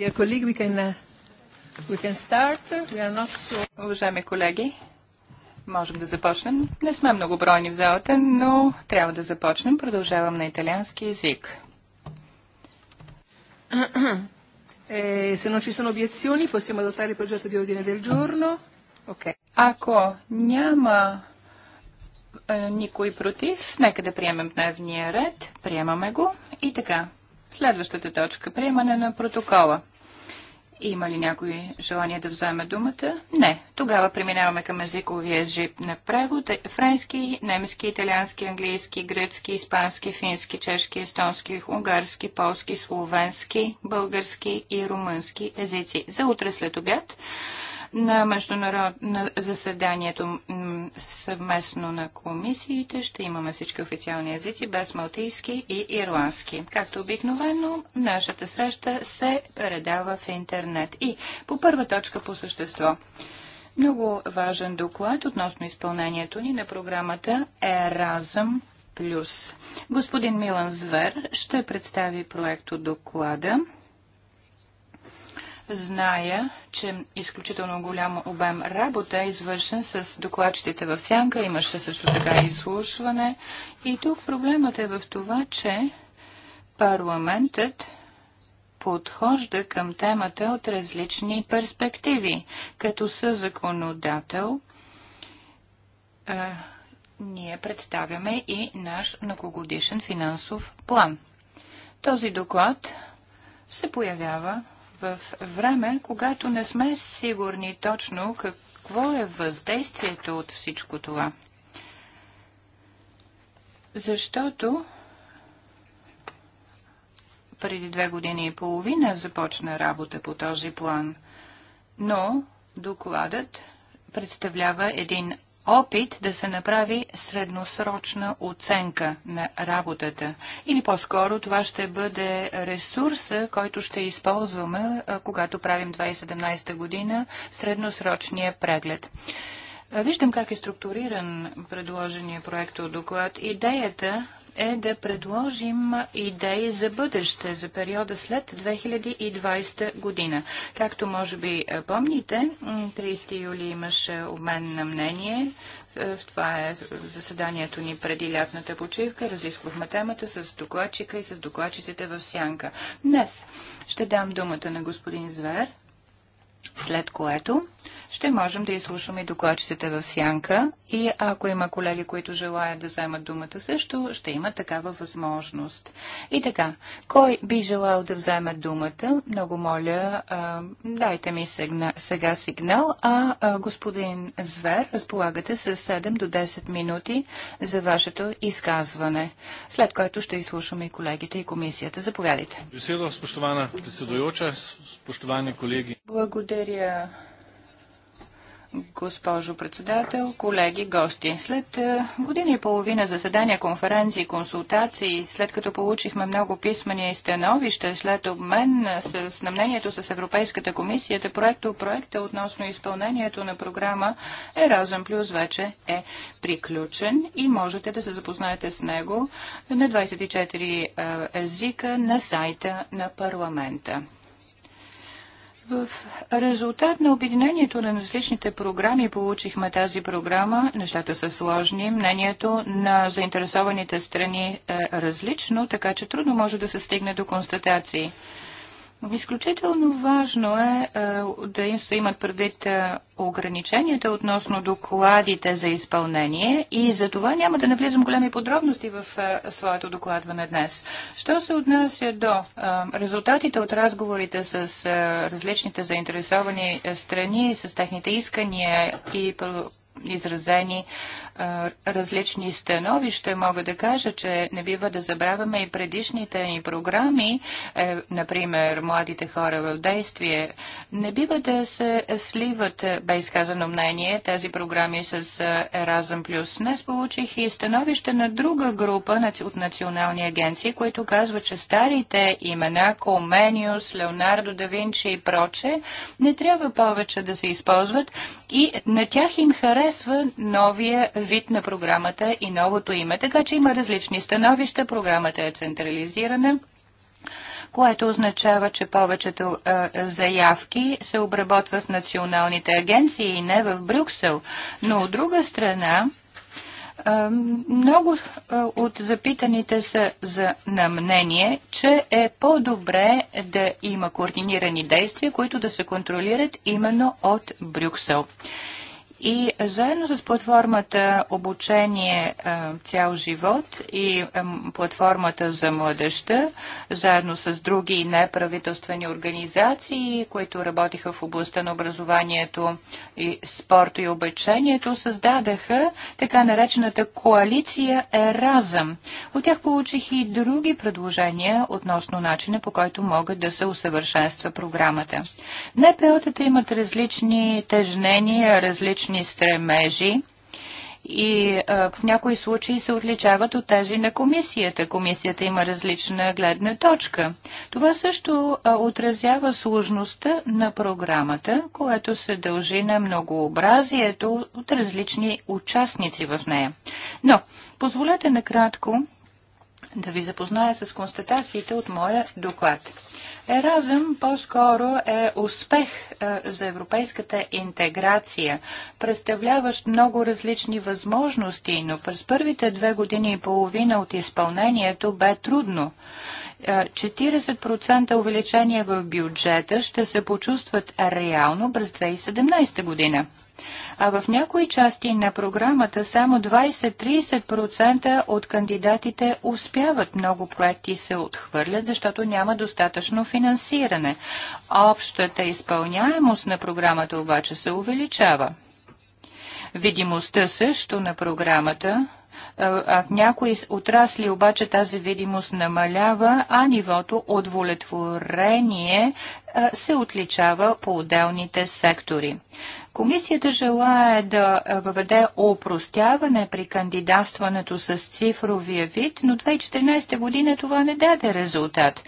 Dear colleague, uh, we can, start. We are not so... Уважаеми колеги, можем да започнем. Не сме много бройни в залата, но трябва да започнем. Продължавам на италиански язик. non ci sono obiezioni, possiamo adottare il progetto di ordine del giorno. Ако няма е, никой против, нека да приемем дневния ред. Приемаме го. И така. Следващата точка. Приемане на протокола. Има ли някой желание да вземе думата? Не. Тогава преминаваме към езиковия език на превод. Е, френски, немски, италиански, английски, гръцки, испански, фински, чешки, естонски, унгарски, полски, словенски, български и румънски езици. За утре след обяд на, международно на заседанието съвместно на комисиите. Ще имаме всички официални езици, без малтийски и ирландски. Както обикновено, нашата среща се предава в интернет. И по първа точка по същество. Много важен доклад относно изпълнението ни на програмата Еразъм Плюс. Господин Милан Звер ще представи проект от доклада. Зная, че изключително голям обем работа е извършен с докладчетите в сянка. Имаше също така изслушване. И тук проблемът е в това, че парламентът подхожда към темата от различни перспективи. Като законодател е, ние представяме и наш многогодишен финансов план. Този доклад се появява в време, когато не сме сигурни точно какво е въздействието от всичко това. Защото преди две години и половина започна работа по този план, но докладът представлява един опит да се направи средносрочна оценка на работата. Или по-скоро това ще бъде ресурса, който ще използваме, когато правим 2017 година средносрочния преглед. Е, виждам как е структуриран предложения проект от доклад. Идеята е да предложим идеи за бъдеще, за периода след 2020 година. Както може би е, помните, 30 юли имаше обмен на мнение. Е, това е заседанието ни преди лятната почивка. Разисквахме темата с докладчика и с докладчиците в Сянка. Днес ще дам думата на господин Звер след което ще можем да изслушаме докладчиците в сянка и ако има колеги, които желаят да вземат думата също, ще има такава възможност. И така, кой би желал да вземе думата, много моля, дайте ми сега сигнал, а, а господин Звер, разполагате с 7 до 10 минути за вашето изказване, след което ще изслушаме и колегите и комисията. Заповядайте. Благодаря. Благодаря, госпожо председател, колеги, гости. След е, година и половина заседания, конференции, консултации, след като получихме много писмени становища, след обмен с намнението с Европейската комисия, проекто проекта относно изпълнението на програма Еразъм Плюс вече е приключен и можете да се запознаете с него на 24 е, езика на сайта на парламента. В резултат на обединението на различните програми получихме тази програма. Нещата са сложни. Мнението на заинтересованите страни е различно, така че трудно може да се стигне до констатации. Изключително важно е, е да им се имат предвид е, ограниченията относно докладите за изпълнение и за това няма да навлизам големи подробности в е, своето докладване днес. Що се отнася до резултатите от разговорите с различните заинтересовани страни, с техните искания и изразени а, различни становища. Мога да кажа, че не бива да забравяме и предишните ни програми, е, например, младите хора в действие. Не бива да се сливат, е, бе изказано мнение, тези програми с е, Еразъм Плюс. Днес получих и становище на друга група от национални агенции, които казват, че старите имена Коменюс, Леонардо да Винчи и проче не трябва повече да се използват и на тях им харесва харесва новия вид на програмата и новото име. Така че има различни становища. Програмата е централизирана което означава, че повечето а, заявки се обработват в националните агенции и не в Брюксел. Но от друга страна, а, много а, от запитаните са за, на мнение, че е по-добре да има координирани действия, които да се контролират именно от Брюксел. И заедно с платформата Обучение цял живот и платформата за младеща, заедно с други неправителствени организации, които работиха в областта на образованието и спорта и обучението, създадаха така наречената коалиция Еразъм. От тях получих и други предложения относно начина по който могат да се усъвършенства програмата. НПО-тата имат различни тежнения, различни различни стремежи и а, в някои случаи се отличават от тези на комисията. Комисията има различна гледна точка. Това също а, отразява сложността на програмата, което се дължи на многообразието от различни участници в нея. Но, позволете накратко да ви запозная с констатациите от моя доклад. Еразъм по-скоро е успех е, за европейската интеграция, представляващ много различни възможности, но през първите две години и половина от изпълнението бе трудно. 40% е, увеличение в бюджета ще се почувстват реално през 2017 година а в някои части на програмата само 20-30% от кандидатите успяват. Много проекти се отхвърлят, защото няма достатъчно финансиране. Общата изпълняемост на програмата обаче се увеличава. Видимостта също на програмата а в някои отрасли обаче тази видимост намалява, а нивото удовлетворение се отличава по отделните сектори. Комисията желая да въведе опростяване при кандидатстването с цифровия вид, но 2014 година това не даде резултат.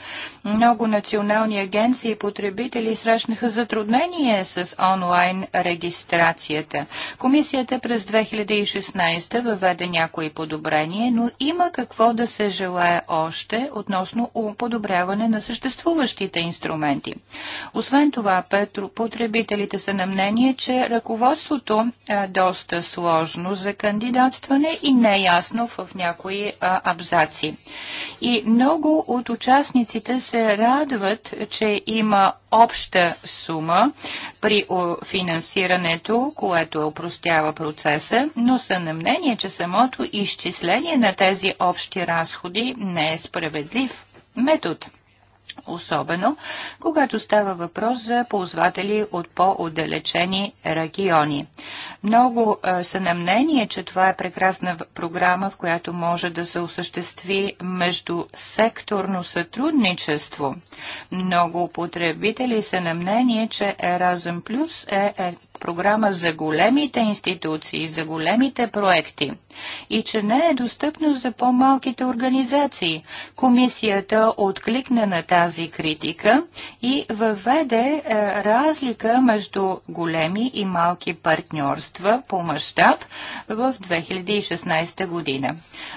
Много национални агенции и потребители срещнаха затруднение с онлайн регистрацията. Комисията през 2016 въведе някои подобрения, но има какво да се желае още относно подобряване на съществуващите инструменти. Освен това, потребителите са на мнение, че беше ръководството а, е, доста сложно за кандидатстване и неясно е в някои а, е, абзаци. И много от участниците се радват, че има обща сума при финансирането, което опростява процеса, но са на мнение, че самото изчисление на тези общи разходи не е справедлив метод особено когато става въпрос за ползватели от по-отдалечени региони. Много са на мнение, че това е прекрасна програма, в която може да се осъществи между секторно сътрудничество. Много потребители са на мнение, че Erasm Plus е, е програма за големите институции, за големите проекти и че не е достъпно за по-малките организации. Комисията откликна на тази критика и въведе е, разлика между големи и малки партньорства по мащаб в 2016 година.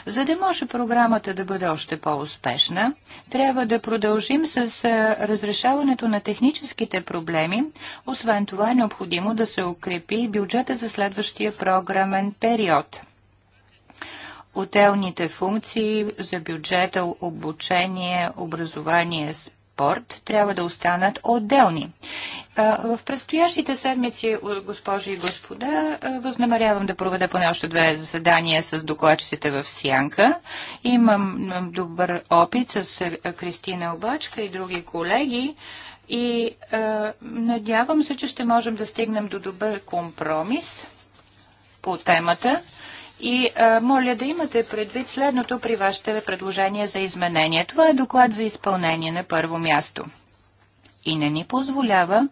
За да може програмата да бъде още по-успешна, трябва да продължим с е, разрешаването на техническите проблеми. Освен това е необходимо да се укрепи бюджета за следващия програмен период отделните функции за бюджета, обучение, образование, спорт трябва да останат отделни. В предстоящите седмици, госпожи и господа, възнамерявам да проведа поне още две заседания с докладчиците в Сянка. Имам добър опит с Кристина Обачка и други колеги. И е, надявам се, че ще можем да стигнем до добър компромис по темата и а, моля да имате предвид следното при вашите предложения за изменение. Това е доклад за изпълнение на първо място. И не ни позволява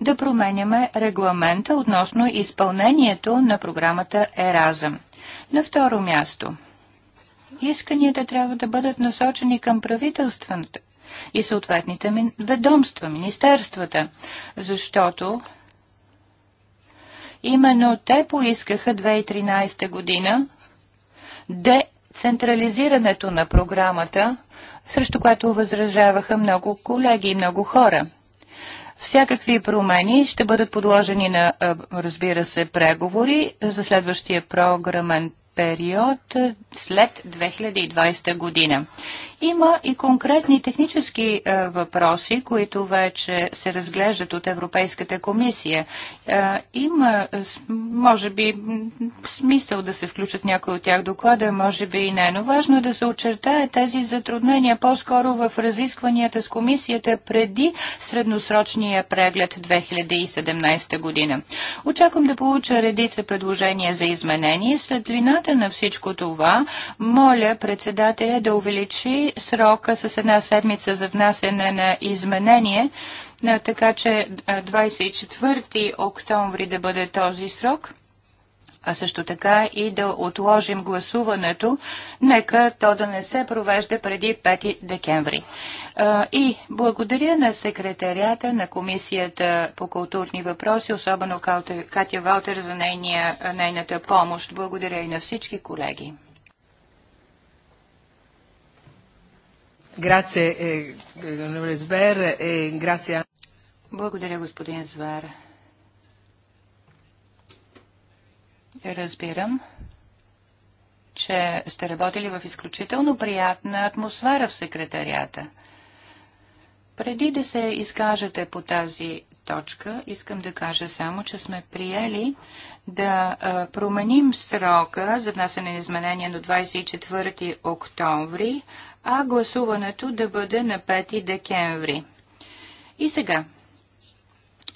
да променяме регламента относно изпълнението на програмата Еразъм. На второ място, исканията трябва да бъдат насочени към правителствата и съответните ведомства, министерствата, защото Именно те поискаха 2013 година децентрализирането на програмата, срещу което възражаваха много колеги и много хора. Всякакви промени ще бъдат подложени на, разбира се, преговори за следващия програмен период след 2020 година. Има и конкретни технически е, въпроси, които вече се разглеждат от Европейската комисия. Е, има, е, може би, смисъл да се включат някои от тях доклада, може би и не, но важно е да се очертае тези затруднения по-скоро в разискванията с комисията преди средносрочния преглед 2017 година. Очаквам да получа редица предложения за изменение. След вината на всичко това, моля председателя да увеличи срока с една седмица за внасене на изменение, така че 24 октомври да бъде този срок а също така и да отложим гласуването, нека то да не се провежда преди 5 декември. И благодаря на секретарията на Комисията по културни въпроси, особено Катя Валтер за нейния, нейната помощ. Благодаря и на всички колеги. Грация, eh, onorevole Сбер, e Благодаря, господин Звер. Разбирам, че сте работили в изключително приятна атмосфера в секретарията. Преди да се изкажете по тази точка, искам да кажа само, че сме приели да променим срока за внасяне на изменения до 24 октомври, а гласуването да бъде на 5 декември. И сега,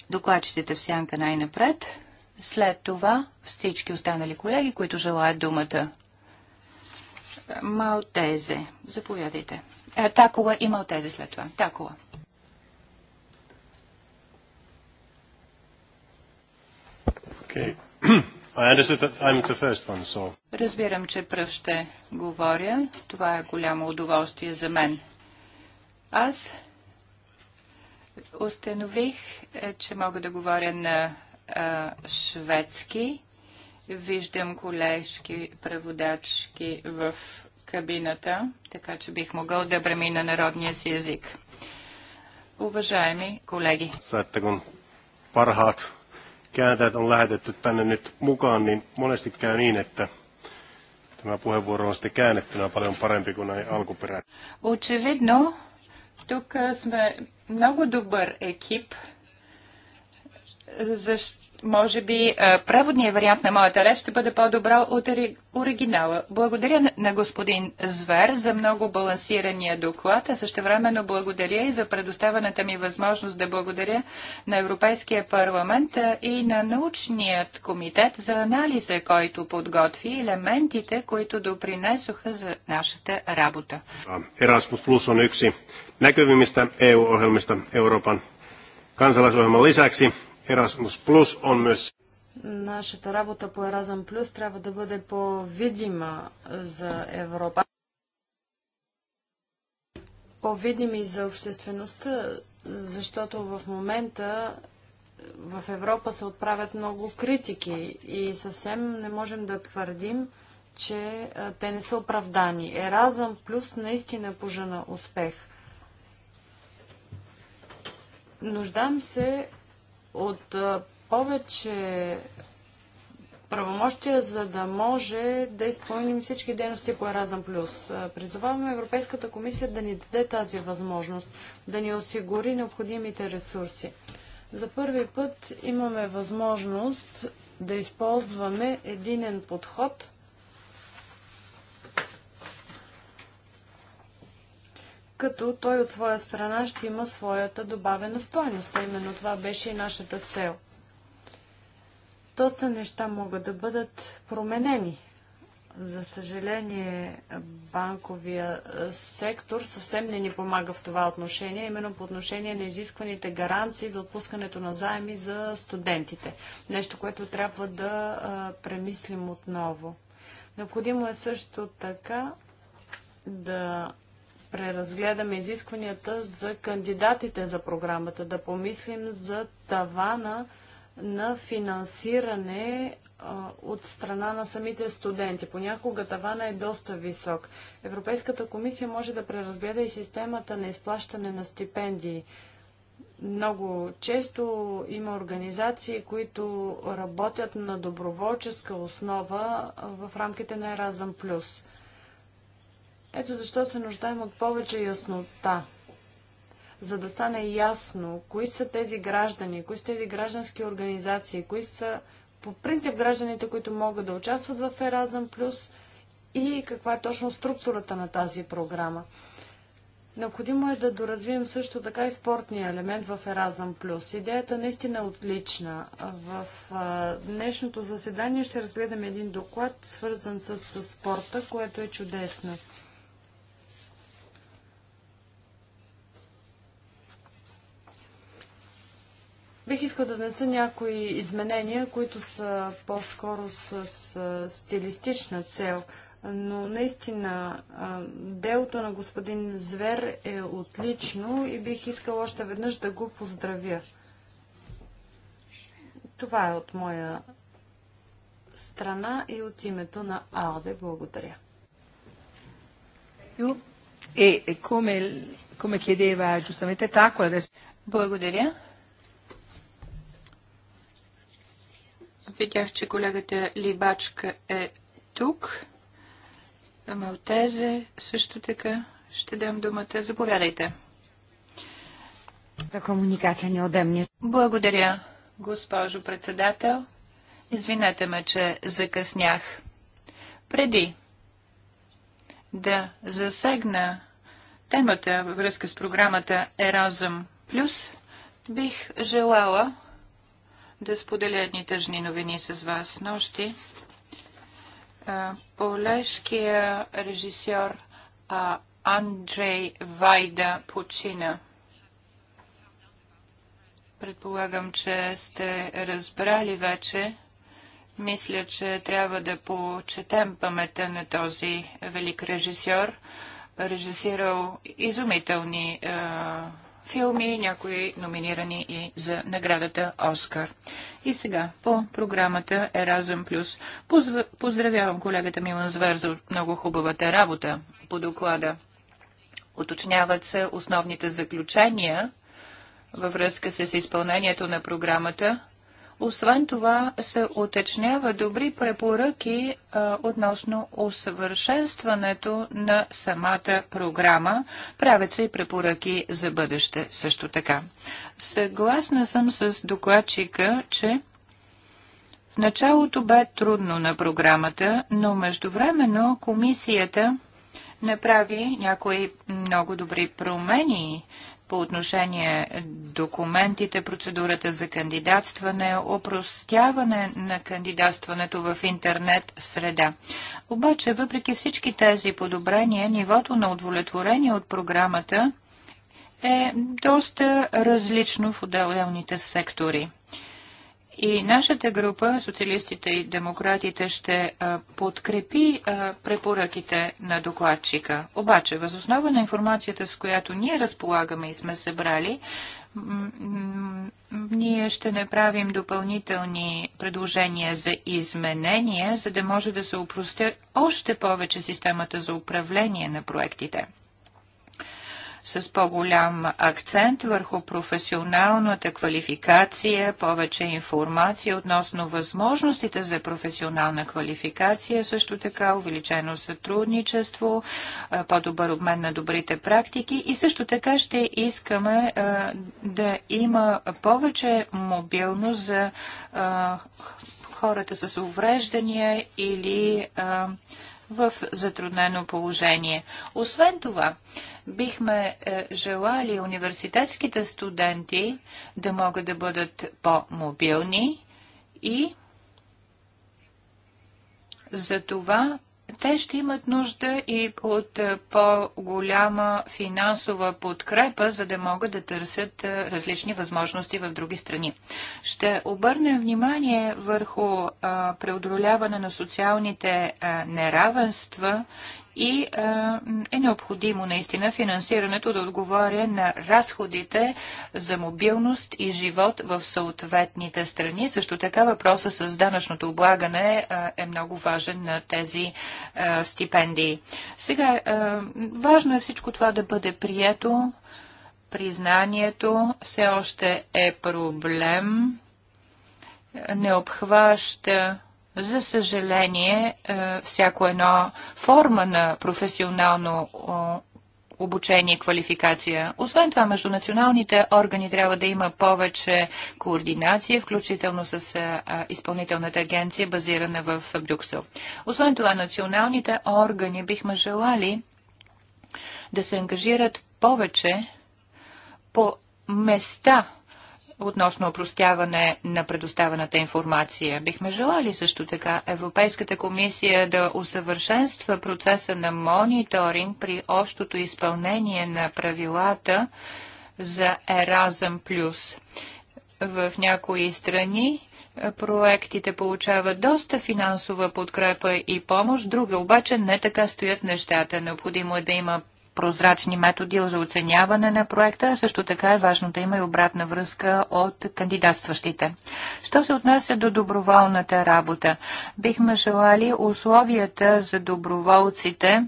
докладчиците в сянка най-напред, след това всички останали колеги, които желаят думата. Малтезе. Заповядайте. Е, Такова и Малтезе след това. Такова. Okay. One, so. Разбирам, че пръв ще говоря. Това е голямо удоволствие за мен. Аз установих, е, че мога да говоря на а, шведски. Виждам колежки преводачки в кабината, така че бих могъл да премина народния си език. Уважаеми колеги, пархат kääntäjät on lähetetty tänne nyt mukaan, niin monesti käy niin, että tämä puheenvuoro on sitten käännettynä paljon parempi kuin näin alkuperäinen. Очевидно, тук сме много добър екип, защото може би е, преводният вариант на моята реч ще бъде по-добра от оригинала. Благодаря на господин Звер за много балансирания доклад, а също времено благодаря и за предоставената ми възможност да благодаря на Европейския парламент е, и на научният комитет за анализа, който подготви елементите, които допринесоха за нашата работа. Erasmus Plus on yksi näkyvimmistä EU-ohjelmista Euroopan kansalaisohjelman lisäksi Erasmus Plus on myös Нашата работа по Еразъм Плюс трябва да бъде по-видима за Европа. По-видими за обществеността, защото в момента е, в Европа се отправят много критики и съвсем не можем да твърдим, че е, те не са оправдани. Еразъм плюс наистина пожена успех. Нуждам се от повече правомощия, за да може да изпълним всички дейности по Еразъм Плюс. Призоваваме Европейската комисия да ни даде тази възможност, да ни осигури необходимите ресурси. За първи път имаме възможност да използваме единен подход – като той от своя страна ще има своята добавена стойност. А именно това беше и нашата цел. Доста неща могат да бъдат променени. За съжаление, банковия сектор съвсем не ни помага в това отношение, именно по отношение на изискваните гаранции за отпускането на заеми за студентите. Нещо, което трябва да премислим отново. Необходимо е също така да преразгледаме изискванията за кандидатите за програмата, да помислим за тавана на финансиране от страна на самите студенти. Понякога тавана е доста висок. Европейската комисия може да преразгледа и системата на изплащане на стипендии. Много често има организации, които работят на доброволческа основа в рамките на Еразъм Плюс. Ето защо се нуждаем от повече яснота, за да стане ясно кои са тези граждани, кои са тези граждански организации, кои са по принцип гражданите, които могат да участват в Еразъм Плюс и каква е точно структурата на тази програма. Необходимо е да доразвием също така и спортния елемент в Еразъм Плюс. Идеята наистина е отлична. В днешното заседание ще разгледаме един доклад, свързан с, с спорта, което е чудесно. Бих искал да внеса някои изменения, които са по-скоро с, с стилистична цел. Но наистина делото на господин Звер е отлично и бих искал още веднъж да го поздравя. Това е от моя страна и от името на Алде. Благодаря. Е, е, Благодаря. Видях, че колегата Либачка е тук. Малтезе също така. Ще дам думата. Заповядайте. Та комуникация ни е Благодаря, госпожо председател. Извинете ме, че закъснях. Преди да засегна темата във връзка с програмата Еразъм Плюс, бих желала да споделя едни тъжни новини с вас. Нощи полешкия режисьор Анджей Вайда почина. Предполагам, че сте разбрали вече. Мисля, че трябва да почетем памета на този велик режисьор, режисирал изумителни е, филми, някои номинирани и за наградата Оскар. И сега по програмата Еразъм Плюс. Поздравявам колегата Милан Звер за много хубавата работа по доклада. Уточняват се основните заключения във връзка с изпълнението на програмата – освен това се уточнява добри препоръки а, относно усъвършенстването на самата програма. Правят се и препоръки за бъдеще също така. Съгласна съм с докладчика, че в началото бе трудно на програмата, но междувременно комисията направи някои много добри промени по отношение документите, процедурата за кандидатстване, опростяване на кандидатстването в интернет среда. Обаче, въпреки всички тези подобрения, нивото на удовлетворение от програмата е доста различно в отделните сектори. И нашата група, социалистите и демократите, ще подкрепи препоръките на докладчика. Обаче, възоснова на информацията, с която ние разполагаме и сме събрали, ние ще направим допълнителни предложения за изменения, за да може да се упрости още повече системата за управление на проектите с по-голям акцент върху професионалната квалификация, повече информация относно възможностите за професионална квалификация, също така увеличено сътрудничество, по-добър обмен на добрите практики и също така ще искаме да има повече мобилност за хората с увреждания или в затруднено положение. Освен това, бихме е, желали университетските студенти да могат да бъдат по-мобилни и за това те ще имат нужда и от е, по-голяма финансова подкрепа, за да могат да търсят е, различни възможности в други страни. Ще обърнем внимание върху преодоляване на социалните неравенства и е необходимо наистина финансирането да отговаря на разходите за мобилност и живот в съответните страни. Също така въпроса с данъчното облагане е много важен на тези стипендии. Сега, важно е всичко това да бъде прието. Признанието все още е проблем не обхваща за съжаление, е, всяко едно форма на професионално обучение и квалификация. Освен това, между националните органи трябва да има повече координация, включително с е, а, изпълнителната агенция, базирана в Брюксел. Освен това, националните органи бихме желали да се ангажират повече по места относно опростяване на предоставената информация. Бихме желали също така Европейската комисия да усъвършенства процеса на мониторинг при общото изпълнение на правилата за Еразъм Плюс. В някои страни е, проектите получават доста финансова подкрепа и помощ, друга обаче не така стоят нещата. Необходимо е да има прозрачни методи за оценяване на проекта, също така е важно да има и обратна връзка от кандидатстващите. Що се отнася до доброволната работа? Бихме желали условията за доброволците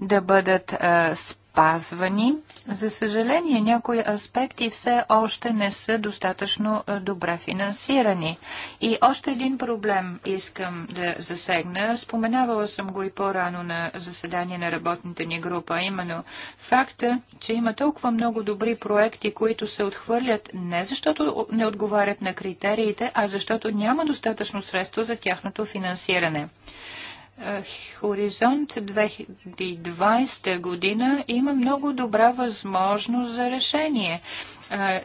да бъдат спазвани за съжаление, някои аспекти все още не са достатъчно е, добре финансирани. И още един проблем искам да засегна. Споменавала съм го и по-рано на заседание на работните ни група, именно факта, че има толкова много добри проекти, които се отхвърлят не защото не отговарят на критериите, а защото няма достатъчно средства за тяхното финансиране. Хоризонт 2020 година има много добра възможност за решение.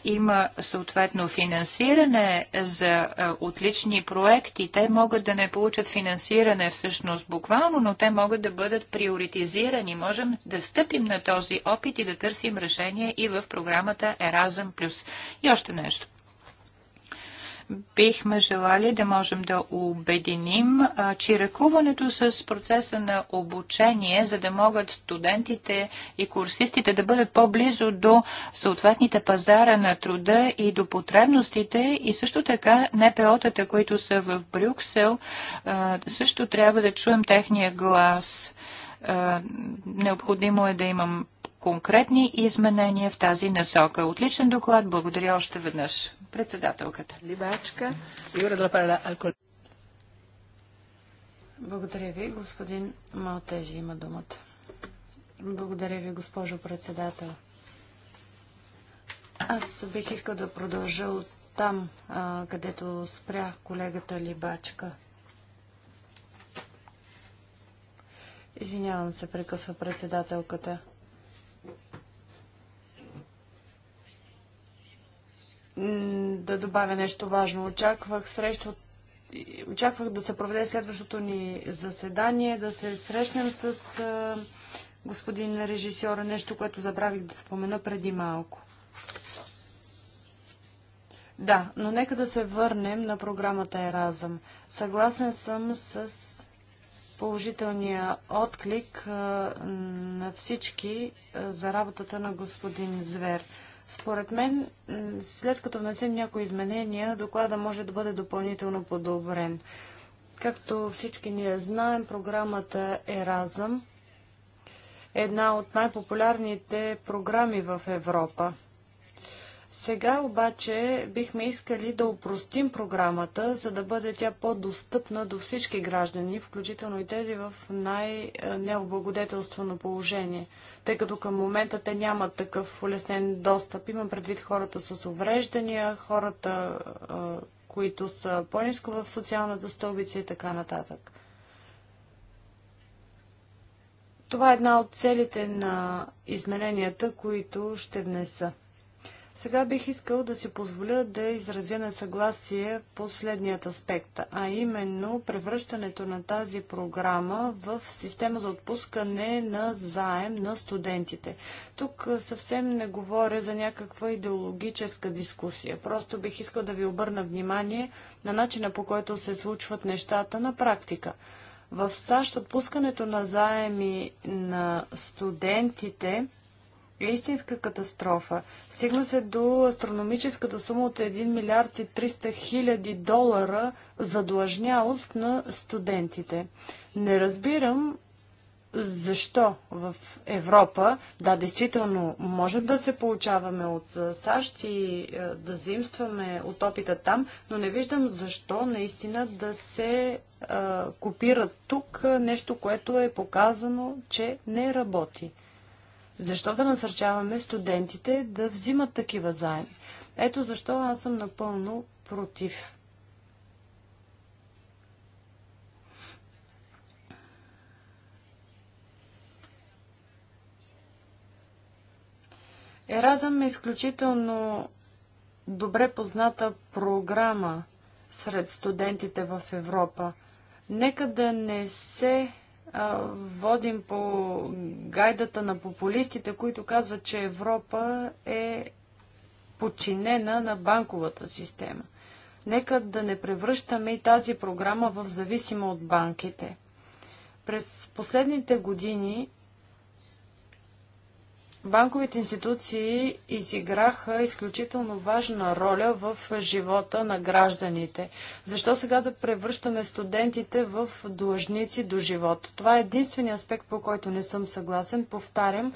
Има съответно финансиране за отлични проекти. Те могат да не получат финансиране всъщност буквално, но те могат да бъдат приоритизирани. Можем да стъпим на този опит и да търсим решение и в програмата Erasmus+. И още нещо бихме желали да можем да обединим че ръкуването с процеса на обучение, за да могат студентите и курсистите да бъдат по-близо до съответните пазара на труда и до потребностите и също така НПО-тата, които са в Брюксел, също трябва да чуем техния глас. Необходимо е да имам конкретни изменения в тази насока. Отличен доклад. Благодаря още веднъж. Председателката. Либачка. Благодаря ви. Господин Малтежи има думата. Благодаря ви, госпожо председател. Аз бих искал да продължа от там, а, където спря колегата Либачка. Извинявам се, прекъсва председателката. да добавя нещо важно. Очаквах срещу... очаквах да се проведе следващото ни заседание, да се срещнем с а, господин режисьора, нещо, което забравих да спомена преди малко. Да, но нека да се върнем на програмата Еразъм. Съгласен съм с положителния отклик а, на всички а, за работата на господин Звер. Според мен, след като внесем някои изменения, доклада може да бъде допълнително подобрен. Както всички ние знаем, програмата Еразъм е една от най-популярните програми в Европа. Сега обаче бихме искали да упростим програмата, за да бъде тя по-достъпна до всички граждани, включително и тези в най-необлагодетелствено положение, тъй като към момента те нямат такъв улеснен достъп. Имам предвид хората с увреждания, хората, които са по-низко в социалната стълбица и така нататък. Това е една от целите на измененията, които ще внеса. Сега бих искал да си позволя да изразя несъгласие по следният аспект, а именно превръщането на тази програма в система за отпускане на заем на студентите. Тук съвсем не говоря за някаква идеологическа дискусия. Просто бих искал да ви обърна внимание на начина по който се случват нещата на практика. В САЩ отпускането на заеми на студентите – истинска катастрофа. Стигна се до астрономическата сума от 1 милиард и 300 хиляди долара задлъжнялост на студентите. Не разбирам защо в Европа, да, действително, може да се получаваме от САЩ и да заимстваме от опита там, но не виждам защо наистина да се а, копира тук нещо, което е показано, че не работи. Защо да насърчаваме студентите да взимат такива заеми? Ето защо аз съм напълно против. Еразъм е изключително добре позната програма сред студентите в Европа. Нека да не се водим по гайдата на популистите, които казват, че Европа е подчинена на банковата система. Нека да не превръщаме и тази програма в зависима от банките. През последните години банковите институции изиграха изключително важна роля в живота на гражданите. Защо сега да превръщаме студентите в длъжници до живот? Това е единствения аспект, по който не съм съгласен. Повтарям,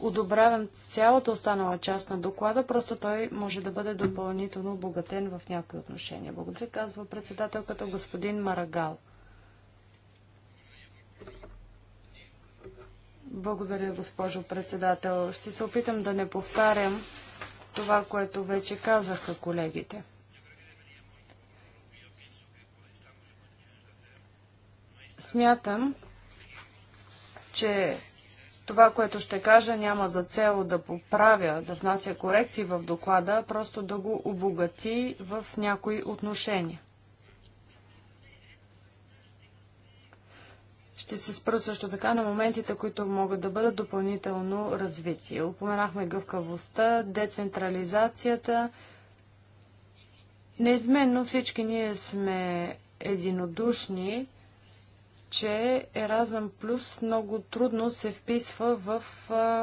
одобрявам цялата останала част на доклада, просто той може да бъде допълнително обогатен в някои отношения. Благодаря, казва председателката господин Марагал. Благодаря, госпожо председател. Ще се опитам да не повтарям това, което вече казаха колегите. Смятам, че това, което ще кажа, няма за цел да поправя, да внася корекции в доклада, просто да го обогати в някои отношения. Ще се спра също така на моментите, които могат да бъдат допълнително развити. Упоменахме гъвкавостта, децентрализацията. Неизменно всички ние сме единодушни, че Еразъм Плюс много трудно се вписва в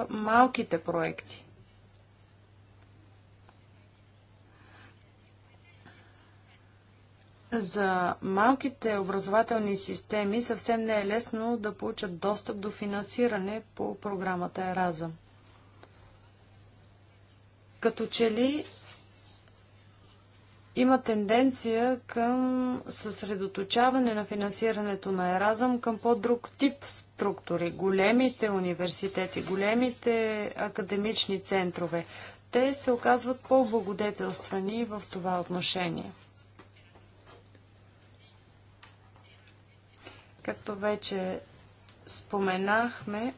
малките проекти. За малките образователни системи съвсем не е лесно да получат достъп до финансиране по програмата ЕРАЗА. Като че ли има тенденция към съсредоточаване на финансирането на Еразъм към по-друг тип структури. Големите университети, големите академични центрове, те се оказват по-благодетелствани в това отношение. Както вече споменахме,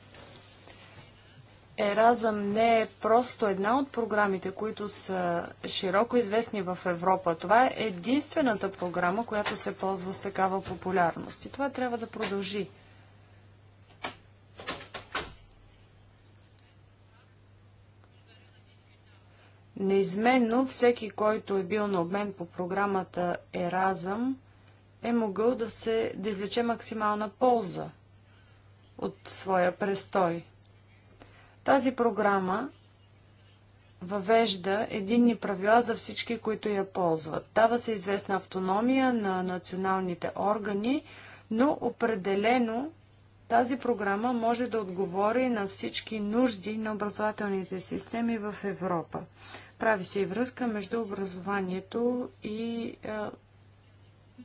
Еразъм не е просто една от програмите, които са широко известни в Европа. Това е единствената програма, която се ползва с такава популярност. И това трябва да продължи. Неизменно всеки, който е бил на обмен по програмата Еразъм, е могъл да се да извлече максимална полза от своя престой. Тази програма въвежда единни правила за всички, които я ползват. Дава се известна автономия на националните органи, но определено тази програма може да отговори на всички нужди на образователните системи в Европа. Прави се и връзка между образованието и е,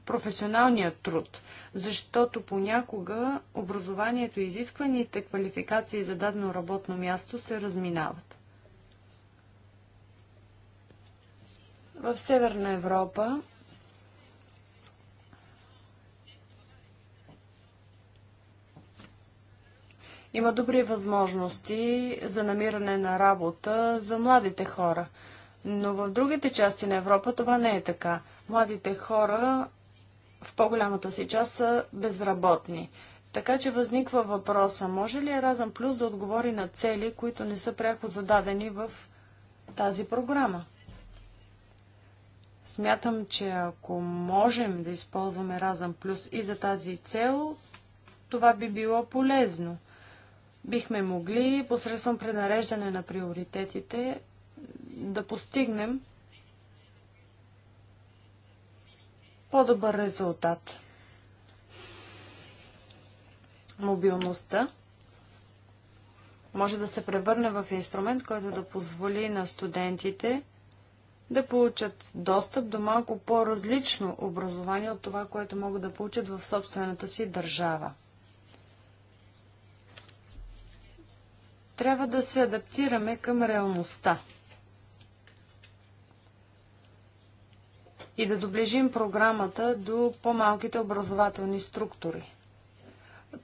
професионалния труд, защото понякога образованието и изискваните квалификации за дадено работно място се разминават. В Северна Европа има добри възможности за намиране на работа за младите хора. Но в другите части на Европа това не е така. Младите хора в по-голямата си част са безработни. Така че възниква въпроса, може ли Еразъм Плюс да отговори на цели, които не са пряко зададени в тази програма? Смятам, че ако можем да използваме Еразъм Плюс и за тази цел, това би било полезно. Бихме могли, посредством пренареждане на приоритетите, да постигнем по-добър резултат. Мобилността може да се превърне в инструмент, който да позволи на студентите да получат достъп до малко по-различно образование от това, което могат да получат в собствената си държава. Трябва да се адаптираме към реалността. и да доближим програмата до по-малките образователни структури.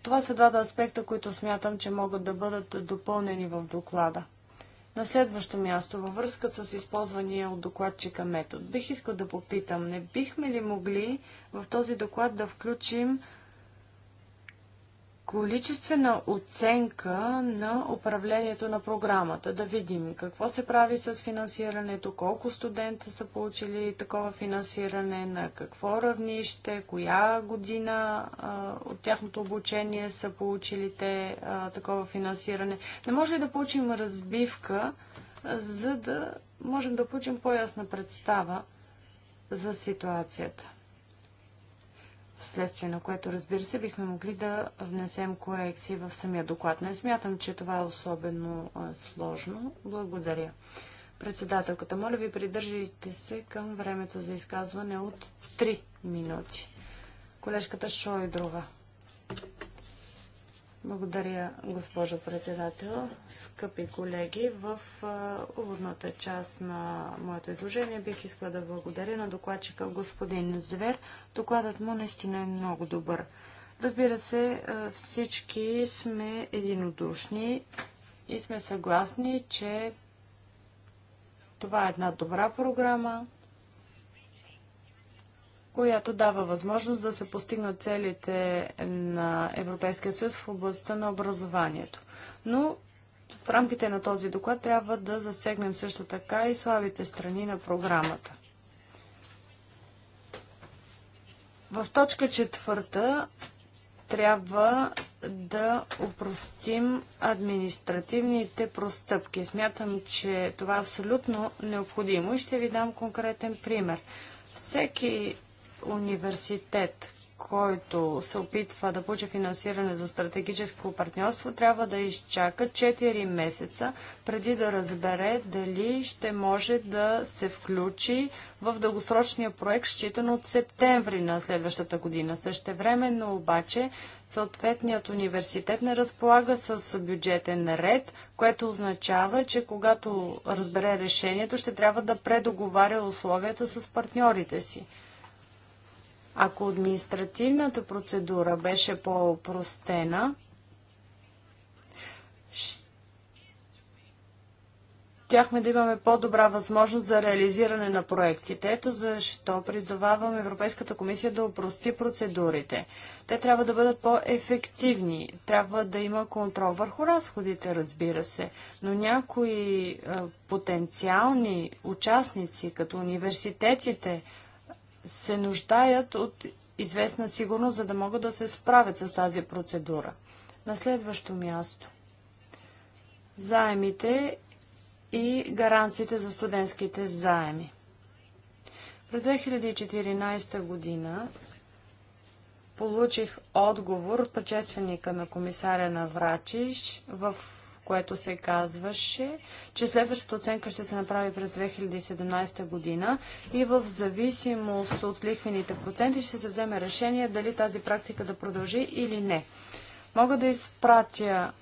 Това са двата аспекта, които смятам, че могат да бъдат допълнени в доклада. На следващо място, във връзка с използвания от докладчика метод, бих искал да попитам, не бихме ли могли в този доклад да включим количествена оценка на управлението на програмата. Да видим какво се прави с финансирането, колко студента са получили такова финансиране, на какво равнище, коя година а, от тяхното обучение са получили те а, такова финансиране. Не може ли да получим разбивка, а, за да можем да получим по-ясна представа за ситуацията? вследствие на което, разбира се, бихме могли да внесем корекции в самия доклад. Не смятам, че това е особено сложно. Благодаря. Председателката, моля ви, придържайте се към времето за изказване от 3 минути. Колежката Шойдрова. Благодаря, госпожо председател. Скъпи колеги, в уводната част на моето изложение бих искала да благодаря на докладчика господин Звер. Докладът му наистина е много добър. Разбира се, всички сме единодушни и сме съгласни, че това е една добра програма, която дава възможност да се постигнат целите на Европейския съюз в областта на образованието. Но в рамките на този доклад трябва да засегнем също така и слабите страни на програмата. В точка четвърта трябва да упростим административните простъпки. Смятам, че това е абсолютно необходимо и ще ви дам конкретен пример. Всеки университет, който се опитва да получи финансиране за стратегическо партньорство, трябва да изчака 4 месеца преди да разбере дали ще може да се включи в дългосрочния проект, считан от септември на следващата година. Същевременно обаче съответният университет не разполага с бюджетен ред, което означава, че когато разбере решението, ще трябва да предоговаря условията с партньорите си. Ако административната процедура беше по-простена, щяхме да имаме по-добра възможност за реализиране на проектите. Ето защо призовавам Европейската комисия да упрости процедурите. Те трябва да бъдат по-ефективни. Трябва да има контрол върху разходите, разбира се. Но някои е, потенциални участници, като университетите, се нуждаят от известна сигурност, за да могат да се справят с тази процедура. На следващо място. Заемите и гаранциите за студентските заеми. През 2014 година получих отговор от предшественика на комисаря На Врачиш в което се казваше, че следващата оценка ще се направи през 2017 година и в зависимост от лихвените проценти ще се вземе решение дали тази практика да продължи или не. Мога да изпратя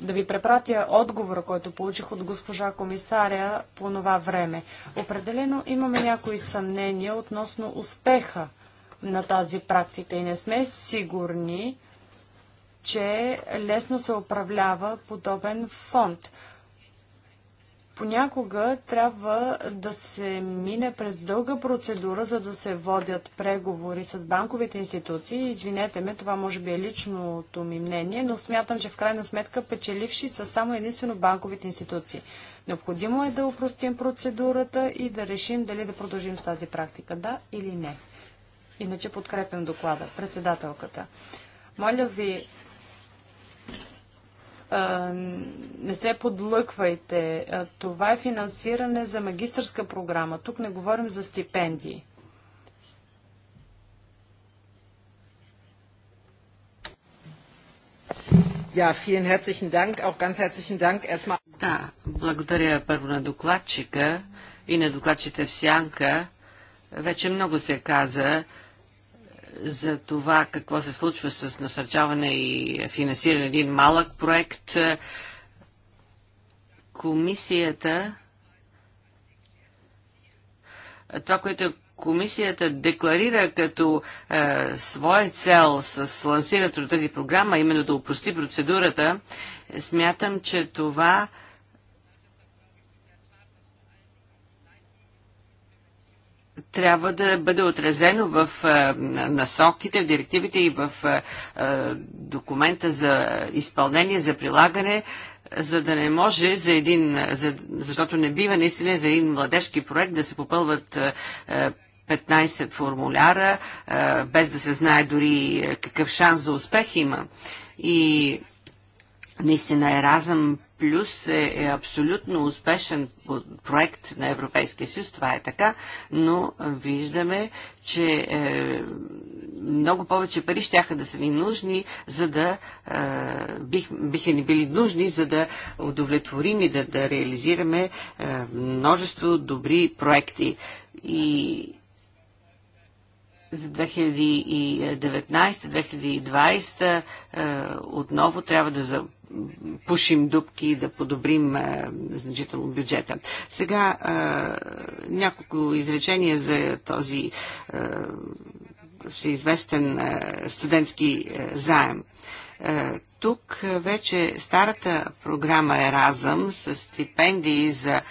да ви препратя отговора, който получих от госпожа комисаря по това време. Определено имаме някои съмнения относно успеха на тази практика и не сме сигурни че лесно се управлява подобен фонд. Понякога трябва да се мине през дълга процедура, за да се водят преговори с банковите институции. Извинете ме, това може би е личното ми мнение, но смятам, че в крайна сметка печеливши са само единствено банковите институции. Необходимо е да упростим процедурата и да решим дали да продължим с тази практика, да или не. Иначе подкрепям доклада, председателката. Моля ви, не се подлъквайте. Това е финансиране за магистрска програма. Тук не говорим за стипендии. Ja, vielen herzlichen Dank, auch ganz herzlichen Dank erstmal. Да, благодаря първо на докладчика и на докладчите в Сянка. Вече много се каза за това какво се случва с насърчаване и финансиране един малък проект. Комисията това, което комисията декларира като е, своя цел с лансирането на тази програма, именно да упрости процедурата, смятам, че това е, трябва да бъде отразено в насоките, в директивите и в документа за изпълнение, за прилагане, за да не може за един, защото не бива наистина за един младежки проект да се попълват 15 формуляра, без да се знае дори какъв шанс за успех има. И наистина е разъм плюс е, е абсолютно успешен проект на Европейския съюз, това е така, но виждаме, че е, много повече пари ще да са ни нужни, за да е, бих, биха ни били нужни, за да удовлетворим и да, да реализираме е, множество добри проекти. И за 2019-2020 е, отново трябва да пушим дубки и да подобрим е, значително бюджета. Сега е, няколко изречения за този всеизвестен студентски заем. тук вече старата програма Еразъм с стипендии за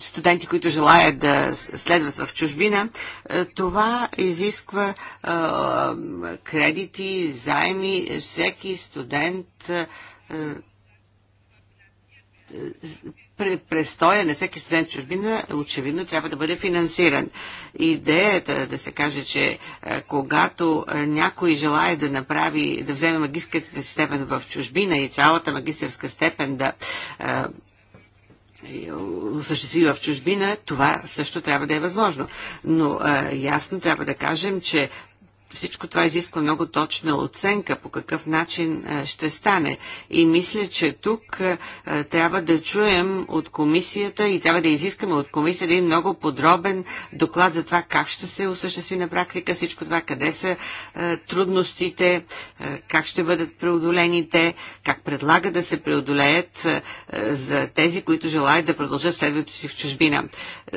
студенти, които желаят да следват в чужбина, е, това изисква е, кредити, заеми. Всеки студент е, престоя на всеки студент чужбина очевидно трябва да бъде финансиран. Идеята да се каже, че когато някой желая да направи, да вземе магистрската степен в чужбина и цялата магистрска степен да осъществи в чужбина, това също трябва да е възможно. Но а, ясно трябва да кажем, че всичко това изисква много точна оценка по какъв начин е, ще стане. И мисля, че тук е, е, трябва да чуем от комисията и трябва да изискаме от комисията един много подробен доклад за това как ще се осъществи на практика всичко това, къде са трудностите, как ще бъдат преодолени те, как предлага да се преодолеят за тези, които желаят да продължат следването си в чужбина.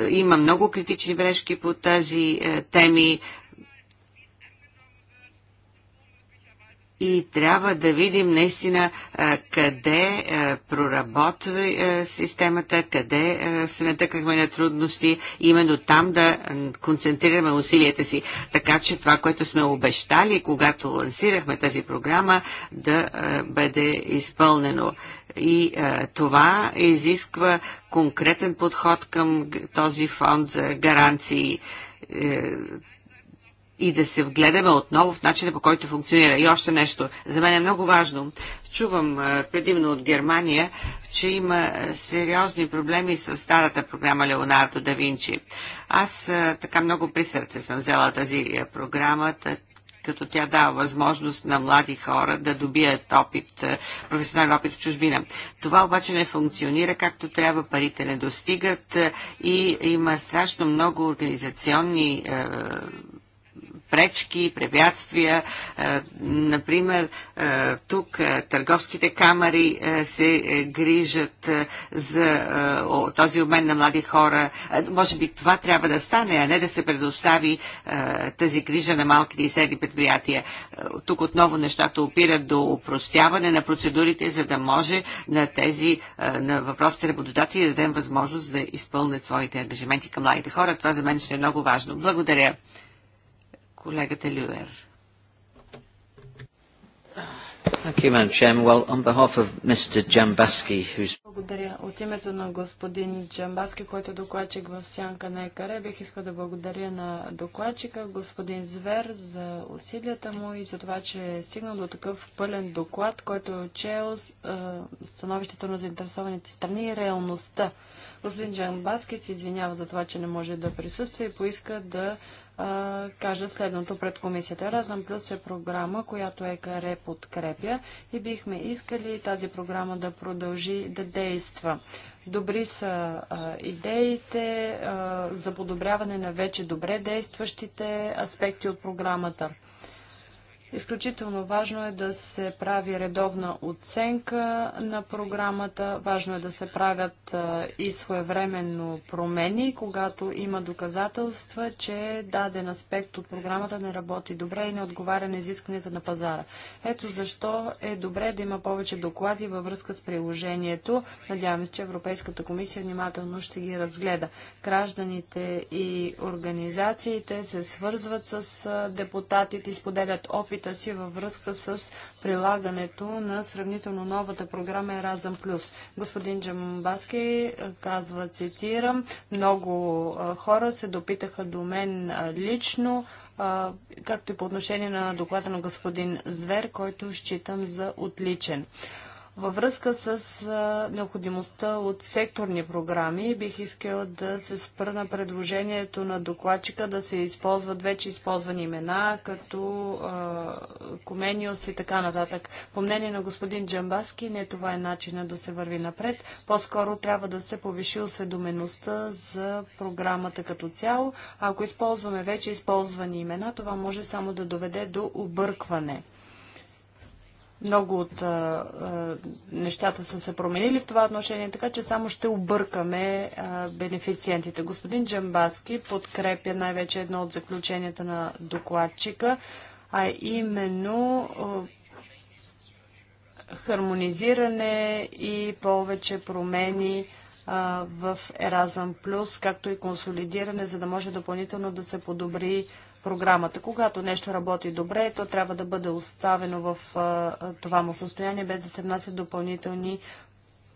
Има много критични брешки по тази теми. и трябва да видим наистина къде проработва системата, къде се натъкнахме на трудности, именно там да концентрираме усилията си. Така че това, което сме обещали, когато лансирахме тази програма, да бъде изпълнено. И това изисква конкретен подход към този фонд за гаранции е, и да се вгледаме отново в начина по който функционира. И още нещо. За мен е много важно. Чувам предимно от Германия, че има сериозни проблеми с старата програма Леонардо да Винчи. Аз така много при сърце съм взела тази програма, като тя дава възможност на млади хора да добият опит, професионален опит в чужбина. Това обаче не функционира както трябва, парите не достигат и има страшно много организационни пречки, препятствия. Е, например, е, тук е, търговските камери се грижат за този обмен на млади хора. Може би това трябва да стане, а не да се предостави тази грижа на малките и средни предприятия. Тук отново нещата опират до упростяване на процедурите, за да може на тези на въпросите работодатели да дадем възможност да изпълнят своите ангажименти към младите хора. Това за мен ще е много важно. Благодаря колегата Люер. Благодаря. От името на господин Джамбаски, който е докладчик в Сянка на Екаре, бих искал да благодаря на докладчика, господин Звер, за усилията му и за това, че е стигнал до такъв пълен доклад, който е отчел становището на заинтересованите страни и реалността. Господин Джамбаски се извинява за това, че не може да присъства и поиска да кажа следното пред комисията. Разъм Плюс е програма, която ЕКР подкрепя и бихме искали тази програма да продължи да действа. Добри са а, идеите а, за подобряване на вече добре действащите аспекти от програмата. Изключително важно е да се прави редовна оценка на програмата, важно е да се правят и своевременно промени, когато има доказателства, че даден аспект от програмата не работи добре и не отговаря на изискванията на пазара. Ето защо е добре да има повече доклади във връзка с приложението. Надявам се, че Европейската комисия внимателно ще ги разгледа. Гражданите и организациите се свързват с депутатите, споделят опит опита си във връзка с прилагането на сравнително новата програма Еразъм Плюс. Господин Джамбаски е, казва, цитирам, много хора се допитаха до мен лично, както и по отношение на доклада на господин Звер, който считам за отличен. Във връзка с а, необходимостта от секторни програми, бих искала да се спра на предложението на докладчика да се използват вече използвани имена, като а, Комениус и така нататък. По мнение на господин Джамбаски, не това е начина да се върви напред. По-скоро трябва да се повиши осведомеността за програмата като цяло. Ако използваме вече използвани имена, това може само да доведе до объркване. Много от а, а, нещата са се променили в това отношение, така че само ще объркаме а, бенефициентите. Господин Джамбаски подкрепя най-вече едно от заключенията на докладчика, а именно а, хармонизиране и повече промени а, в Еразъм Плюс, както и консолидиране, за да може допълнително да се подобри програмата. Когато нещо работи добре, то трябва да бъде оставено в това му състояние, без да се внасят допълнителни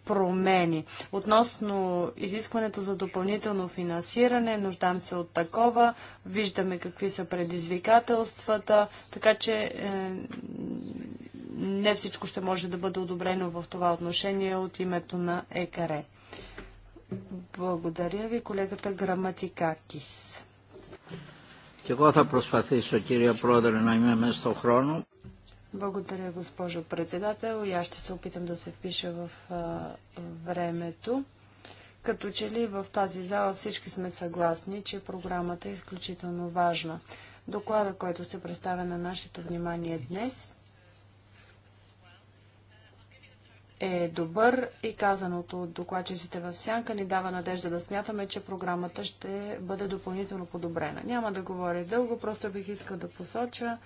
промени. Относно изискването за допълнително финансиране, нуждам се от такова, виждаме какви са предизвикателствата, така че е, не всичко ще може да бъде одобрено в това отношение от името на ЕКР. Благодаря ви, колегата Граматикакис. Και εγώ θα προσπαθήσω, κύριε Πρόεδρε, να είμαι μέσα στον χρόνο. Благодаря, госпожо председател. И аз ще се опитам да се впиша в а, времето. Като че ли в тази зала всички сме съгласни, че програмата е изключително важна. Доклада, който се представя на нашето внимание днес, е добър и казаното от докладчиците в Сянка ни дава надежда да смятаме, че програмата ще бъде допълнително подобрена. Няма да говоря дълго, просто бих искал да посоча,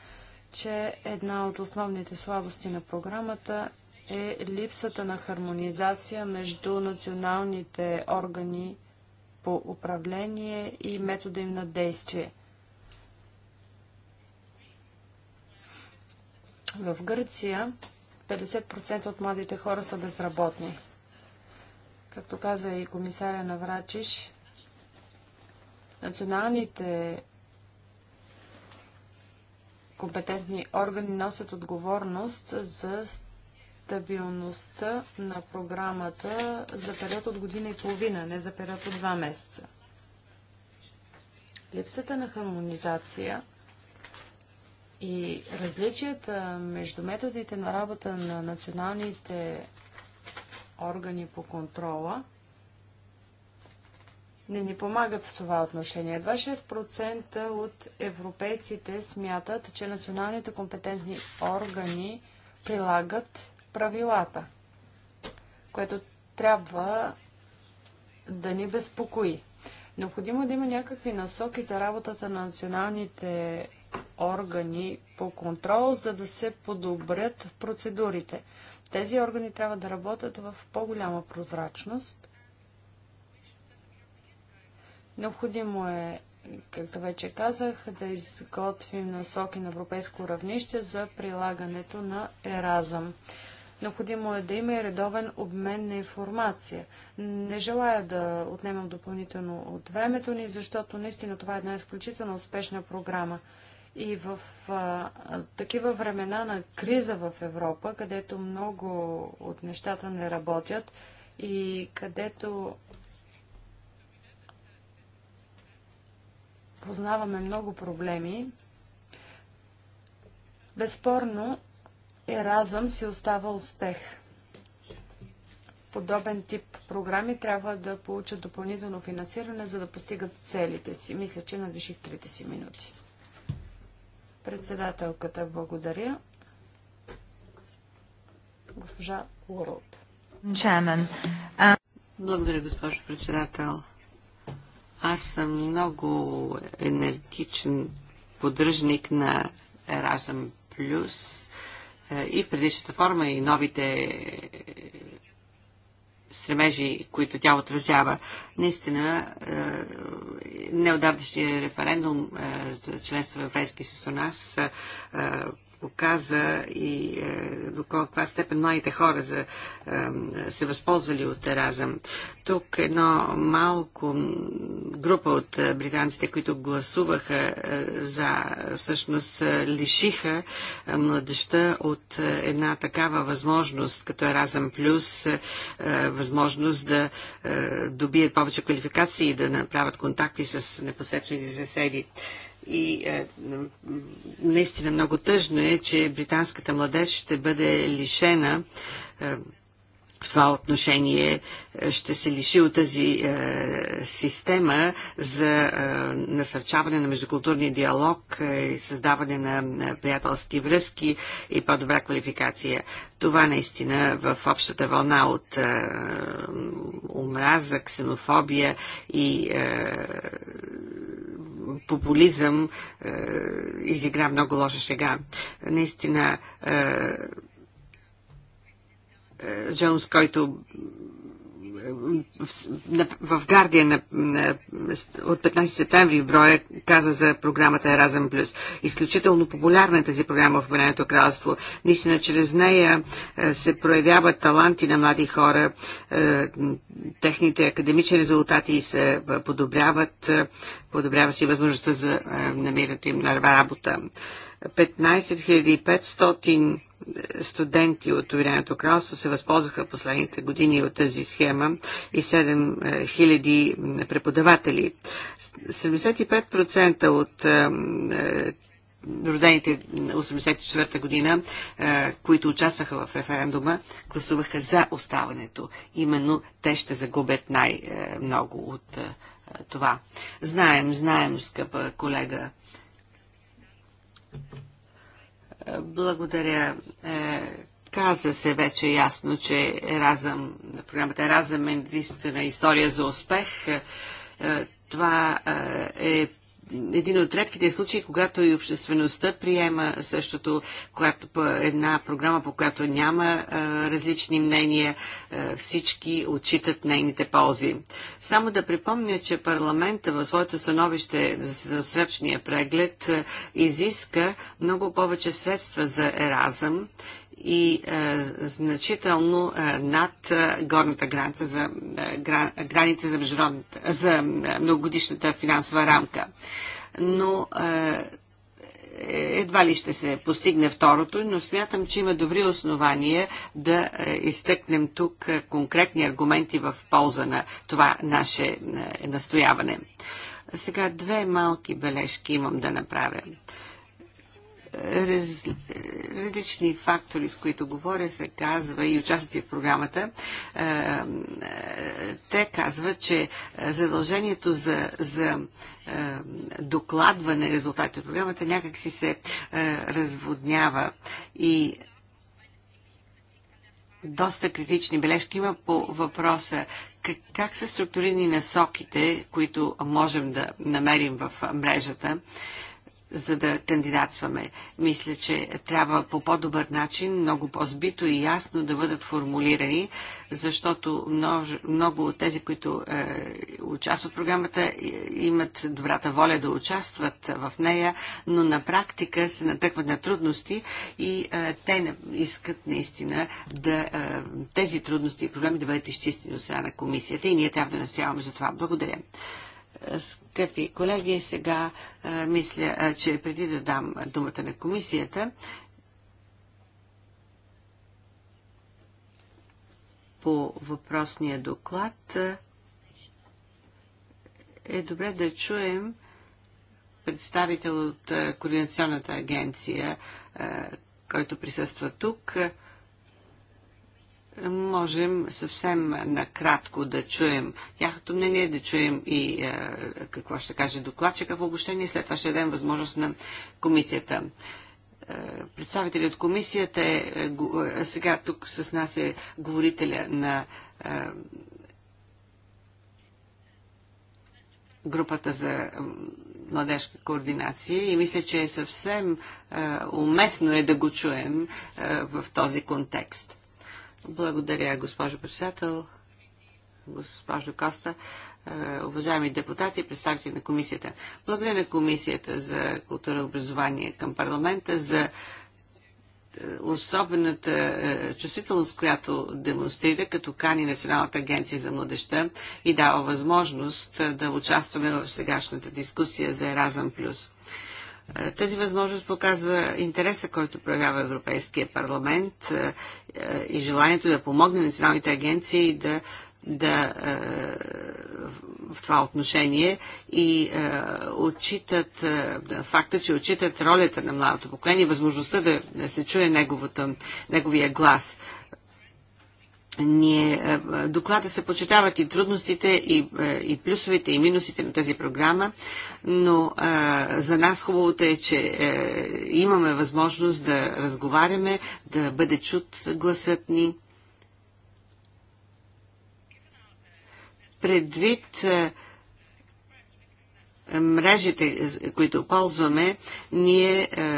че една от основните слабости на програмата е липсата на хармонизация между националните органи по управление и метода им на действие. В Гърция 50% от младите хора са безработни. Както каза и комисаря Наврачиш, националните компетентни органи носят отговорност за стабилността на програмата за период от година и половина, не за период от два месеца. Липсата на хармонизация – и различията между методите на работа на националните органи по контрола не ни помагат в това отношение. 26% от европейците смятат, че националните компетентни органи прилагат правилата, което трябва да ни безпокои. Необходимо е да има някакви насоки за работата на националните органи по контрол, за да се подобрят процедурите. Тези органи трябва да работят в по-голяма прозрачност. Необходимо е, както вече казах, да изготвим насоки на европейско равнище за прилагането на еразъм. Необходимо е да има и редовен обмен на информация. Не желая да отнемам допълнително от времето ни, защото наистина това е една изключително успешна програма. И в а, такива времена на криза в Европа, където много от нещата не работят и където познаваме много проблеми, безспорно Еразъм си остава успех. Подобен тип програми трябва да получат допълнително финансиране, за да постигат целите си. Мисля, че надвиших трите си минути. Председателката, благодаря. Госпожа Уорлд. Благодаря, госпожо председател. Аз съм много енергичен поддръжник на Erasmus Плюс е, и предишната форма и новите стремежи, които тя отразява. Наистина, е, неодавнашният референдум е, за членство в Европейския съюз у нас е, показа и е, до каква степен младите хора за, е, се възползвали от разъм. Тук едно малко група от е, британците, които гласуваха за, всъщност лишиха младеща от една такава възможност, като разъм Плюс, възможност да добият повече квалификации и да направят контакти с непосредствените съседи. И е, наистина много тъжно е, че британската младеж ще бъде лишена е, в това отношение е, ще се лиши от тази е, система за е, насърчаване на междукултурния диалог е, и създаване на, приятелски връзки и по-добра квалификация. Това наистина в общата вълна от е, омраза, ксенофобия и е, популизъм е, изигра много лоша шега. Наистина е, е Джонс, който в Гардия на, на, от 15 септември броя каза за програмата Еразъм Плюс. Изключително популярна е тази програма в Обединеното кралство. Наистина, чрез нея е, се проявяват таланти на млади хора, е, техните академични резултати се е, подобряват, подобрява се и възможността за намирането им на работа. 15 500 студенти от Обединеното кралство се възползваха последните години от тази схема и 7000 е, преподаватели. 75% от е, е, родените 84-та година, които участваха в референдума, гласуваха за оставането. Именно те ще загубят най-много от това. Знаем, знаем, скъпа колега, благодаря. Е, каза се вече ясно, че Еразъм, програмата Еразъм е наистина история за успех. Е, това е, е един от редките случаи, когато и обществеността приема същото, когато една програма, по която няма а, различни мнения, а, всички отчитат нейните ползи. Само да припомня, че парламента в своето становище за средочния преглед а, изиска много повече средства за еразъм и а, е, значително а, е, над а, е, горната граница за, е, граница за, за многогодишната финансова рамка. Но а, едва ли ще се постигне второто, но смятам, че има добри основания да изтъкнем тук конкретни аргументи в полза на това наше настояване. Сега две малки бележки имам да направя раз, различни фактори, с които говоря, се казва и участници в програмата, е, е, те казват, че задължението за, за е, докладване резултатите от програмата някакси се разводнява и доста критични бележки има по въпроса как, как са структурирани насоките, които можем да намерим в мрежата за да кандидатстваме. Мисля, че трябва по по-добър начин, много по-збито и ясно да бъдат формулирани, защото множ, много от тези, които е, участват в програмата, имат добрата воля да участват в нея, но на практика се натъкват на трудности и е, те искат наистина да е, тези трудности и проблеми да бъдат изчистени от страна на комисията и ние трябва да настояваме за това. Благодаря. Скъпи колеги, сега мисля, че преди да дам думата на комисията, по въпросния доклад, е добре да чуем представител от Координационната агенция, който присъства тук можем съвсем накратко да чуем тяхното мнение, да чуем и е, какво ще каже докладчика в обобщение. След това ще дадем възможност на комисията. Е, представители от комисията е, е, е, сега тук с нас е говорителя на е, групата за е, младежка координация и мисля, че е съвсем е, уместно е да го чуем е, в този контекст. Благодаря, госпожо председател, госпожо Коста, е, уважаеми депутати, представители на комисията. Благодаря на комисията за култура и образование към парламента, за е, особената е, чувствителност, която демонстрира, като кани Националната агенция за младеща и дава възможност да участваме в сегашната дискусия за Еразъм Плюс. Тази възможност показва интереса, който проявява Европейския парламент и желанието да помогне националните агенции да да в това отношение и отчитат факта, че отчитат ролята на младото поколение, възможността да, да се чуе неговото, неговия глас ние, е, доклада се почитават и трудностите, и, е, и плюсовете, и минусите на тази програма, но а, е, за нас хубавото е, че е, имаме възможност да разговаряме, да бъде чут гласът ни. Предвид мрежите, които ползваме, ние е, е,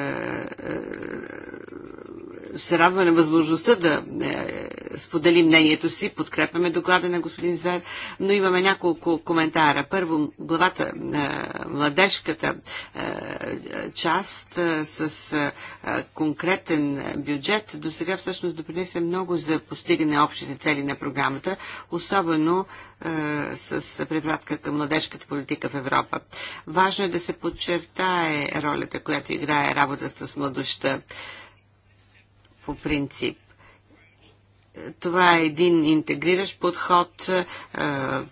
се радва на възможността да е, сподели мнението си. Подкрепяме доклада на господин Звер, но имаме няколко коментара. Първо, главата на е, младежката е, част с конкретен бюджет до сега всъщност допринесе много за постигане общите цели на програмата, особено с превратка към младежката политика в Европа. Важно е да се подчертае ролята, която играе работата с младостта по принцип. Това е един интегриращ подход. Е,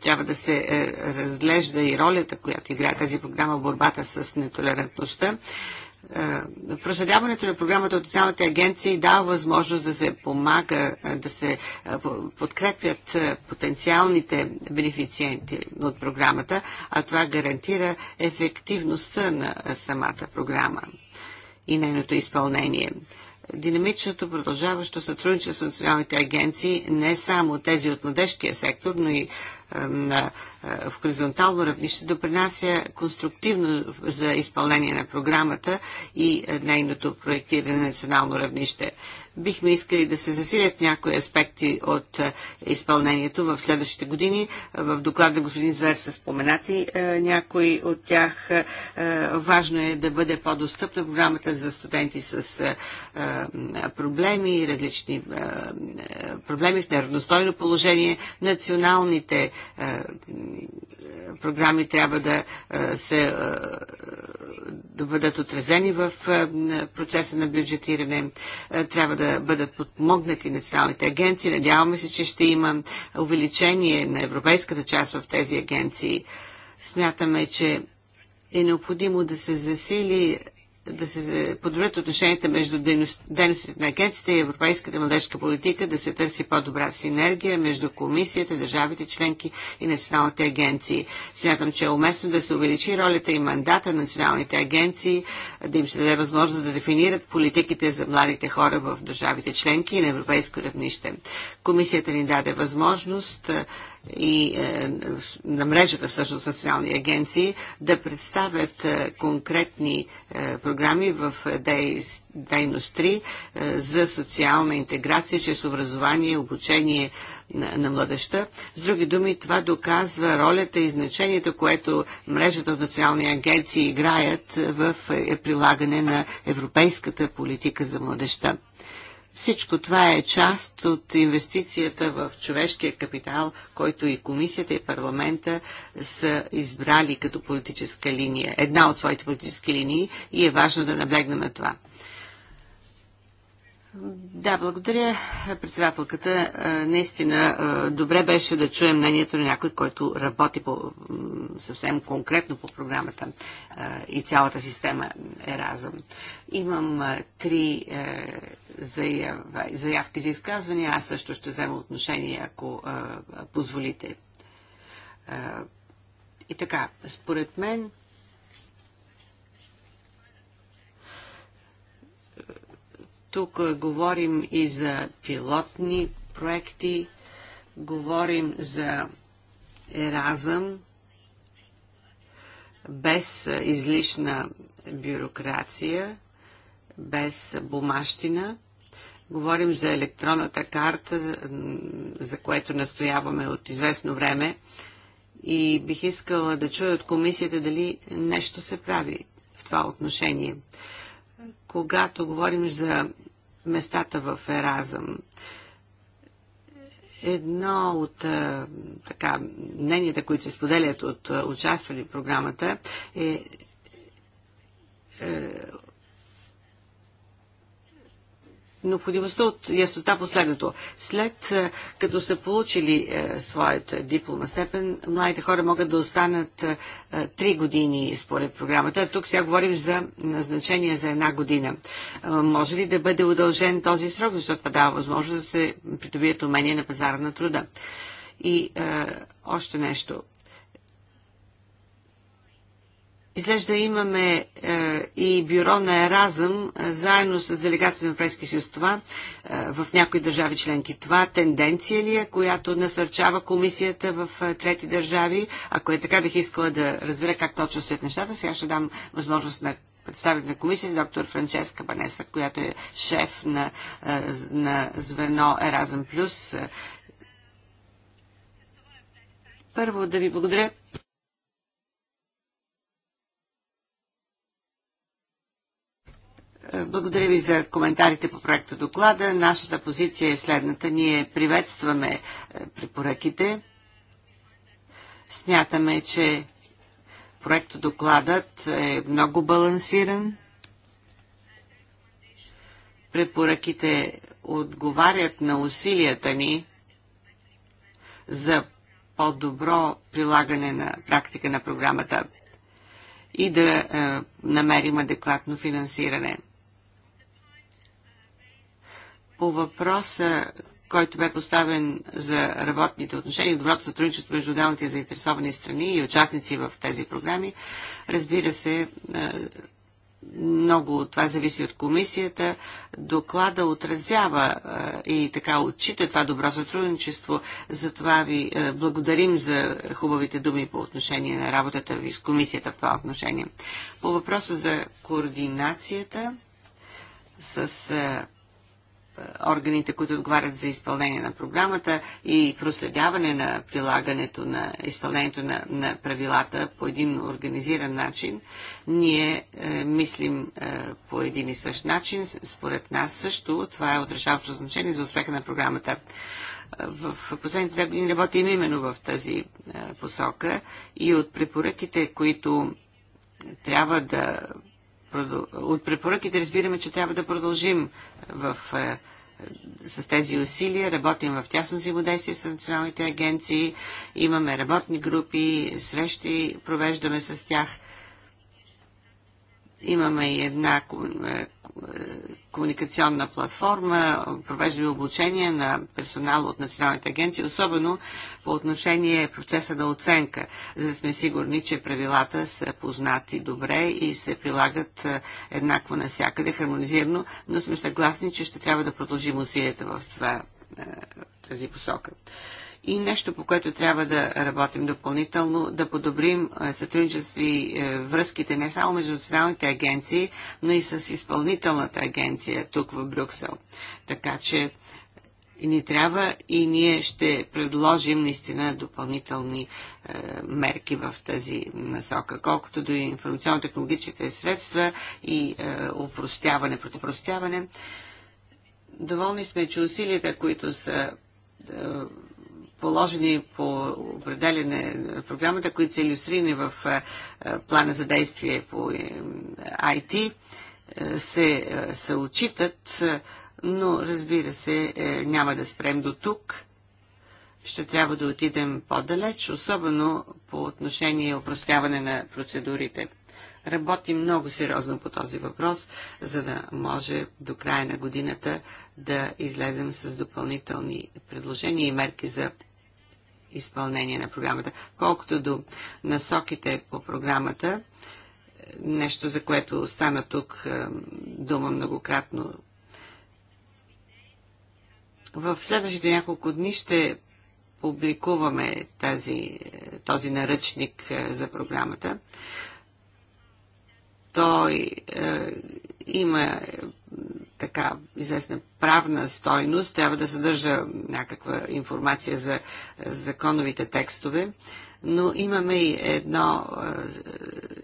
трябва да се е, разглежда и ролята, която играе тази програма в борбата с нетолерантността. Е, проследяването на програмата от социалните агенции дава възможност да се помага, да се подкрепят потенциалните бенефициенти от програмата, а това гарантира ефективността на самата програма и нейното изпълнение динамичното продължаващо сътрудничество на националните агенции, не само тези от младежкия сектор, но и е, на, е, в хоризонтално равнище, допринася конструктивно за изпълнение на програмата и е, нейното проектиране на национално равнище. Бихме искали да се засилят някои аспекти от е, изпълнението в следващите години. В доклада господин Звер са споменати е, някои от тях. Е, важно е да бъде по-достъпна програмата за студенти с проблеми, различни проблеми в неравностойно положение. Националните програми трябва да се да бъдат отразени в процеса на бюджетиране. Трябва да да бъдат подмогнати националните агенции. Надяваме се, че ще има увеличение на европейската част в тези агенции. Смятаме, че е необходимо да се засили да се подобрят отношенията между дейностите на агенцията и европейската младежка политика, да се търси по-добра синергия между комисията, държавите членки и националните агенции. Смятам, че е уместно да се увеличи ролята и мандата на националните агенции, да им се даде възможност да дефинират политиките за младите хора в държавите членки и на европейско равнище. Комисията ни даде възможност и е, на мрежата всъщност социални агенции да представят е, конкретни е, програми в е, дейност 3 е, за социална интеграция чрез образование, обучение на, на младеща. С други думи, това доказва ролята и значението, което мрежата от национални агенции играят в е, прилагане на европейската политика за младеща. Всичко това е част от инвестицията в човешкия капитал, който и комисията и парламента са избрали като политическа линия, една от своите политически линии и е важно да наблегнем на това. Да, благодаря председателката. Е, наистина, е, добре беше да чуем мнението на някой, който работи по, съвсем конкретно по програмата е, и цялата система разъм. Имам три заявки за изказвания. Аз също ще взема отношение, ако а, позволите. А, и така, според мен, тук говорим и за пилотни проекти, говорим за еразъм, без излишна бюрокрация, без бумащина. Говорим за електронната карта, за което настояваме от известно време и бих искала да чуя от комисията дали нещо се прави в това отношение. Когато говорим за местата в Еразъм, едно от така, мненията, които се споделят от участвали в програмата е, е необходимостта от яснота последното. След е, като са получили е, своята диплома степен, младите хора могат да останат е, три години според програмата. Тук сега говорим за назначение за една година. може ли да бъде удължен този срок, защото това дава възможност да се придобият умения на пазара на труда? И още нещо Изглежда имаме е, и бюро на Еразъм е, заедно с делегация на Европейския съюз това е, в някои държави членки. Това тенденция ли е, която насърчава комисията в е, трети държави? Ако е така, бих искала да разбера как точно стоят нещата. Сега ще дам възможност на представител на комисията, доктор Франческа Банеса, която е шеф на, е, на звено Еразъм Плюс. Е, първо да ви благодаря. Е, благодаря ви за коментарите по проекта доклада. Нашата позиция е следната. Ние приветстваме е, препоръките. Смятаме, че проекта докладът е много балансиран. Препоръките отговарят на усилията ни за по-добро прилагане на практика на програмата и да е, намерим адекватно финансиране. По въпроса, който бе поставен за работните отношения и доброто сътрудничество между отделните заинтересовани страни и участници в тези програми, разбира се, е, много от това зависи от комисията. Доклада отразява е, и така отчита това добро сътрудничество. Затова ви е, благодарим за хубавите думи по отношение на работата ви с комисията в това отношение. По въпроса за координацията с е, органите, които отговарят за изпълнение на програмата и проследяване на прилагането на изпълнението на, на правилата по един организиран начин, ние е, мислим е, по един и същ начин. Според нас също това е отрешаващо значение за успеха на програмата. Е, в последните две години работим именно в тази е, посока и от препоръките, които трябва да от препоръките разбираме, че трябва да продължим в, е, с тези усилия. Работим в тясно взаимодействие с националните агенции, имаме работни групи, срещи провеждаме с тях – Имаме и една е, е, комуникационна платформа, провеждаме обучение на персонал от националните агенции, особено по отношение процеса на оценка, за да сме сигурни, че правилата са познати добре и се прилагат е, еднакво навсякъде, хармонизирано, но сме съгласни, че ще трябва да продължим усилията в тази посока и нещо, по което трябва да работим допълнително, да подобрим е, сътрудничество и е, връзките не само между националните агенции, но и с изпълнителната агенция тук в Брюксел. Така че ни трябва и ние ще предложим наистина допълнителни е, мерки в тази насока. Колкото до информационно-технологичните средства и е, упростяване, противопростяване, доволни сме, че усилията, които са е, положени по определене на програмата, които са иллюстрирани в плана за действие по IT, е, е, се, е, се отчитат, но разбира се, няма да спрем до тук. Ще трябва да отидем по-далеч, особено по отношение опростяване на процедурите. Работим много сериозно по този въпрос, за да може до края на годината да излезем с допълнителни предложения и мерки за изпълнение на програмата. Колкото до насоките по програмата, е, нещо за което стана тук е, дума многократно. В следващите няколко дни ще публикуваме тази, този наръчник е, за програмата той е, има така известна правна стойност, трябва да съдържа някаква информация за законовите текстове, но имаме и едно,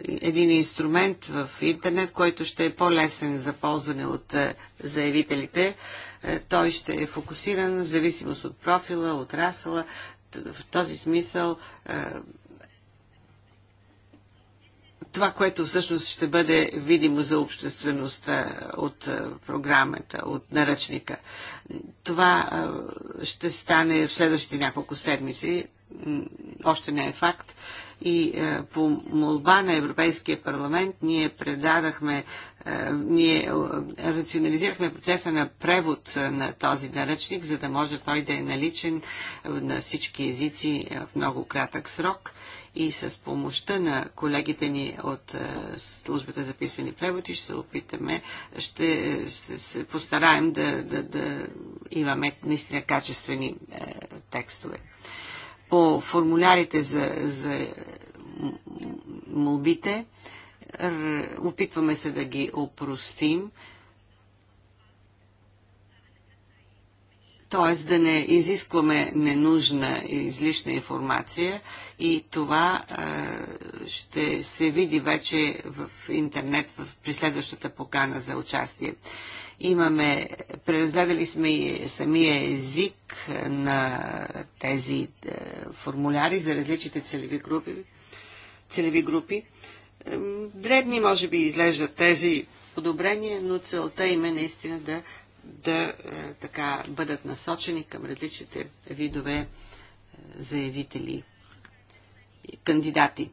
е, един инструмент в интернет, който ще е по-лесен за ползване от е, заявителите. Е, той ще е фокусиран в зависимост от профила, расала. В този смисъл това, което всъщност ще бъде видимо за обществеността от програмата, от наръчника. Това ще стане в следващите няколко седмици. Още не е факт. И по молба на Европейския парламент ние предадахме, ние рационализирахме процеса на превод на този наръчник, за да може той да е наличен на всички езици в много кратък срок и с помощта на колегите ни от е, службата за писмени преводи ще се опитаме, ще е, се постараем да, да, да имаме наистина качествени е, текстове. По формулярите за, за молбите, опитваме се да ги опростим, т.е. да не изискваме ненужна и излишна информация и това е, ще се види вече в интернет в, при следващата покана за участие. Имаме, преразгледали сме и самия език на тези е, формуляри за различните целеви групи. Целеви групи. дредни може би, изглеждат тези подобрения, но целта им е наистина да да е, така бъдат насочени към различните видове е, заявители, кандидати.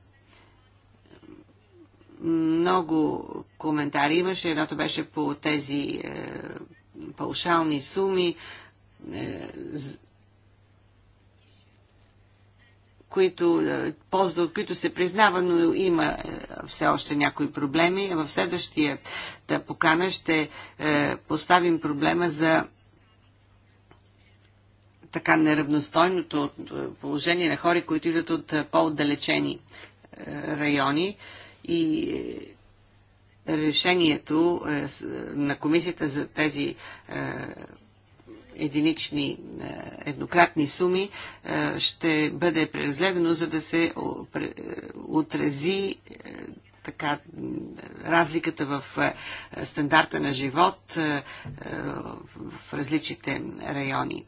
Много коментари имаше. Едното беше по тези е, паушални суми, е, които, е, ползва, от които се признава, но има е, все още някои проблеми. В следващия покана ще е, поставим проблема за така неравностойното положение на хора, които идват от по-отдалечени райони и решението на комисията за тези единични е, еднократни суми е, ще бъде преразгледано, за да се е, отрази така разликата в стандарта на живот в различните райони.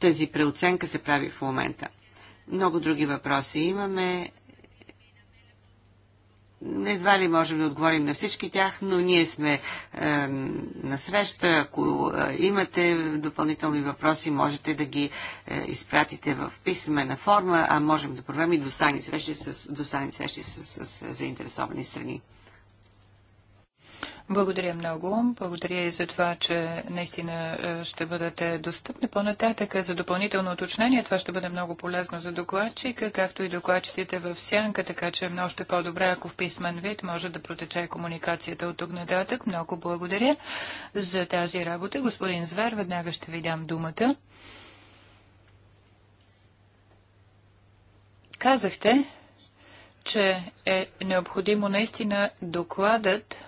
Тази преоценка се прави в момента. Много други въпроси имаме. Едва ли можем да отговорим на всички тях, но ние сме е, на среща. Ако е, имате допълнителни въпроси, можете да ги е, изпратите в писмена форма, а можем да проведем и достани срещи с, срещи с, с, с заинтересовани страни. Благодаря много. Благодаря и за това, че наистина е, ще бъдете достъпни по-нататък. За допълнително уточнение това ще бъде много полезно за докладчика, както и докладчиците в сянка, така че е още по-добре, ако в писмен вид може да протече комуникацията от тук нататък. Много благодаря за тази работа. Господин Звер, веднага ще ви дам думата. Казахте, че е необходимо наистина докладът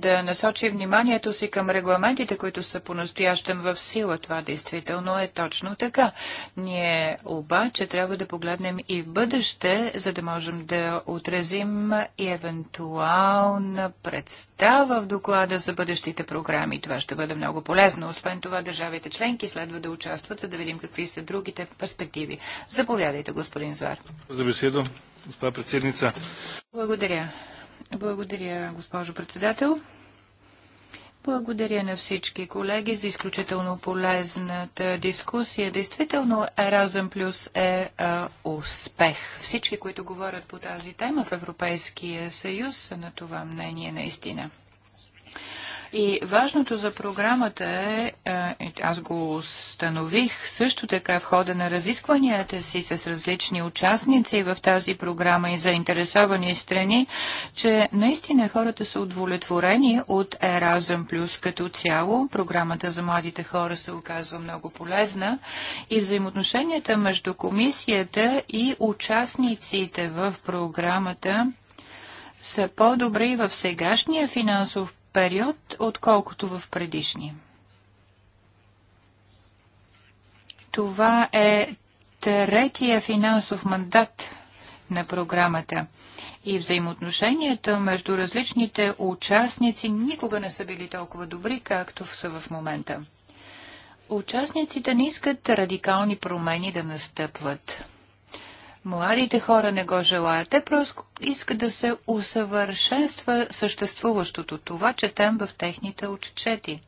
да насочи вниманието си към регламентите, които са по-настоящем в сила. Това действително е точно така. Ние обаче трябва да погледнем и в бъдеще, за да можем да отразим и евентуална представа в доклада за бъдещите програми. Това ще бъде много полезно. Освен това, държавите членки следва да участват, за да видим какви са другите перспективи. Заповядайте, господин Звар. За беседо, госпожа председница. Благодаря. Благодаря, госпожо председател. Благодаря на всички колеги за изключително полезната дискусия. Действително Еразъм Плюс е а, успех. Всички, които говорят по тази тема в Европейския съюз, са на това мнение наистина. И важното за програмата е, е аз го установих също така в хода на разискванията си с различни участници в тази програма и заинтересовани страни, че наистина хората са удовлетворени от Еразъм Плюс като цяло. Програмата за младите хора се оказва много полезна и взаимоотношенията между комисията и участниците в програмата са по-добри в сегашния финансов период, отколкото в предишния. Това е третия финансов мандат на програмата и взаимоотношенията между различните участници никога не са били толкова добри, както са в момента. Участниците не искат радикални промени да настъпват младите хора не го желаят. Те просто искат да се усъвършенства съществуващото. Това четем в техните отчети.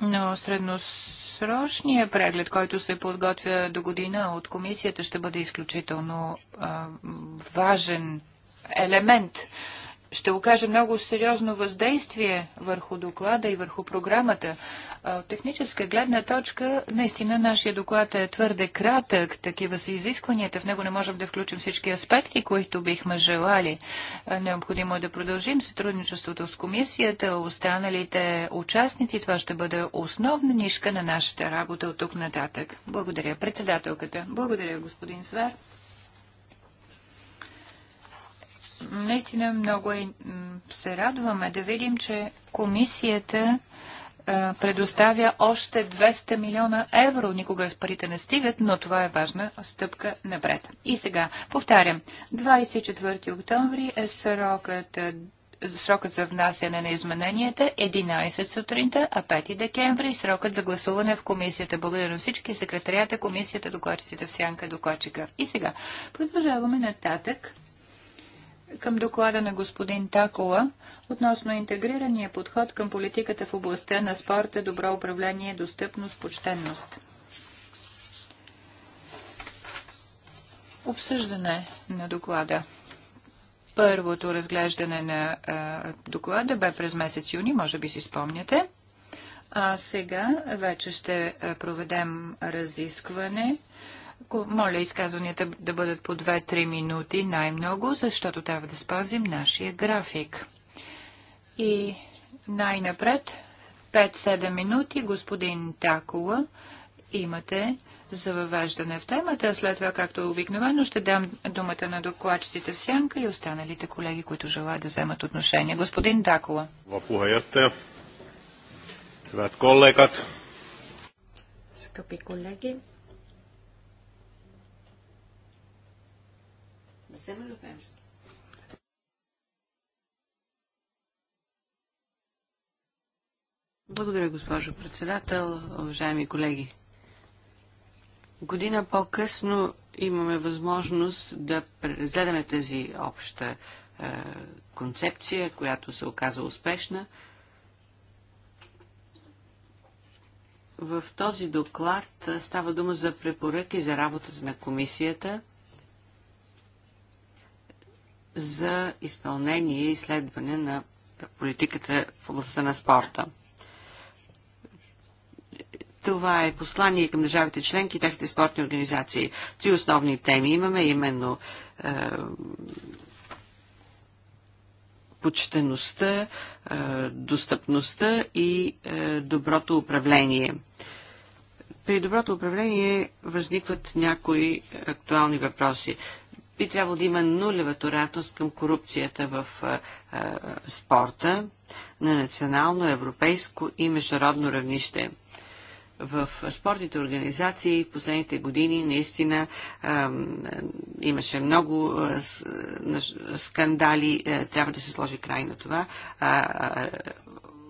Но средносрочният преглед, който се подготвя до година от комисията, ще бъде изключително а, важен елемент ще окаже много сериозно въздействие върху доклада и върху програмата. От техническа гледна точка, наистина нашия доклад е твърде кратък. Такива са изискванията. В него не можем да включим всички аспекти, които бихме желали. Необходимо е да продължим сътрудничеството с комисията, останалите участници. Това ще бъде основна нишка на нашата работа от тук нататък. Благодаря председателката. Благодаря господин Свер. Наистина много е, се радваме да видим, че комисията е, предоставя още 200 милиона евро. Никога с парите не стигат, но това е важна стъпка напред. И сега, повтарям, 24 октомври е срокът е, срокът за внасяне на измененията 11 сутринта, а 5 декември е срокът за гласуване в комисията. Благодаря на всички секретарията, комисията, докладчиците в сянка, докладчика. И сега продължаваме нататък към доклада на господин Такола относно интегрирания подход към политиката в областта на спорта, добро управление, достъпност, почтенност. Обсъждане на доклада. Първото разглеждане на а, доклада бе през месец юни, може би си спомняте. А сега вече ще проведем разискване моля изказванията да бъдат по 2-3 минути най-много, защото трябва да спазим нашия график. И най-напред 5-7 минути господин Такова имате за въвеждане в темата. След това, както обикновено, ще дам думата на докладчиците в сянка и останалите колеги, които желаят да вземат отношение. Господин Дакова. Скъпи колеги, взема ли Благодаря, госпожо председател, уважаеми колеги. Година по-късно имаме възможност да разгледаме тази обща е, концепция, която се оказа успешна. В този доклад е, става дума за препоръки за работата на комисията – за изпълнение и изследване на политиката в областта на спорта. Това е послание към държавите членки и техните спортни организации. Три основни теми имаме, именно е, почтеността, е, достъпността и е, доброто управление. При доброто управление възникват някои актуални въпроси би трябвало да има нулева толерантност към корупцията в а, а, спорта на национално, европейско и международно равнище. В спортните организации в последните години наистина а, имаше много а, скандали. А, трябва да се сложи край на това. А, а,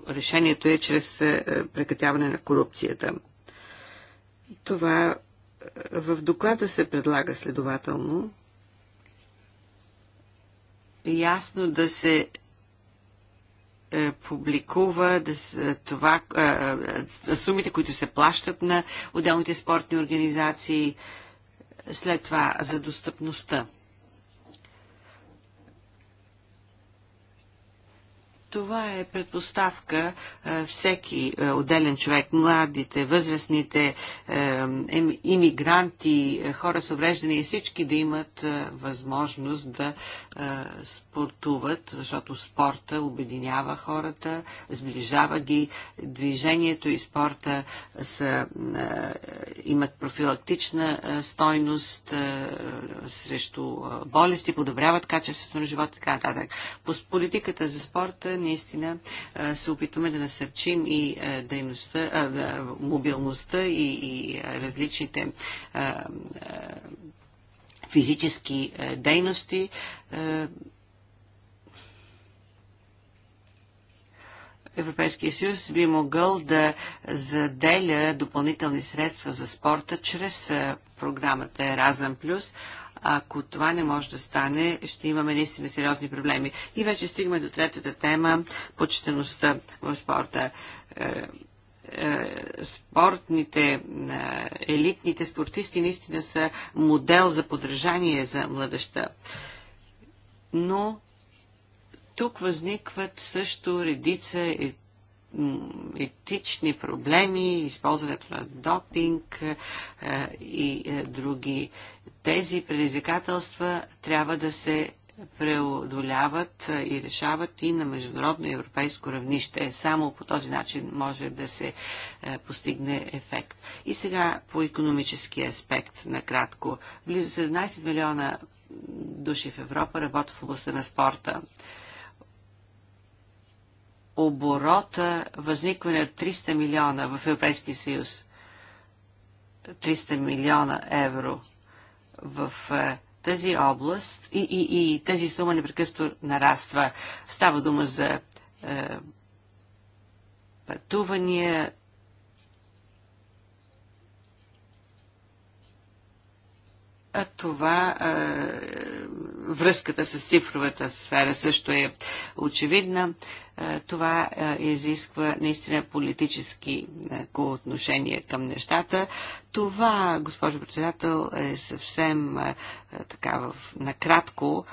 решението е чрез прекратяване на корупцията. Това в доклада се предлага следователно ясно да се е, публикува да това, е, е, е, сумите, които се плащат на отделните спортни организации, след това за достъпността. Това е предпоставка е, всеки е, отделен човек, младите, възрастните, е, иммигранти, хора с увреждания, всички да имат възможност да спортуват, защото спорта обединява хората, сближава ги. Движението и спорта са, имат профилактична стойност срещу болести, подобряват качеството на живота и така нататък. По политиката за спорта наистина се опитваме да насърчим и дейността, мобилността и, и различните физически дейности. Европейския съюз би могъл да заделя допълнителни средства за спорта чрез програмата Еразъм Плюс. Ако това не може да стане, ще имаме наистина сериозни проблеми. И вече стигаме до третата тема – почетеността в спорта е, е, спортните, е, елитните спортисти наистина са модел за подражание за младеща. Но тук възникват също редица етични проблеми, използването на допинг е, и е, други. Тези предизвикателства трябва да се преодоляват е, и решават и на международно и европейско равнище. Само по този начин може да се постигне ефект. И сега по економически аспект, накратко. Близо 17 милиона души в Европа работят в областта на спорта оборота възникване от 300 милиона в Европейския съюз. 300 милиона евро в е, тази област и, и, и тази сума непрекъсто нараства. Става дума за е, пътувания, А това е, връзката с цифровата сфера също е очевидна. Е, това е, изисква наистина политически е, отношение към нещата. Това, госпожо председател, е съвсем така в, накратко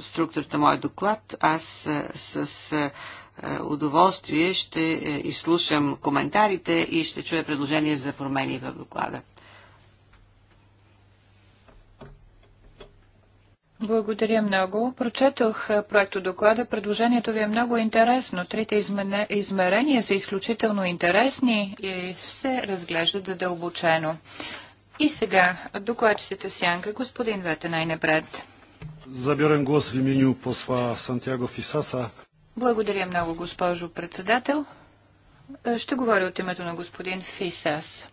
структурата на мой доклад. Аз с, с удоволствие ще изслушам коментарите и ще чуя предложения за промени в доклада. Благодаря много. Прочетох е, проекто доклада. Предложението ви е много интересно. Трите измерения са изключително интересни и се разглеждат задълбочено. И сега докладчицата Сянка, господин Вете най-напред. Забирам глас в имени посла Сантьяго Фисаса. Благодаря много, госпожо председател. Е, ще говоря от името на господин Фисас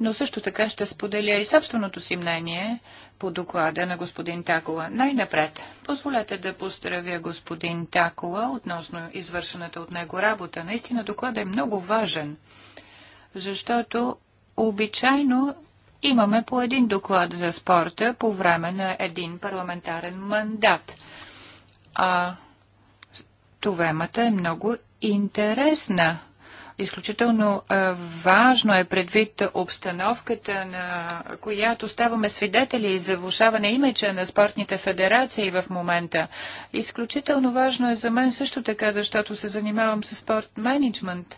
но също така ще споделя и собственото си мнение по доклада на господин Такова. Най-напред, позволете да поздравя господин Такова относно извършената от него работа. Наистина докладът е много важен, защото обичайно имаме по един доклад за спорта по време на един парламентарен мандат. А това е много интересна Изключително важно е предвид обстановката, на която ставаме свидетели за влушаване имеча на спортните федерации в момента. Изключително важно е за мен също така, защото се занимавам с спорт менеджмент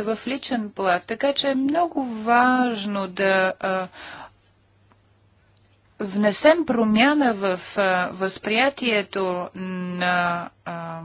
в личен плат. Така че е много важно да внесем промяна в а, възприятието на а,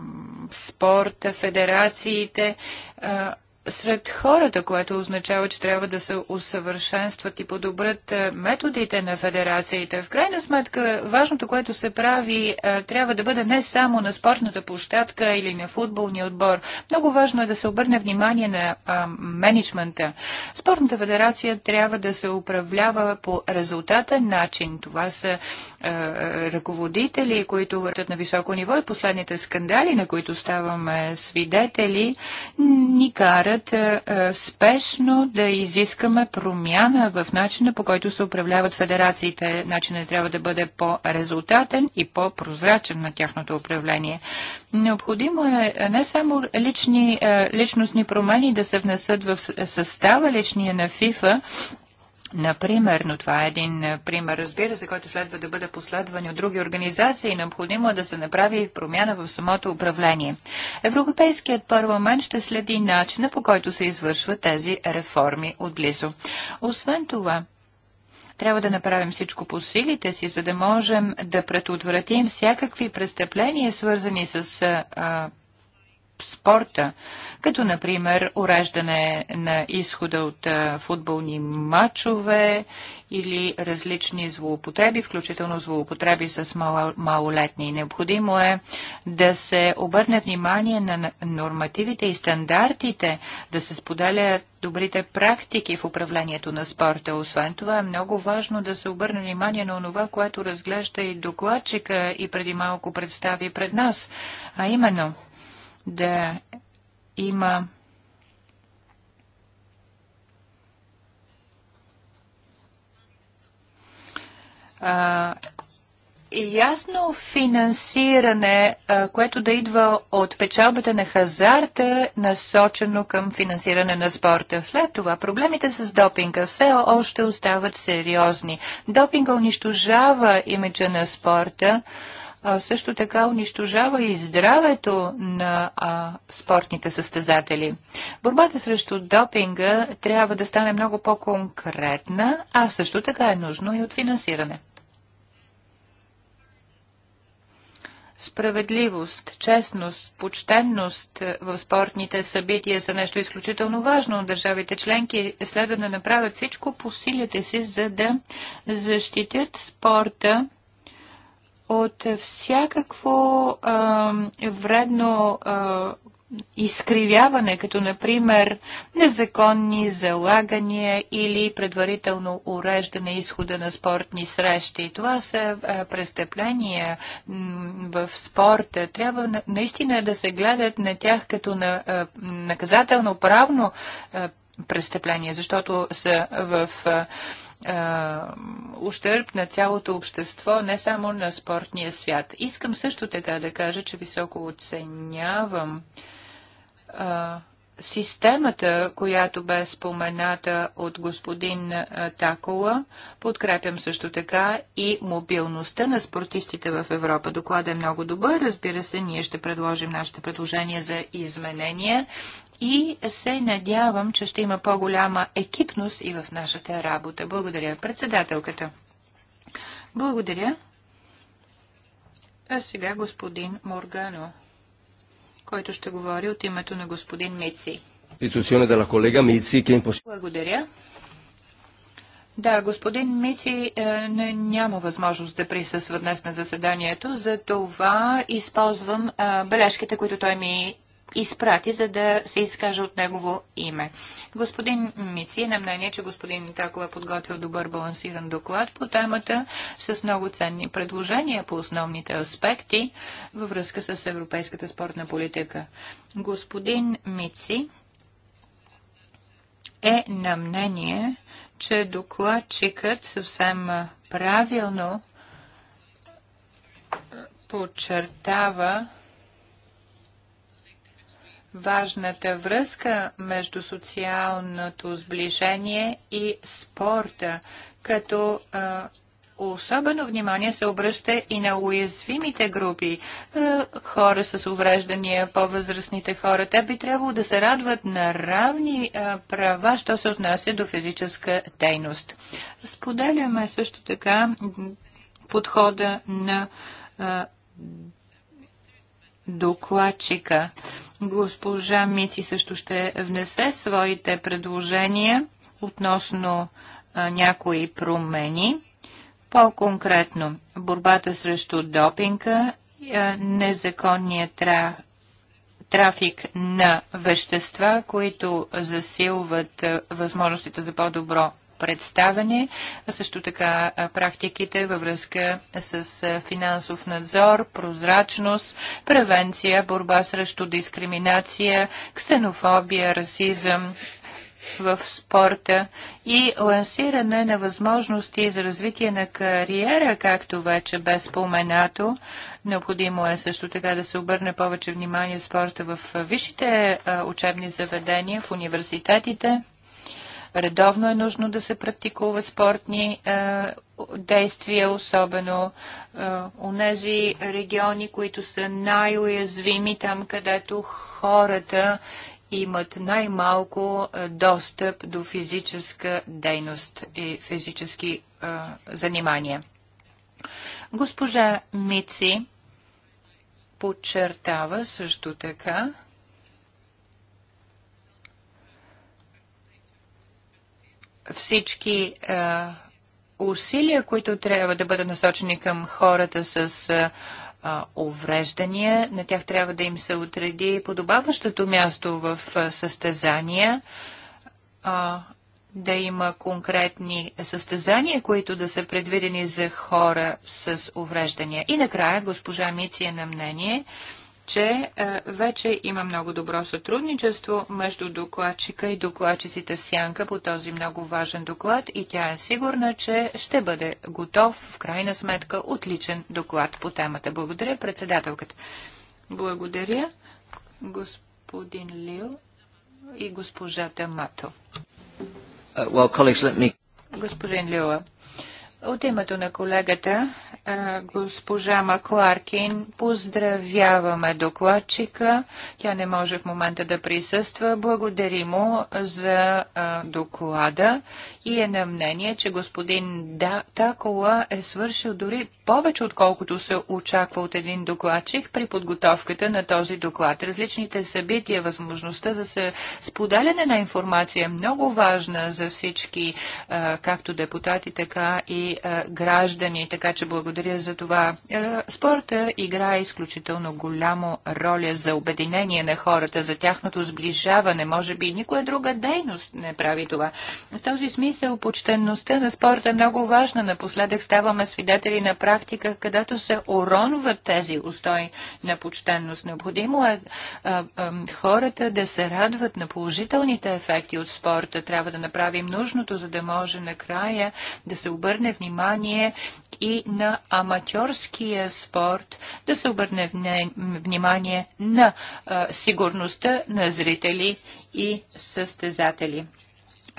спорта, федерациите, а, сред хората, което означава, че трябва да се усъвършенстват и подобрят е, методите на федерациите. В крайна сметка, важното, което се прави, е, трябва да бъде не само на спортната площадка или на футболния отбор. Много важно е да се обърне внимание на а, менеджмента. Спортната федерация трябва да се управлява по резултатен начин. Това са а, е, ръководители, които въртят на високо ниво и последните скандали, на които ставаме свидетели, ни карат предлагат е, е, спешно да изискаме промяна в начина по който се управляват федерациите. Начинът трябва да бъде по-резултатен и по-прозрачен на тяхното управление. Необходимо е не само лични, е, личностни промени да се внесат в състава личния на ФИФА, Например, но това е един е, пример, разбира се, който следва да бъде последван от други организации и необходимо е да се направи промяна в самото управление. Европейският парламент ще следи начина по който се извършват тези реформи отблизо. Освен това, трябва да направим всичко по силите си, за да можем да предотвратим всякакви престъпления, свързани с а, спорта, като например уреждане на изхода от футболни матчове или различни злоупотреби, включително злоупотреби с малолетни. Необходимо е да се обърне внимание на нормативите и стандартите, да се споделят добрите практики в управлението на спорта. Освен това е много важно да се обърне внимание на това, което разглежда и докладчика и преди малко представи пред нас, а именно – да има а, ясно финансиране, което да идва от печалбата на хазарта, насочено към финансиране на спорта. След това проблемите с допинга все още остават сериозни. Допинга унищожава имиджа на спорта а, също така унищожава и здравето на а, спортните състезатели. Борбата срещу допинга трябва да стане много по-конкретна, а също така е нужно и от финансиране. Справедливост, честност, почтенност в спортните събития са нещо изключително важно. Държавите членки следва да направят всичко по силите си, за да защитят спорта от всякакво а, вредно а, изкривяване, като например незаконни залагания или предварително уреждане изхода на спортни срещи. Това са престъпления в спорта. Трябва наистина да се гледат на тях като на наказателно-правно престъпление, защото са в е, ущърб на цялото общество, не само на спортния свят. Искам също така да кажа, че високо оценявам а, е, системата, която бе спомената от господин е, Такола. Подкрепям също така и мобилността на спортистите в Европа. Докладът е много добър. Разбира се, ние ще предложим нашите предложения за изменения и се надявам, че ще има по-голяма екипност и в нашата работа. Благодаря, председателката. Благодаря. А сега господин Моргано, който ще говори от името на господин Мици. Благодаря. Да, господин Мици е, няма възможност да присъства днес на заседанието, за това използвам е, бележките, които той ми изпрати, за да се изкаже от негово име. Господин Мици е на мнение, че господин Такова е подготвил добър балансиран доклад по темата с много ценни предложения по основните аспекти във връзка с европейската спортна политика. Господин Мици е на мнение, че докладчикът съвсем правилно подчертава важната връзка между социалното сближение и спорта, като а, особено внимание се обръща и на уязвимите групи, а, хора с увреждания, по-възрастните хора. Те би трябвало да се радват на равни а, права, що се отнася до физическа дейност. Споделяме също така подхода на докладчика. Госпожа Мици също ще внесе своите предложения относно някои промени. По-конкретно, борбата срещу допинга, незаконния трафик на вещества, които засилват възможностите за по-добро а също така практиките във връзка с финансов надзор, прозрачност, превенция, борба срещу дискриминация, ксенофобия, расизъм, в спорта и лансиране на възможности за развитие на кариера, както вече бе споменато. Необходимо е също така да се обърне повече внимание в спорта в висшите учебни заведения, в университетите. Редовно е нужно да се практикува спортни е, действия, особено е, у нези региони, които са най-уязвими, там където хората имат най-малко е, достъп до физическа дейност и физически е, занимания. Госпожа Мици подчертава също така, всички е, усилия, които трябва да бъдат насочени към хората с е, е, увреждания. На тях трябва да им се отреди подобаващото място в състезания, да има конкретни състезания, които да са предвидени за хора с увреждания. И накрая госпожа Миция, на мнение, че е, вече има много добро сътрудничество между докладчика и докладчиците в Сянка по този много важен доклад и тя е сигурна, че ще бъде готов в крайна сметка отличен доклад по темата. Благодаря, председателката. Благодаря, господин Лил и госпожата Мато. Uh, well, me... Господин Лила, от името на колегата госпожа Макларкин. Поздравяваме докладчика. Тя не може в момента да присъства. Благодари му за доклада и е на мнение, че господин Такола е свършил дори повече, отколкото се очаква от един докладчик при подготовката на този доклад. Различните събития, възможността за се споделяне на информация е много важна за всички, както депутати, така и граждани. Така че благодаря благодаря за това. Е, спорта играе изключително голямо роля за обединение на хората, за тяхното сближаване. Може би никоя друга дейност не прави това. В този смисъл почтенността на спорта е много важна. Напоследък ставаме свидетели на практика, където се уронват тези устои на почтенност. Необходимо е а, а, хората да се радват на положителните ефекти от спорта. Трябва да направим нужното, за да може накрая да се обърне внимание и на аматьорския спорт, да се обърне внимание на сигурността на зрители и състезатели.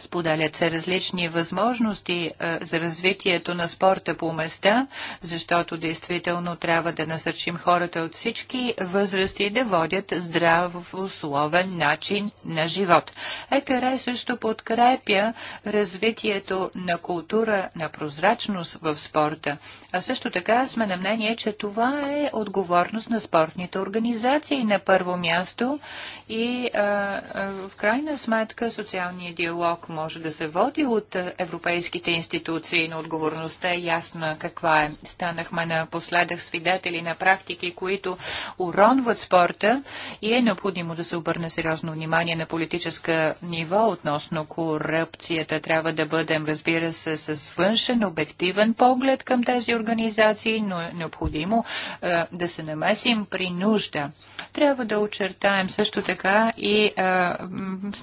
Споделят се различни възможности е, за развитието на спорта по места, защото действително трябва да насърчим хората от всички възрасти да водят здравословен начин на живот. ЕКР също подкрепя развитието на култура на прозрачност в спорта. А също така сме на мнение, че това е отговорност на спортните организации на първо място и а, е, е, в крайна сметка социалния диалог може да се води от е, европейските институции, но отговорността е ясна каква е. Станахме напоследък свидетели на практики, които уронват спорта и е необходимо да се обърне сериозно внимание на политическа ниво относно корупцията. Трябва да бъдем, разбира се, с външен, обективен поглед към тези организации, но е необходимо е, да се намесим при нужда. Трябва да очертаем също така и е,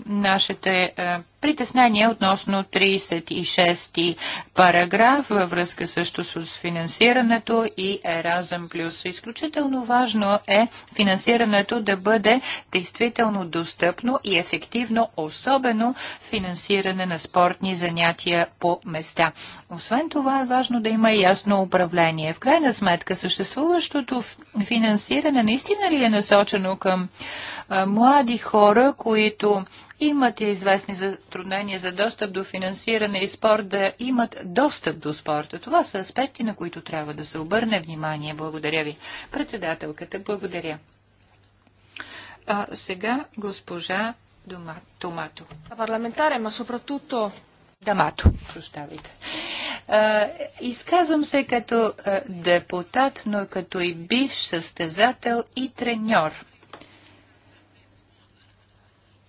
нашите е, притеснение относно 36 параграф във връзка също с финансирането и Еразъм Плюс. Изключително важно е финансирането да бъде действително достъпно и ефективно, особено финансиране на спортни занятия по места. Освен това е важно да има ясно управление. В крайна сметка съществуващото финансиране наистина ли е насочено към а, млади хора, които имат известни затруднения за достъп до финансиране и спорт, да имат достъп до спорта. Това са аспекти, на които трябва да се обърне внимание. Благодаря ви. Председателката, благодаря. А сега госпожа Томато. Парламентарен, ма съпратуто... Дамато, прощавайте. Изказвам се като депутат, но като и бивш състезател и треньор.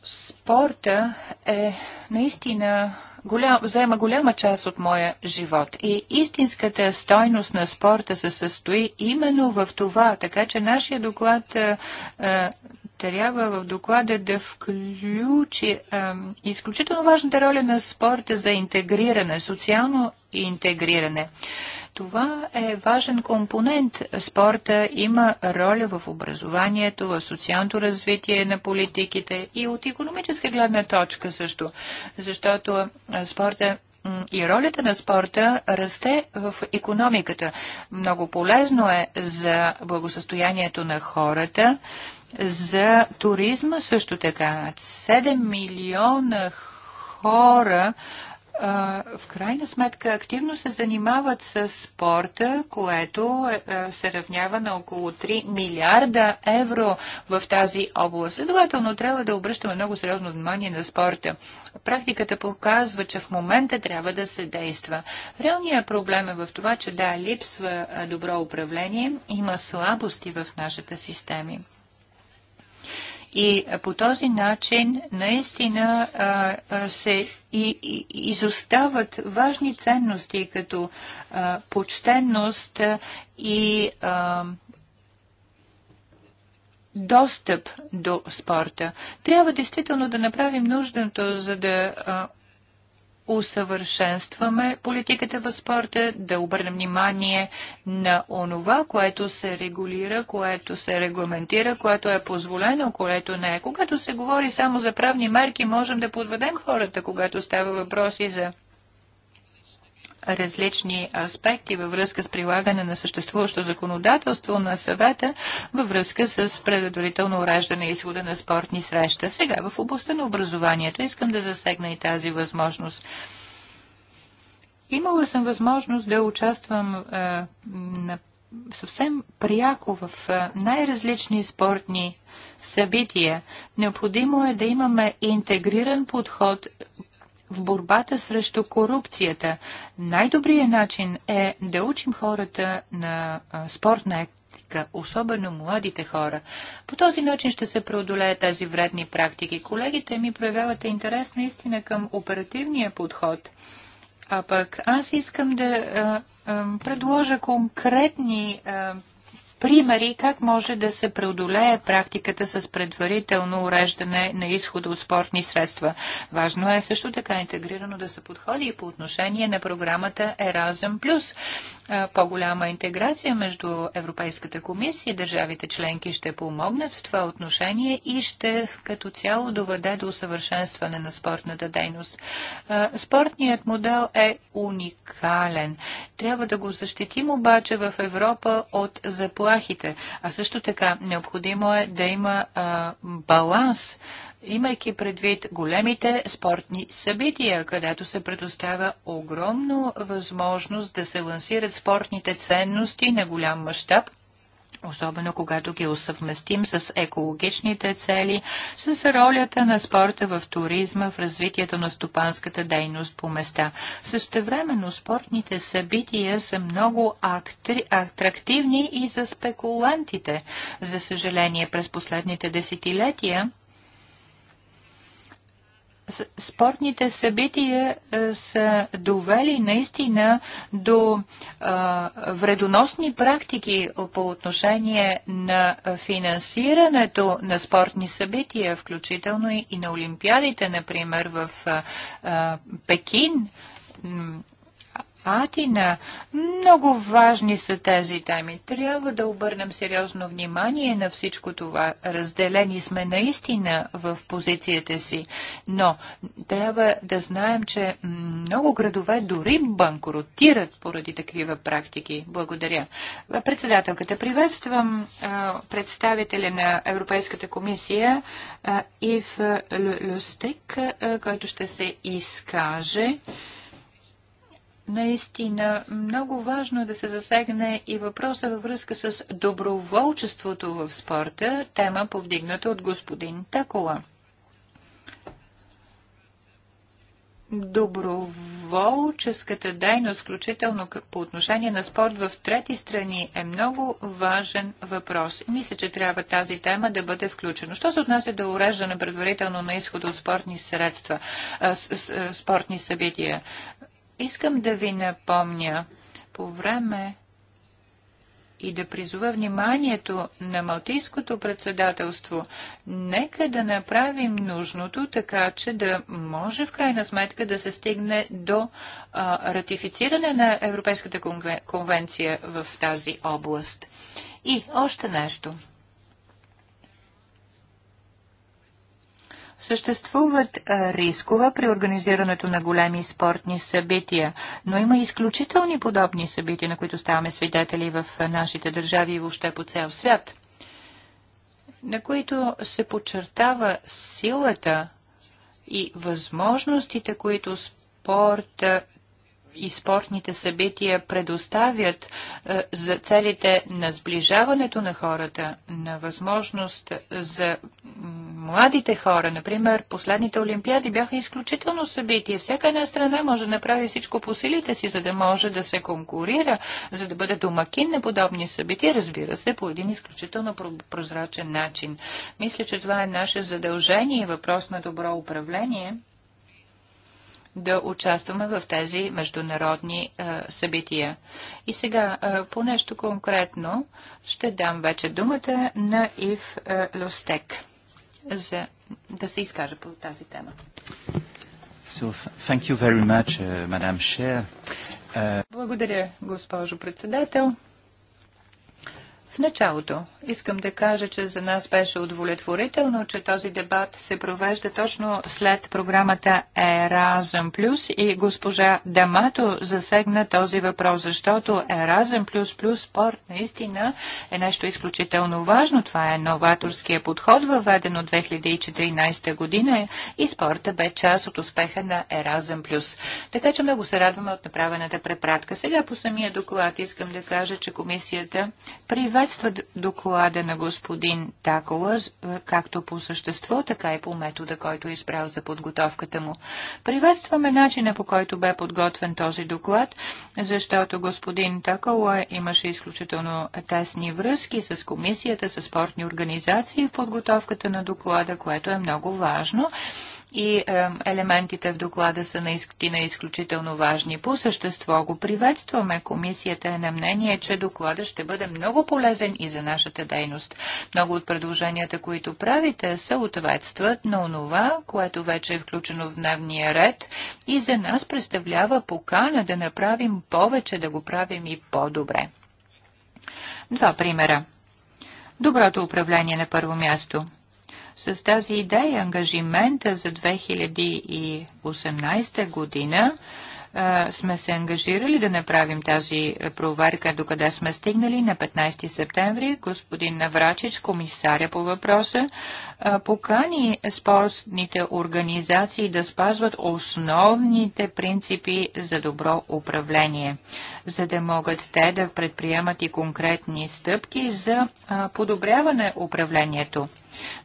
Спорта е наистина голям, взема голяма част от моя живот. И истинската стойност на спорта се състои именно в това. Така че нашия доклад е, е трябва в доклада да включи е, изключително важната роля на спорта за интегриране, социално интегриране. Е, това е важен компонент. Спорта има роля в образованието, в социалното развитие на политиките и от економическа гледна точка също, защото спорта и ролята на спорта расте в економиката. Много полезно е за благосъстоянието на хората, за туризма също така. 7 милиона хора хора в крайна сметка активно се занимават с спорта, което е, е, се равнява на около 3 милиарда евро в тази област. Следователно трябва да обръщаме много сериозно внимание на спорта. Практиката показва, че в момента трябва да се действа. Реалният проблем е в това, че да, липсва добро управление, има слабости в нашата система. И по този начин наистина се изостават важни ценности, като почтенност и достъп до спорта. Трябва действително да направим нуждато, за да усъвършенстваме политиката в спорта, да обърнем внимание на онова, което се регулира, което се регламентира, което е позволено, което не е. Когато се говори само за правни мерки, можем да подведем хората, когато става въпроси за различни аспекти във връзка с прилагане на съществуващо законодателство на съвета във връзка с предварително уреждане и изхода на спортни среща. Сега в областта на образованието искам да засегна и тази възможност. Имала съм възможност да участвам е, на съвсем пряко в е, най-различни спортни събития. Необходимо е да имаме интегриран подход в борбата срещу корупцията. Най-добрият начин е да учим хората на спортна етика, особено младите хора. По този начин ще се преодолее тези вредни практики. Колегите ми проявяват интерес наистина към оперативния подход. А пък аз искам да а, а, предложа конкретни а, примери как може да се преодолее практиката с предварително уреждане на изхода от спортни средства. Важно е също така интегрирано да се подходи и по отношение на програмата Erasm+. По-голяма интеграция между Европейската комисия и държавите членки ще помогнат в това отношение и ще като цяло доведе до усъвършенстване на спортната дейност. Спортният модел е уникален. Трябва да го защитим обаче в Европа от запълнението заплахите. А също така необходимо е да има а, баланс имайки предвид големите спортни събития, където се предоставя огромна възможност да се лансират спортните ценности на голям мащаб особено когато ги усъвместим с екологичните цели, с ролята на спорта в туризма, в развитието на стопанската дейност по места. Същевременно спортните събития са много актри... атрактивни и за спекулантите. За съжаление, през последните десетилетия спортните събития е, са довели наистина до вредоносни практики по отношение на финансирането на спортни събития, включително и на Олимпиадите, например в Пекин Атина. Много важни са тези теми. Трябва да обърнем сериозно внимание на всичко това. Разделени сме наистина в позицията си, но трябва да знаем, че много градове дори банкротират поради такива практики. Благодаря. Председателката, приветствам представителя на Европейската комисия Ив Люстик, който ще се изкаже наистина много важно е да се засегне и въпроса във връзка с доброволчеството в спорта, тема повдигната от господин Такола. доброволческата дейност, включително по отношение на спорт в трети страни, е много важен въпрос. Мисля, че трябва тази тема да бъде включена. Що се отнася до уреждане предварително на изхода от спортни средства, спортни събития? Искам да ви напомня, по време и да призова вниманието на Малтийското председателство, нека да направим нужното, така че да може в крайна сметка да се стигне до а, ратифициране на Европейската конвенция в тази област. И още нещо – Съществуват рискове при организирането на големи спортни събития, но има изключителни подобни събития, на които ставаме свидетели в нашите държави и въобще по цял свят, на които се подчертава силата и възможностите, които спорта и спортните събития предоставят е, за целите на сближаването на хората, на възможност за младите хора. Например, последните Олимпиади бяха изключително събитие. Всяка една страна може да направи всичко по силите си, за да може да се конкурира, за да бъде домакин на подобни събития, разбира се, по един изключително прозрачен начин. Мисля, че това е наше задължение и въпрос на добро управление да участваме в тези международни а, е, събития. И сега а, е, по нещо конкретно ще дам вече думата на Ив а, е, Лостек за да се изкаже по тази тема. So, thank you very much, uh, Chair. Uh... Благодаря, госпожо председател. В началото искам да кажа, че за нас беше удовлетворително, че този дебат се провежда точно след програмата Еразъм Плюс и госпожа Дамато засегна този въпрос, защото Еразъм Плюс Плюс спорт наистина е нещо изключително важно. Това е новаторския подход, въведен от 2014 година и спорта бе част от успеха на Еразъм Плюс. Така че много се радваме от направената препратка. Сега по самия доклад искам да кажа, че комисията привежда съответства доклада на господин Такола, както по същество, така и по метода, който е избрал за подготовката му. Приветстваме начина по който бе подготвен този доклад, защото господин Такола имаше изключително тесни връзки с комисията, с спортни организации в подготовката на доклада, което е много важно и е, елементите в доклада са наистина изключително важни. По същество го приветстваме. Комисията е на мнение, че доклада ще бъде много полезен и за нашата дейност. Много от предложенията, които правите, съответстват на онова, което вече е включено в дневния ред и за нас представлява покана да направим повече, да го правим и по-добре. Два примера. Доброто управление на първо място. С тази идея ангажимента за 2018 година сме се ангажирали да направим тази проверка, докъде сме стигнали на 15 септември. Господин Наврачич, комисаря по въпроса, покани спортните организации да спазват основните принципи за добро управление, за да могат те да предприемат и конкретни стъпки за подобряване управлението.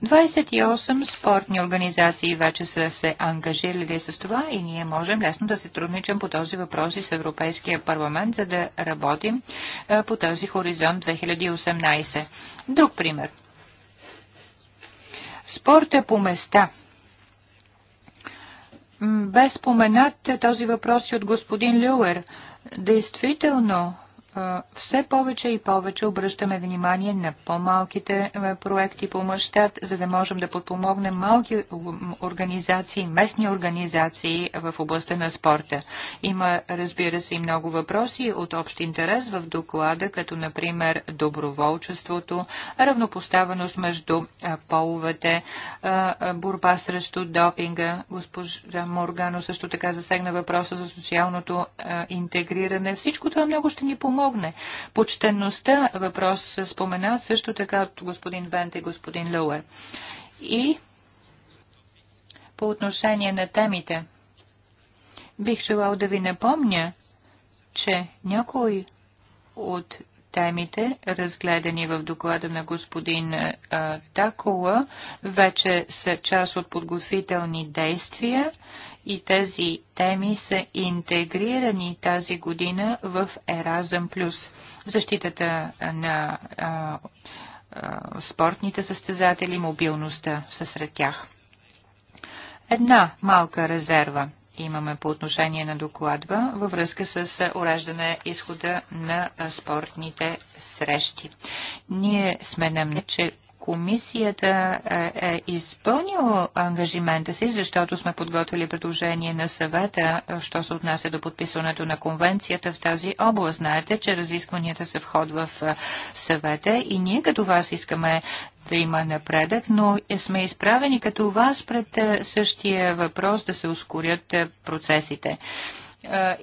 28 спортни организации вече са се ангажирали с това и ние можем лесно да се трудничам по този въпрос и с Европейския парламент, за да работим по този хоризонт 2018. Друг пример. Спорта по места. Без споменат този въпрос и от господин Люер. Действително, все повече и повече обръщаме внимание на по-малките е, проекти по мащаб, за да можем да подпомогнем малки организации, местни организации в областта на спорта. Има, разбира се, и много въпроси от общ интерес в доклада, като например доброволчеството, равнопоставеност между половете, борба срещу допинга. Госпожа Моргано също така засегна въпроса за социалното интегриране. Всичко това много ще ни помогне помогне. Почтенността въпрос споменат също така от господин Бент и господин Лоуер. И по отношение на темите, бих желал да ви напомня, че някой от темите, разгледани в доклада на господин а, Такола, вече са част от подготвителни действия и тези теми са интегрирани тази година в Еразъм Плюс. Защитата на а, а, спортните състезатели, мобилността са сред тях. Една малка резерва имаме по отношение на докладва във връзка с уреждане изхода на спортните срещи. Ние сме мнение, че комисията е, е изпълнила ангажимента си, защото сме подготвили предложение на съвета, е, що се отнася до подписването на конвенцията в тази област. Знаете, че разискванията са вход в е, съвета и ние като вас искаме да има напредък, но сме изправени като вас пред същия въпрос да се ускорят процесите.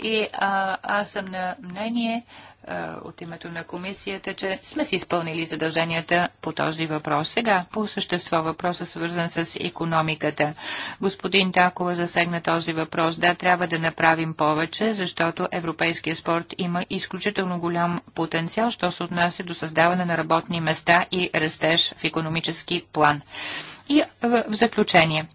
И а, аз съм на мнение, е, от името на комисията, че сме си изпълнили задълженията по този въпрос. Сега по същество въпроса свързан с економиката. Господин Такова засегна този въпрос. Да, трябва да направим повече, защото европейския спорт има изключително голям потенциал, що се отнася до създаване на работни места и растеж в економически план. И е, в заключение,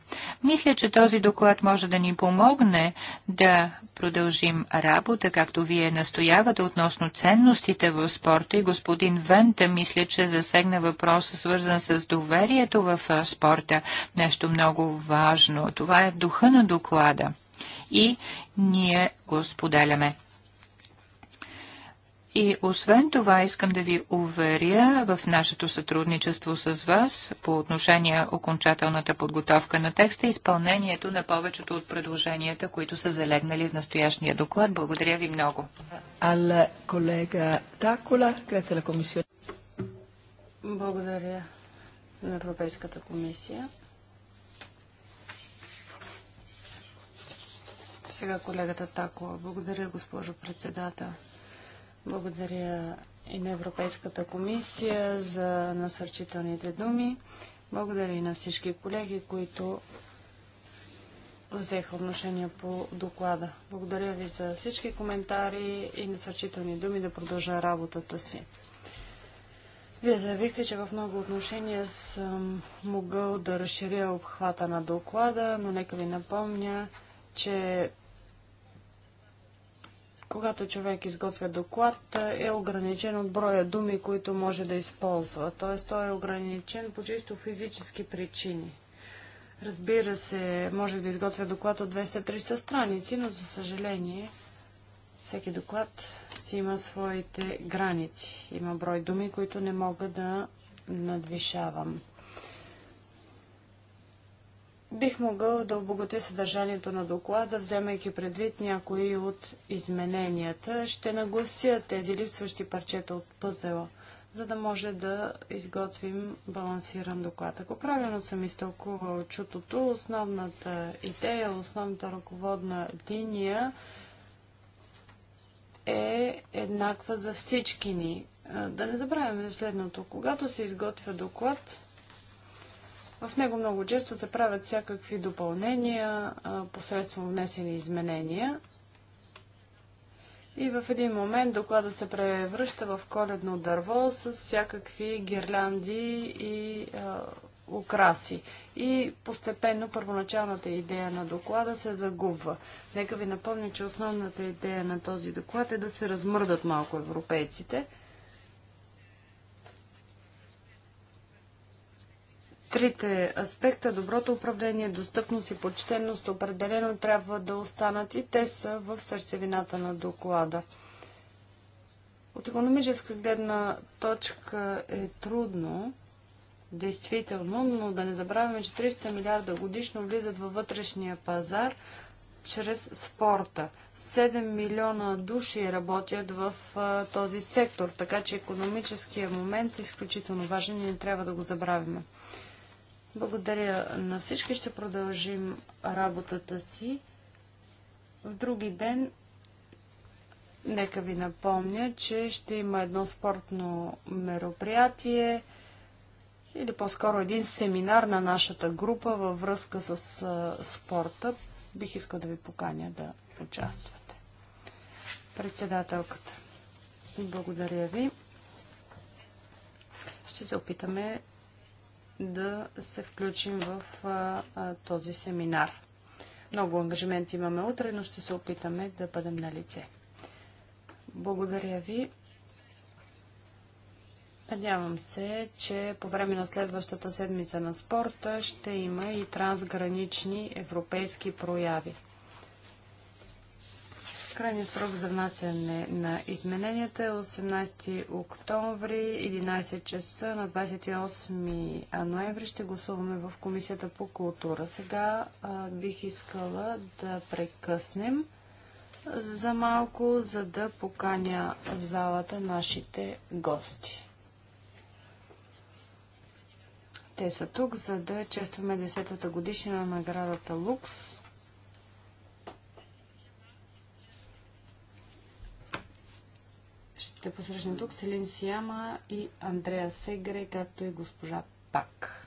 мисля, че този доклад може да ни помогне да продължим работа, както вие настоявате относно ценностите в спорта и господин Вента мисля, че засегна въпроса, свързан с доверието в е, спорта. Нещо много важно. Това е в духа на доклада. И ние го споделяме. И освен това искам да ви уверя в нашето сътрудничество с вас по отношение окончателната подготовка на текста и изпълнението на повечето от предложенията, които са залегнали в настоящия доклад. Благодаря ви много. Ал колега комисия. Благодаря на Европейската комисия. Сега колегата Такова. Благодаря, госпожо председател. Благодаря и на Европейската комисия за насърчителните думи. Благодаря и на всички колеги, които взеха отношение по доклада. Благодаря ви за всички коментари и насърчителни думи да продължа работата си. Вие заявихте, че в много отношения съм могъл да разширя обхвата на доклада, но нека ви напомня, че когато човек изготвя доклад, е ограничен от броя думи, които може да използва. Т.е. той е ограничен по чисто физически причини. Разбира се, може да изготвя доклад от 200-300 страници, но за съжаление всеки доклад си има своите граници. Има брой думи, които не мога да надвишавам. Бих могъл да обогатя съдържанието на доклада, вземайки предвид някои от измененията. Ще наглася тези липсващи парчета от пъзела, за да може да изготвим балансиран доклад. Ако правилно съм изтълкувал чутото, основната идея, основната ръководна линия е еднаква за всички ни. Да не забравяме следното. Когато се изготвя доклад, в него много често се правят всякакви допълнения посредством внесени изменения. И в един момент доклада се превръща в коледно дърво с всякакви гирлянди и е, украси. И постепенно първоначалната идея на доклада се загубва. Нека ви напомня, че основната идея на този доклад е да се размърдат малко европейците – Трите аспекта доброто управление, достъпност и почтеност определено трябва да останат и те са в сърцевината на доклада. От економическа гледна точка е трудно, действително, но да не забравяме, че 300 милиарда годишно влизат във вътрешния пазар чрез спорта. 7 милиона души работят в а, този сектор, така че економическия момент е изключително важен и не трябва да го забравяме. Благодаря на всички. Ще продължим работата си. В други ден, нека ви напомня, че ще има едно спортно мероприятие или по-скоро един семинар на нашата група във връзка с спорта. Бих искал да ви поканя да участвате. Председателката, благодаря ви. Ще се опитаме да се включим в а, а, този семинар. Много ангажименти имаме утре, но ще се опитаме да бъдем на лице. Благодаря ви. Надявам се, че по време на следващата седмица на спорта ще има и трансгранични европейски прояви. Крайният срок за внасяне на измененията е 18 октомври, 11 часа на 28 ноември ще гласуваме в Комисията по култура. Сега а, бих искала да прекъснем за малко, за да поканя в залата нашите гости. Те са тук, за да честваме 10-та годишнина на наградата Лукс ще посрещна тук Селин Сияма и Андрея Сегре, както и госпожа Пак.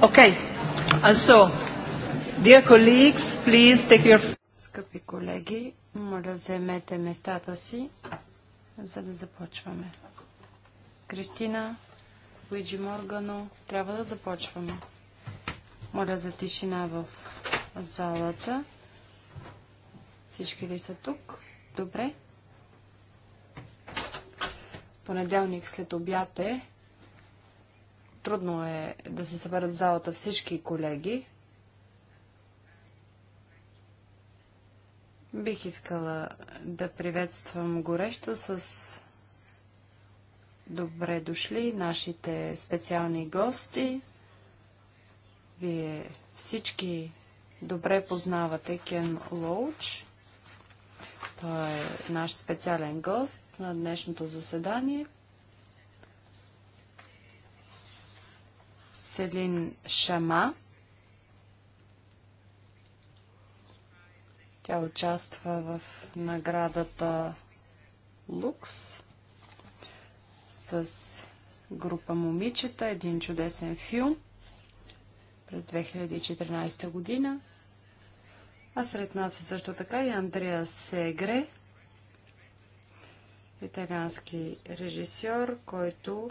Okay. Uh, so, dear colleagues, please take your... Скъпи колеги, моля вземете местата си, за да започваме. Кристина, Уиджи Моргано, трябва да започваме. Моля за тишина в залата. Всички ли са тук? Добре. Понеделник след обяд е. Трудно е да се съберат в залата всички колеги. Бих искала да приветствам горещо с добре дошли нашите специални гости. Вие всички добре познавате Кен Лоуч. Той е наш специален гост на днешното заседание – Селин Шама. Тя участва в наградата Лукс с група момичета, един чудесен филм през 2014 година. А сред нас е също така и Андреа Сегре, италиански режисьор, който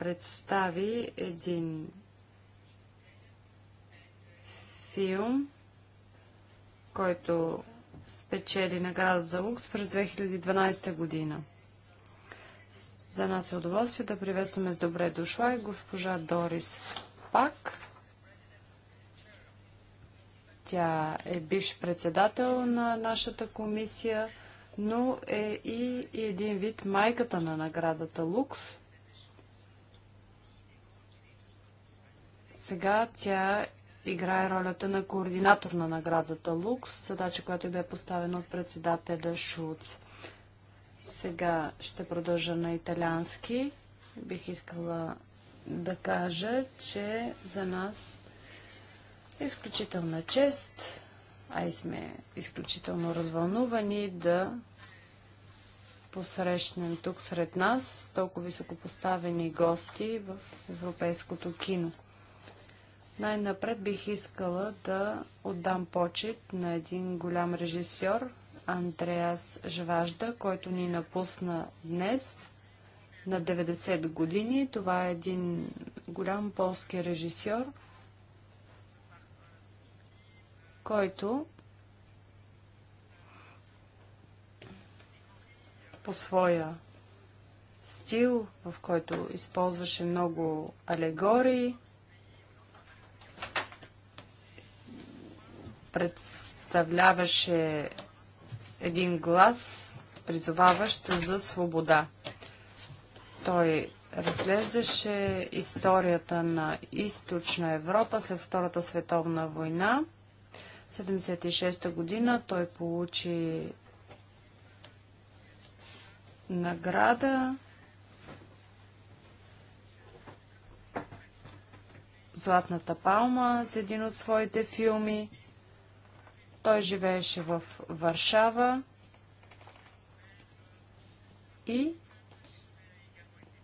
представи един филм, който спечели награда за Лукс през 2012 година. За нас е удоволствие да приветстваме с добре дошла и госпожа Дорис Пак. Тя е бивш председател на нашата комисия, но е и един вид майката на наградата Лукс – Сега тя играе ролята на координатор на наградата Лукс, задача, която бе поставена от председателя Шуц. Сега ще продължа на италиански. Бих искала да кажа, че за нас е изключителна чест, а и сме изключително развълнувани да посрещнем тук сред нас толкова високопоставени гости в европейското кино. Най-напред бих искала да отдам почет на един голям режисьор, Андреас Жважда, който ни напусна днес на 90 години. Това е един голям полски режисьор, който по своя стил, в който използваше много алегории, представляваше един глас, призоваващ за свобода. Той разглеждаше историята на източна Европа след Втората световна война. 76-та година той получи награда Златната палма с един от своите филми. Той живееше в Варшава и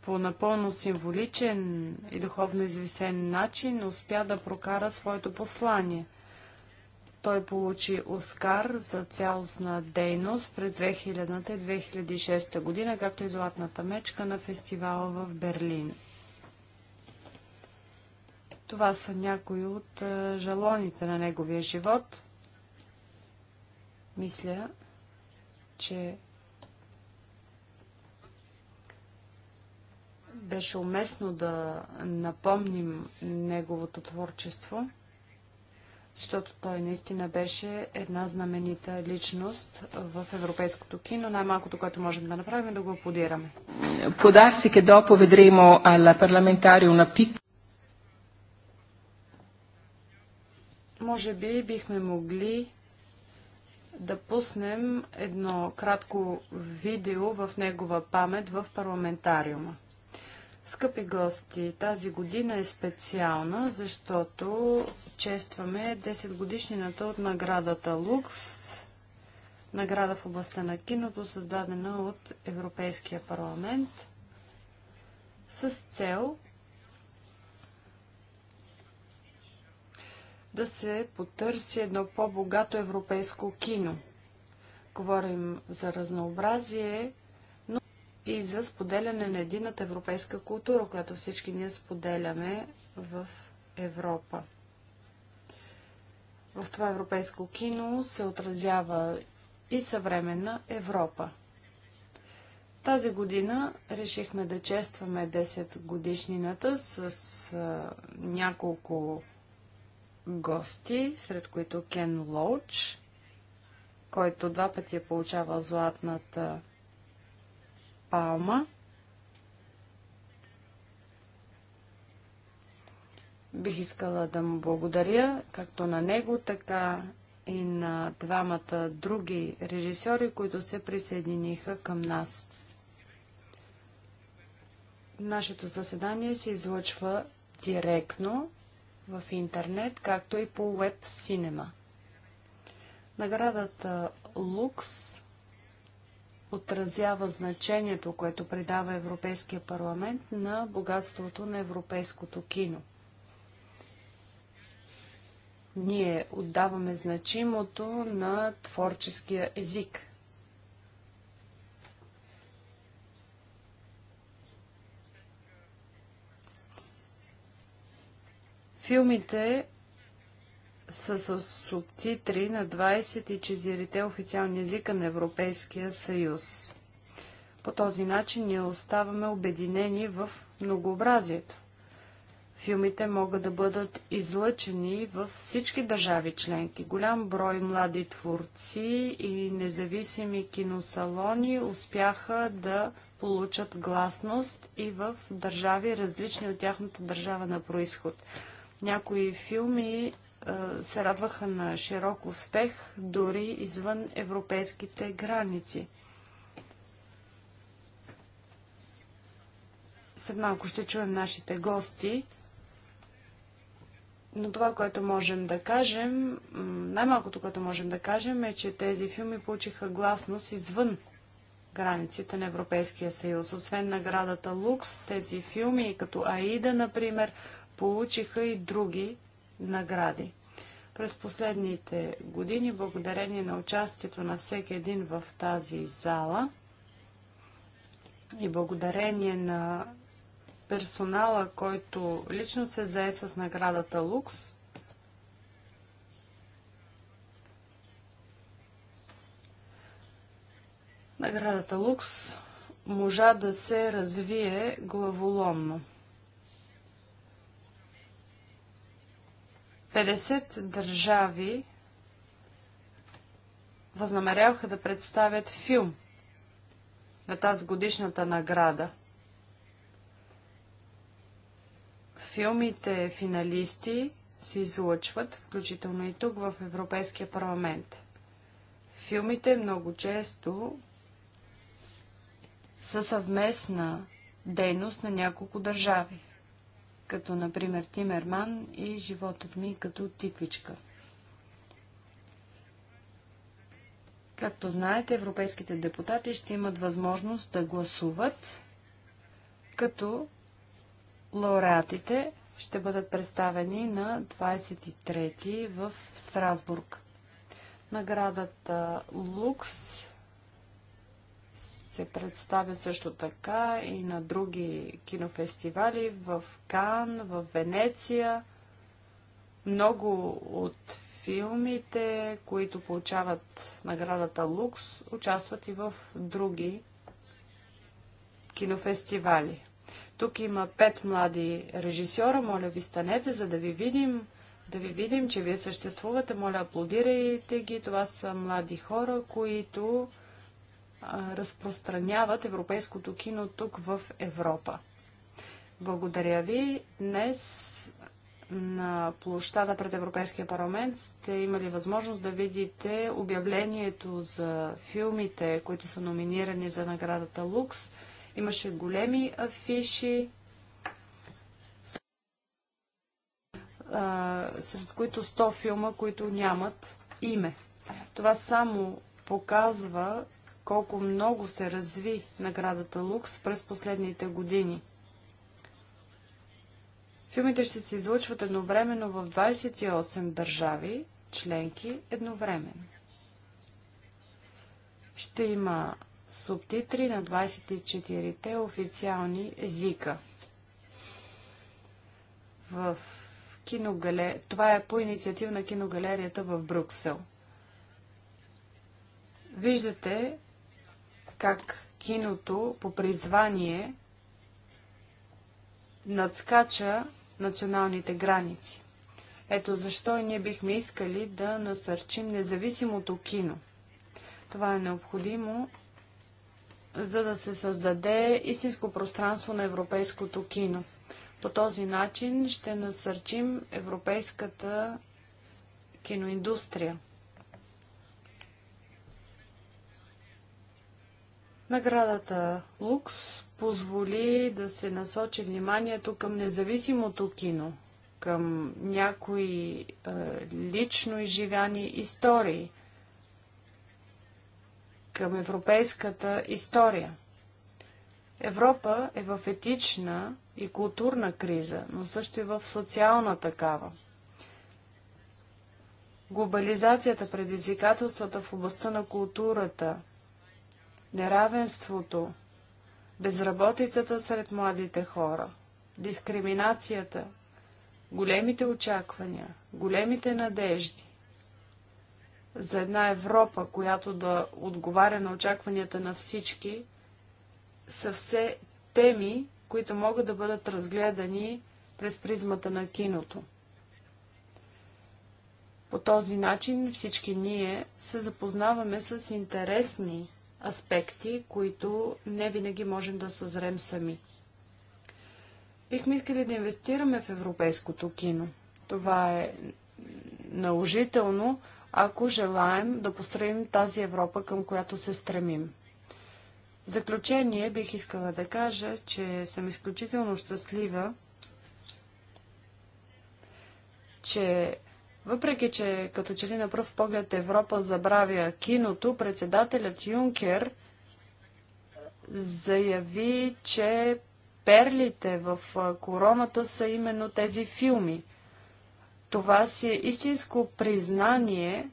по напълно символичен и духовно извисен начин успя да прокара своето послание. Той получи Оскар за цялостна дейност през 2000-та и 2006 година, както и Златната мечка на фестивала в Берлин. Това са някои от е, жалоните на неговия живот – мисля, че беше уместно да напомним неговото творчество, защото той наистина беше една знаменита личност в европейското кино. Най-малкото, което можем да направим е да го аплодираме. Подарси che dopo vedremo ала парламентарио на пик. може би бихме могли да пуснем едно кратко видео в негова памет в парламентариума. Скъпи гости, тази година е специална, защото честваме 10 годишнината от наградата Лукс, награда в областта на киното, създадена от Европейския парламент с цел да се потърси едно по-богато европейско кино. Говорим за разнообразие, но и за споделяне на едината европейска култура, която всички ние споделяме в Европа. В това европейско кино се отразява и съвременна Европа. Тази година решихме да честваме 10 годишнината с а, няколко гости, сред които Кен Лоуч, който два пъти е получавал златната палма. Бих искала да му благодаря, както на него, така и на двамата други режисьори, които се присъединиха към нас. Нашето заседание се излъчва директно в интернет, както и по Web Cinema. Наградата Лукс отразява значението, което придава Европейския парламент на богатството на европейското кино. Ние отдаваме значимото на творческия език – Филмите са с субтитри на 24-те официални езика на Европейския съюз. По този начин ние оставаме обединени в многообразието. Филмите могат да бъдат излъчени във всички държави членки. Голям брой млади творци и независими киносалони успяха да получат гласност и в държави, различни от тяхната държава на происход. Някои филми се радваха на широк успех дори извън европейските граници. След малко ще чуем нашите гости. Но това, което можем да кажем, най-малкото, което можем да кажем е, че тези филми получиха гласност извън границите на Европейския съюз. Освен наградата Лукс, тези филми, като Аида, например, получиха и други награди. През последните години, благодарение на участието на всеки един в тази зала и благодарение на персонала, който лично се зае с наградата Лукс, наградата Лукс можа да се развие главоломно. 50 държави възнамеряваха да представят филм на тази годишната награда. Филмите финалисти се излъчват, включително и тук в Европейския парламент. Филмите много често са съвместна дейност на няколко държави като например Тимерман и Животът ми като тиквичка. Както знаете, европейските депутати ще имат възможност да гласуват, като лауреатите ще бъдат представени на 23 в Страсбург. Наградата Лукс се представя също така и на други кинофестивали в Кан, в Венеция. Много от филмите, които получават наградата Лукс, участват и в други кинофестивали. Тук има пет млади режисьора. Моля ви, станете, за да ви видим, да ви видим, че вие съществувате. Моля, аплодирайте ги. Това са млади хора, които разпространяват европейското кино тук в Европа. Благодаря ви. Днес на площада пред Европейския парламент сте имали възможност да видите обявлението за филмите, които са номинирани за наградата Лукс. Имаше големи афиши, сред които 100 филма, които нямат име. Това само показва колко много се разви наградата Лукс през последните години. Филмите ще се излучват едновременно в 28 държави, членки едновременно. Ще има субтитри на 24-те официални езика. В киногале... Това е по инициатива на киногалерията в Брюксел. Виждате как киното по призвание надскача националните граници. Ето защо и ние бихме искали да насърчим независимото кино. Това е необходимо, за да се създаде истинско пространство на европейското кино. По този начин ще насърчим европейската киноиндустрия. Наградата Лукс позволи да се насочи вниманието към независимото кино, към някои е, лично изживяни истории, към европейската история. Европа е в етична и културна криза, но също и в социална такава. Глобализацията, предизвикателствата в областта на културата – неравенството, безработицата сред младите хора, дискриминацията, големите очаквания, големите надежди за една Европа, която да отговаря на очакванията на всички, са все теми, които могат да бъдат разгледани през призмата на киното. По този начин всички ние се запознаваме с интересни аспекти, които не винаги можем да съзрем сами. Бихме искали да инвестираме в европейското кино. Това е наложително, ако желаем да построим тази Европа, към която се стремим. В заключение бих искала да кажа, че съм изключително щастлива, че въпреки, че като че ли на пръв поглед Европа забравя киното, председателят Юнкер заяви, че перлите в короната са именно тези филми. Това си е истинско признание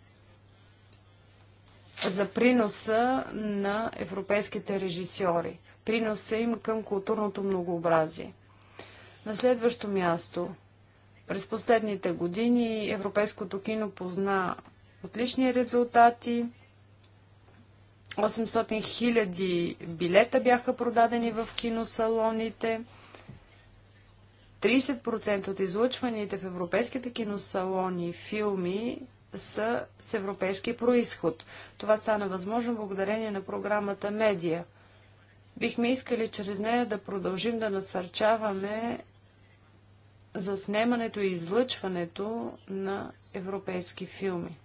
за приноса на европейските режисьори, приноса им към културното многообразие. На следващо място през последните години европейското кино позна отлични резултати. 800 000 билета бяха продадени в киносалоните. 30% от излъчваните в европейските киносалони филми са с европейски происход. Това стана възможно благодарение на програмата Медия. Бихме искали чрез нея да продължим да насърчаваме за снимането и излъчването на европейски филми.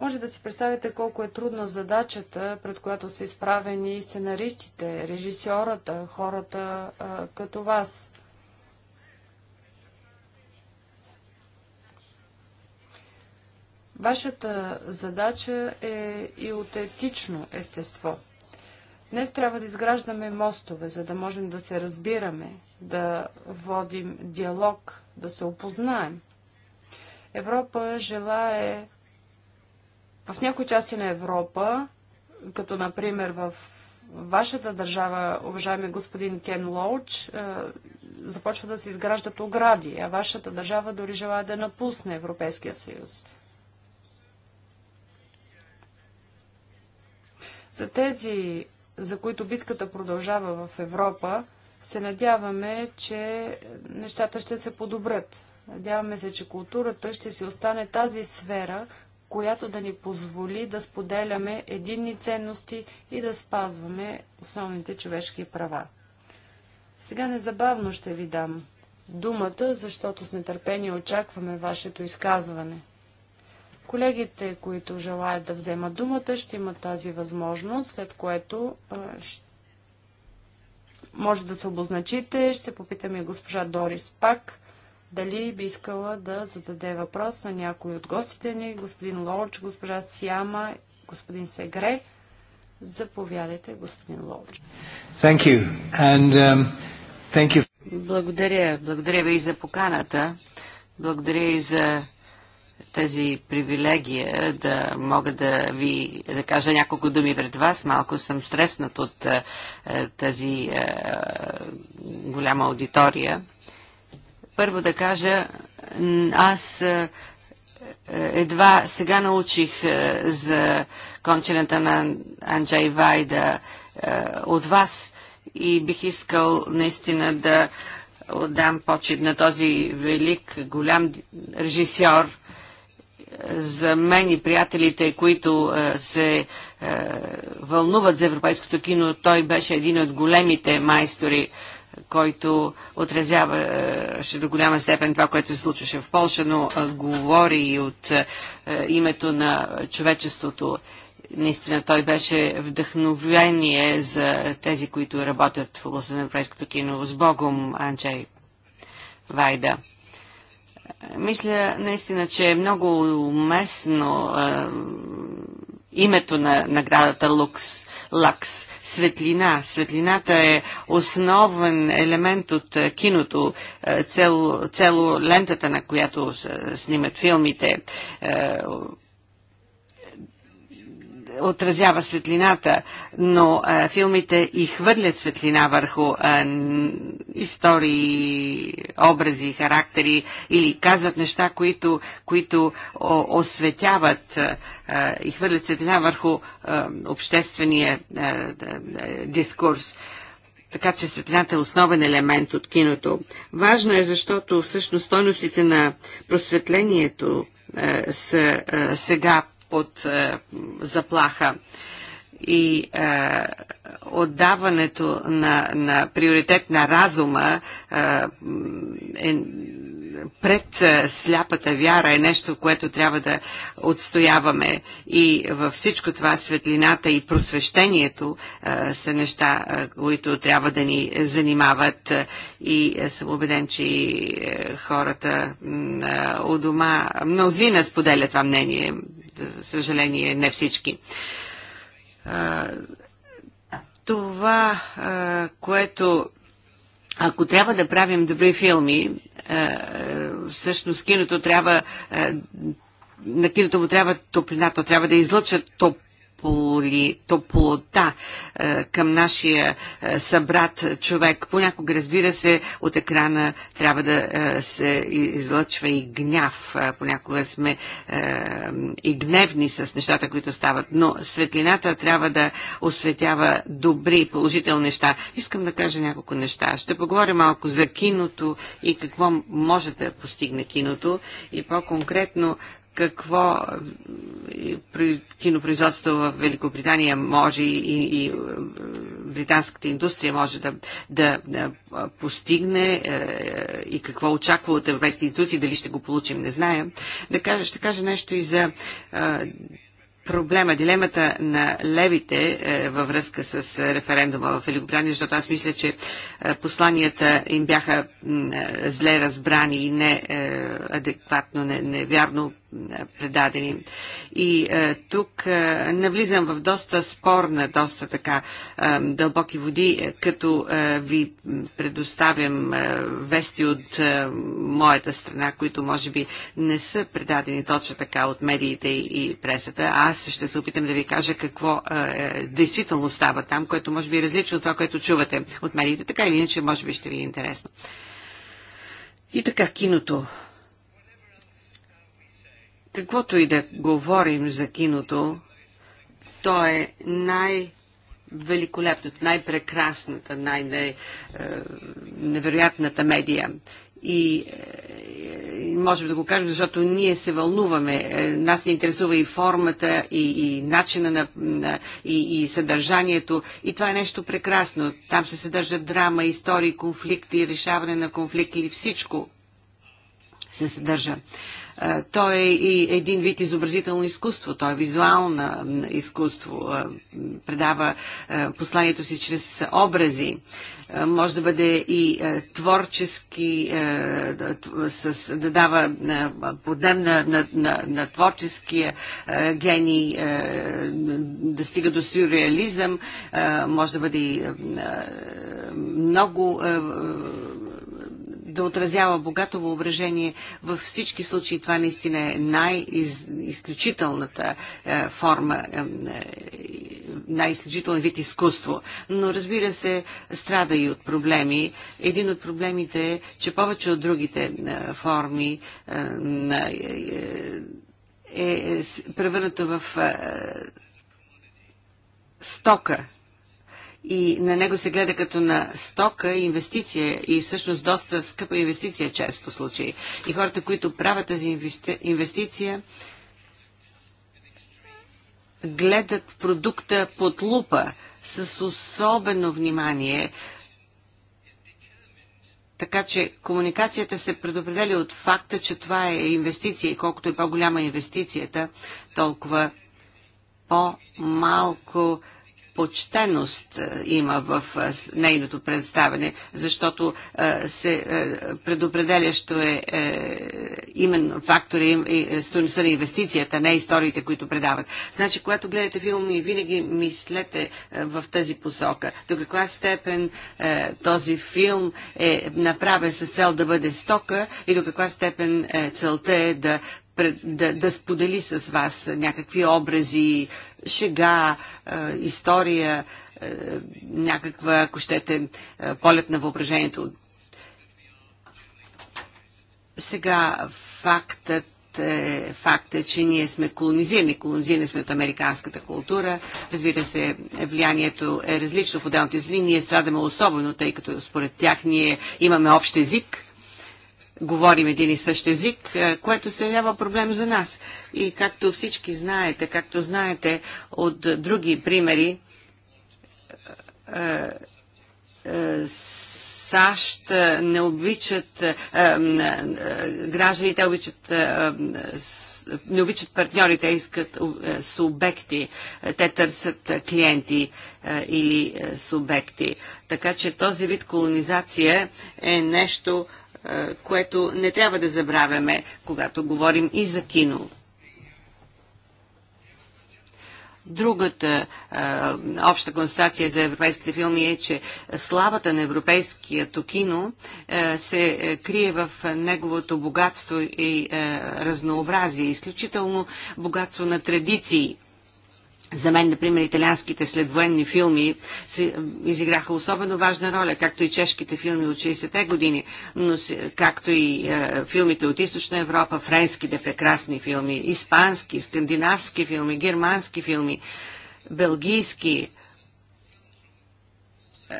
Може да си представите колко е трудна задачата, пред която са изправени сценаристите, режисьората, хората а, като вас. Вашата задача е и от етично естество – Днес трябва да изграждаме мостове, за да можем да се разбираме, да водим диалог, да се опознаем. Европа желае в някои части на Европа, като например в вашата държава, уважаеми господин Кен Лоуч, е, започва да се изграждат огради, а вашата държава дори желая да напусне Европейския съюз. За тези за които битката продължава в Европа, се надяваме, че нещата ще се подобрят. Надяваме се, че културата ще си остане тази сфера, която да ни позволи да споделяме единни ценности и да спазваме основните човешки права. Сега незабавно ще ви дам думата, защото с нетърпение очакваме вашето изказване. Колегите, които желаят да вземат думата, ще имат тази възможност, след което може да се обозначите. Ще попитаме госпожа Дорис пак дали би искала да зададе въпрос на някой от гостите ни, господин Лоуч, госпожа Сиама, господин Сегре. Заповядайте, господин Лоуч. Thank you. And, um, thank you. Благодаря. Благодаря ви и за поканата. Благодаря и за тази привилегия да мога да ви да кажа няколко думи пред вас. Малко съм стреснат от е, е, тази е, голяма аудитория. Първо да кажа, аз едва сега научих за кончената на Анджай Вайда от вас и бих искал наистина да отдам почет на този велик, голям режисьор, за мен и приятелите, които е, се е, вълнуват за европейското кино, той беше един от големите майстори, който отразяваше до голяма степен това, което се случваше в Польша, но е, говори и от името на човечеството. Наистина той беше вдъхновение за тези, които работят в областта на европейското кино. С Богом, Анджей Вайда. Мисля наистина, че е много уместно а, името на наградата Лукс, Лакс, светлина. Светлината е основен елемент от киното, е, цел, цело лентата, на която снимат филмите. А, отразява светлината, но а, филмите и хвърлят светлина върху а, истории, образи, характери или казват неща, които, които осветяват а, и хвърлят светлина върху а, обществения а, дискурс. Така че светлината е основен елемент от киното. Важно е, защото всъщност стойностите на просветлението са сега под е, заплаха и е, отдаването на, на приоритет на разума е, е пред е, сляпата вяра е нещо, което трябва да отстояваме. И във всичко това светлината и просвещението е, са неща, е, които трябва да ни занимават. И е, съм убеден, че и хората е, у дома, мнозина споделя това мнение съжаление не всички. Това, което ако трябва да правим добри филми, всъщност киното трябва на киното му трябва топлина, то трябва да излъчат топ, тополи, топлота е, към нашия е, събрат човек. Понякога, разбира се, от екрана трябва да е, се излъчва и гняв. Е, понякога сме е, и гневни с нещата, които стават. Но светлината трябва да осветява добри, положителни неща. Искам да кажа няколко неща. Ще поговоря малко за киното и какво може да постигне киното и по-конкретно какво е, при кинопроизводството в Великобритания може и, и е, британската индустрия може да, да, да постигне е, и какво очаква от европейските институции, дали ще го получим, не знаем. Да кажа, ще кажа нещо и за проблема, дилемата на левите е, във връзка с референдума в Великобритания, защото аз мисля, че е, посланията им бяха е, зле разбрани и не адекватно, не, невярно предадени. И е, тук е, навлизам в доста спорна, доста така е, дълбоки води, е, като е, ви предоставям е, вести от е, моята страна, които може би не са предадени точно така от медиите и, и пресата. Аз ще се опитам да ви кажа какво е, е, действително става там, което може би е различно от това, което чувате от медиите. Така или иначе, може би ще ви е интересно. И така, киното. Каквото и да говорим за киното, то е най- великолепната, най-прекрасната, най-невероятната медия. Е, и можем да го кажем, защото ние се вълнуваме. Е, нас не интересува и формата, и, и начина на, на и, и съдържанието. И това е нещо прекрасно. Там се съдържа драма, истории, конфликти, решаване на конфликти и всичко се съдържа. Е, той е и един вид изобразително изкуство, той е визуално изкуство, е, предава е, посланието си чрез образи. Може да бъде и творчески, да дава подем на, на, на, на творческия гений, да стига до сюрреализъм, може да бъде и много да отразява богато въображение. Във всички случаи това наистина е най-изключителната е, форма, е, е, най-изключителен вид изкуство. Но разбира се, страда и от проблеми. Един от проблемите е, че повече от другите форми на е превърнато в стока, и на него се гледа като на стока и инвестиция и всъщност доста скъпа инвестиция често случаи. И хората, които правят тази инвестиция, гледат продукта под лупа с особено внимание, така че комуникацията се предопределя от факта, че това е инвестиция и колкото е по-голяма инвестицията, толкова по-малко почтеност е, има в е, нейното представяне, защото е, се предопределящо е именно фактори и стоеността на инвестицията, не историите, които предават. Значи, когато гледате филми, винаги мислете в тази посока. До каква степен този филм е направен с цел да бъде стока и до каква степен целта е да да, да сподели с вас някакви образи, шега, е, история, е, някаква, ако щете, е, полет на въображението. Сега фактът факт е, че ние сме колонизирани. Колонизирани сме от американската култура. Разбира се, влиянието е различно в отделните зли. Ние страдаме особено, тъй като според тях ние имаме общ език говорим един и същ език, е, което се явява проблем за нас. И както всички знаете, както знаете от други примери, е, е, САЩ не обичат гражданите, обичат не обичат партньори, те искат субекти, те търсят клиенти или субекти. Така че този вид колонизация е нещо, което не трябва да забравяме, когато говорим и за кино. Другата е, обща констатация за европейските филми е, че славата на европейското кино е, се крие в неговото богатство и е, разнообразие, изключително богатство на традиции за мен, например, италианските следвоенни филми си, изиграха особено важна роля, както и чешките филми от 60-те години, но както и е, филмите от Източна Европа, френските прекрасни филми, испански, скандинавски филми, германски филми, белгийски. Е,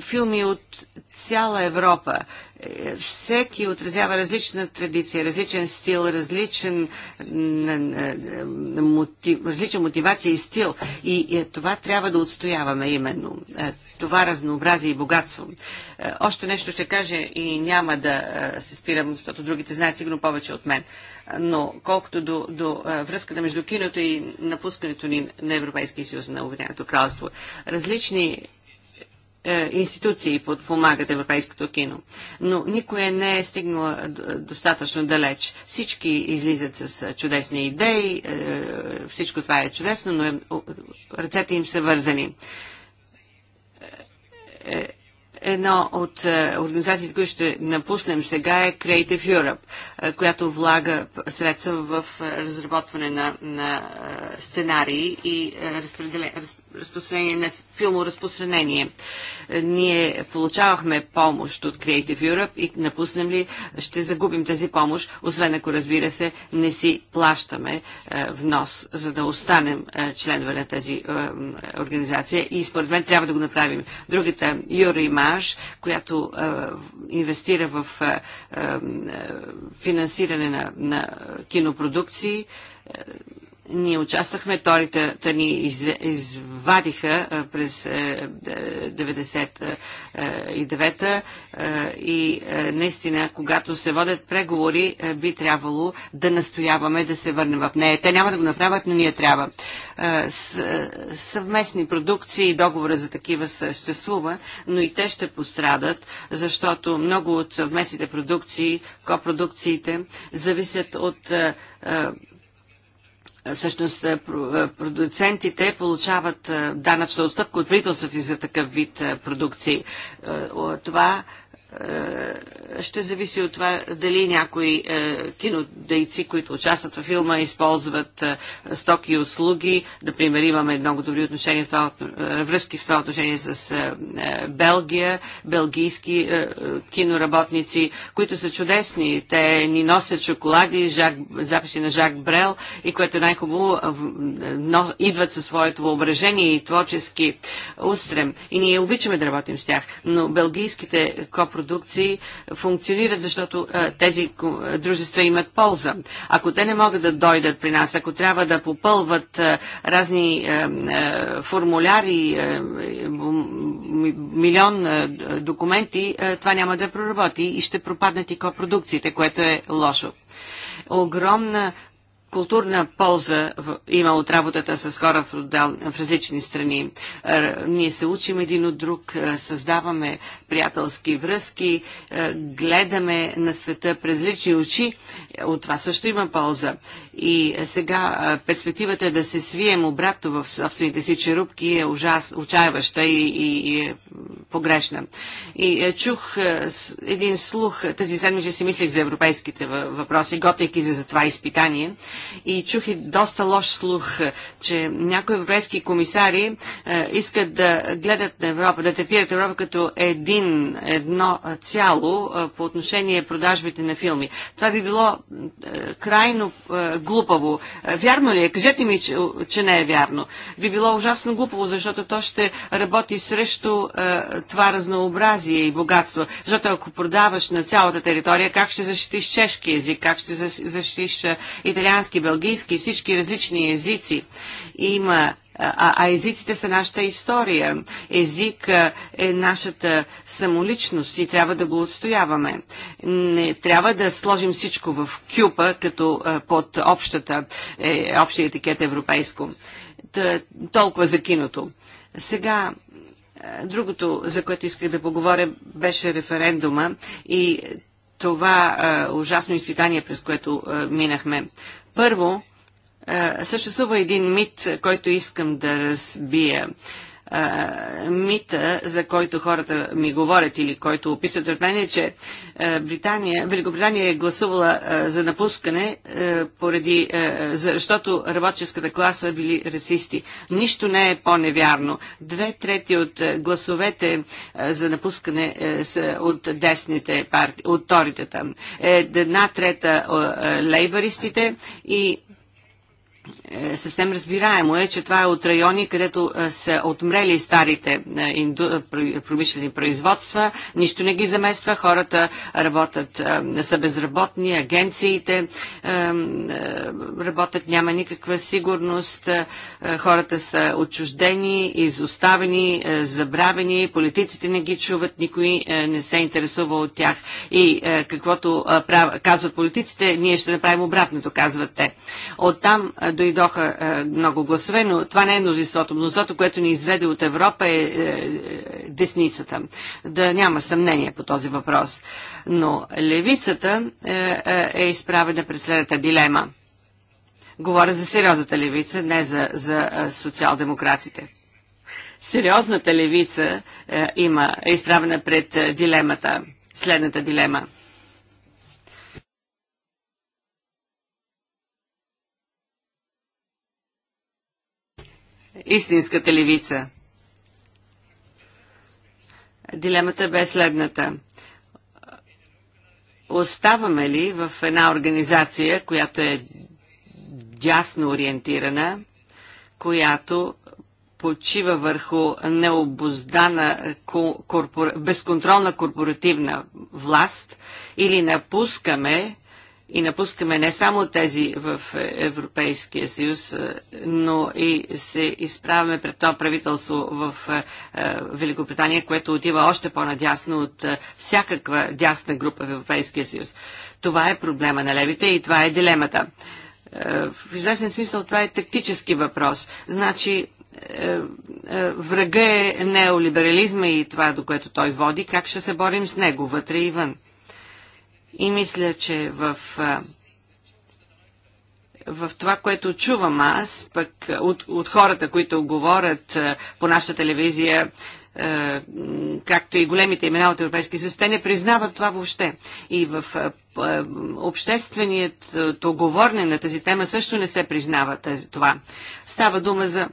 филми от цяла Европа. Е, всеки отразява различна традиция, различен стил, различен, мотив, различен мотивация и стил. И, и е, това трябва да отстояваме именно. Е, това разнообразие и богатство. Още нещо ще кажа и няма да се спирам, защото другите знаят сигурно повече от мен. Но колкото до, до връзката между киното и напускането ни на Европейския съюз, на Обединеното кралство, различни е, институции подпомагат европейското кино. Но никоя не е стигнало достатъчно далеч. Всички излизат с е, чудесни идеи, е, всичко това е чудесно, но ръцете им са вързани едно от организациите, които ще напуснем сега е Creative Europe, която влага средства в разработване на, на сценарии и разпространение на филморазпространение. разпространение ние получавахме помощ от Creative Europe и напуснем ли, ще загубим тази помощ, освен ако разбира се не си плащаме е, внос, за да останем е, членове на тази е, организация и според мен трябва да го направим. Другата Маш, която инвестира в финансиране на кинопродукции, ние участвахме, торите ни из, извадиха през 99-та е, е, и е, наистина, когато се водят преговори, би трябвало да настояваме да се върнем в нея. Те няма да го направят, но ние трябва. Съвместни продукции и договора за такива съществува, но и те ще пострадат, защото много от съвместните продукции, копродукциите, зависят от всъщност е, е, продуцентите получават е, данъчна отстъпка от правителството си за такъв вид продукции. Това е, ще зависи от това дали някои е, кинодейци, които участват във филма, използват е, стоки и услуги. Например, имаме много добри отношения в това, връзки в това отношение с Белгия, белгийски киноработници, които са чудесни. Те ни носят шоколади, Жак, записи на Жак Брел и което най-хубаво идват със своето въображение и творчески устрем. И ние обичаме да работим с тях. Но белгийските копродукции продукции функционират, защото тези дружества имат полза. Ако те не могат да дойдат при нас, ако трябва да попълват разни формуляри, милион документи, това няма да проработи и ще пропаднат и копродукциите, което е лошо огромна културна полза има от работата с хора в, отдел, в различни страни. Ние се учим един от друг, е, създаваме приятелски връзки, е, гледаме на света през лични очи. От това също има полза. И сега е, перспективата да се свием обратно в собствените си черупки е ужас, отчаяваща и, и, и погрешна. И чух един слух, тази седмица си мислих за европейските въпроси, готвейки се за това изпитание и чух и доста лош слух, че някои европейски комисари е, искат да гледат на Европа, да третират Европа като един, едно цяло е, по отношение продажбите на филми. Това би било е, крайно е, глупаво. Е, вярно ли е? Кажете ми, че, че не е вярно. Би било ужасно глупаво, защото то ще работи срещу е, това разнообразие и богатство. Защото ако продаваш на цялата територия, как ще защитиш чешки език, как ще защитиш е, италиански испански, белгийски, всички различни езици. Има а, а езиците са нашата история. Език е нашата самоличност и трябва да го отстояваме. Не трябва да сложим всичко в кюпа, като а, под общата, е, общия етикет европейско. Та, толкова за киното. Сега Другото, за което исках да поговоря, беше референдума и това е, ужасно изпитание, през което е, минахме. Първо, е, съществува един мит, който искам да разбия мита, за който хората ми говорят или който описват от мен е, че Британия, Великобритания е гласувала за напускане, поради, защото работническата класа били расисти. Нищо не е по-невярно. Две трети от гласовете за напускане са от десните партии, от торите там. Една трета лейбаристите и е, съвсем разбираемо е, че това е от райони, където е, са отмрели старите е, промишлени производства, нищо не ги замества, хората работят, са безработни, агенциите работят, няма никаква сигурност, хората са отчуждени, изоставени, забравени, политиците не ги чуват, никой не се интересува от тях и каквото казват политиците, ние ще направим обратното, казват те. там дойдоха е, много гласове, но това не е мнозинството. Мнозинството, което ни изведе от Европа е, е десницата. Да няма съмнение по този въпрос. Но левицата е, е, е изправена пред следната дилема. Говоря за сериозната левица, не за, за е, социал-демократите. Сериозната левица е, има, е изправена пред е, дилемата, следната дилема – истинската левица. Дилемата бе следната. Оставаме ли в една организация, която е дясно ориентирана, която почива върху необоздана корпор... безконтролна корпоративна власт или напускаме и напускаме не само тези в Европейския съюз, но и се изправяме пред това правителство в Великобритания, което отива още по-надясно от всякаква дясна група в Европейския съюз. Това е проблема на левите и това е дилемата. В известен смисъл това е тактически въпрос. Значи, е, е, врага е неолиберализма и това, до което той води, как ще се борим с него, вътре и вън. И мисля, че в, в това, което чувам аз, пък от, от хората, които говорят по нашата телевизия, както и големите имена от Европейския съюз, те не признават това въобще. И в общественият говорене на тази тема също не се признава тази, това. Става дума за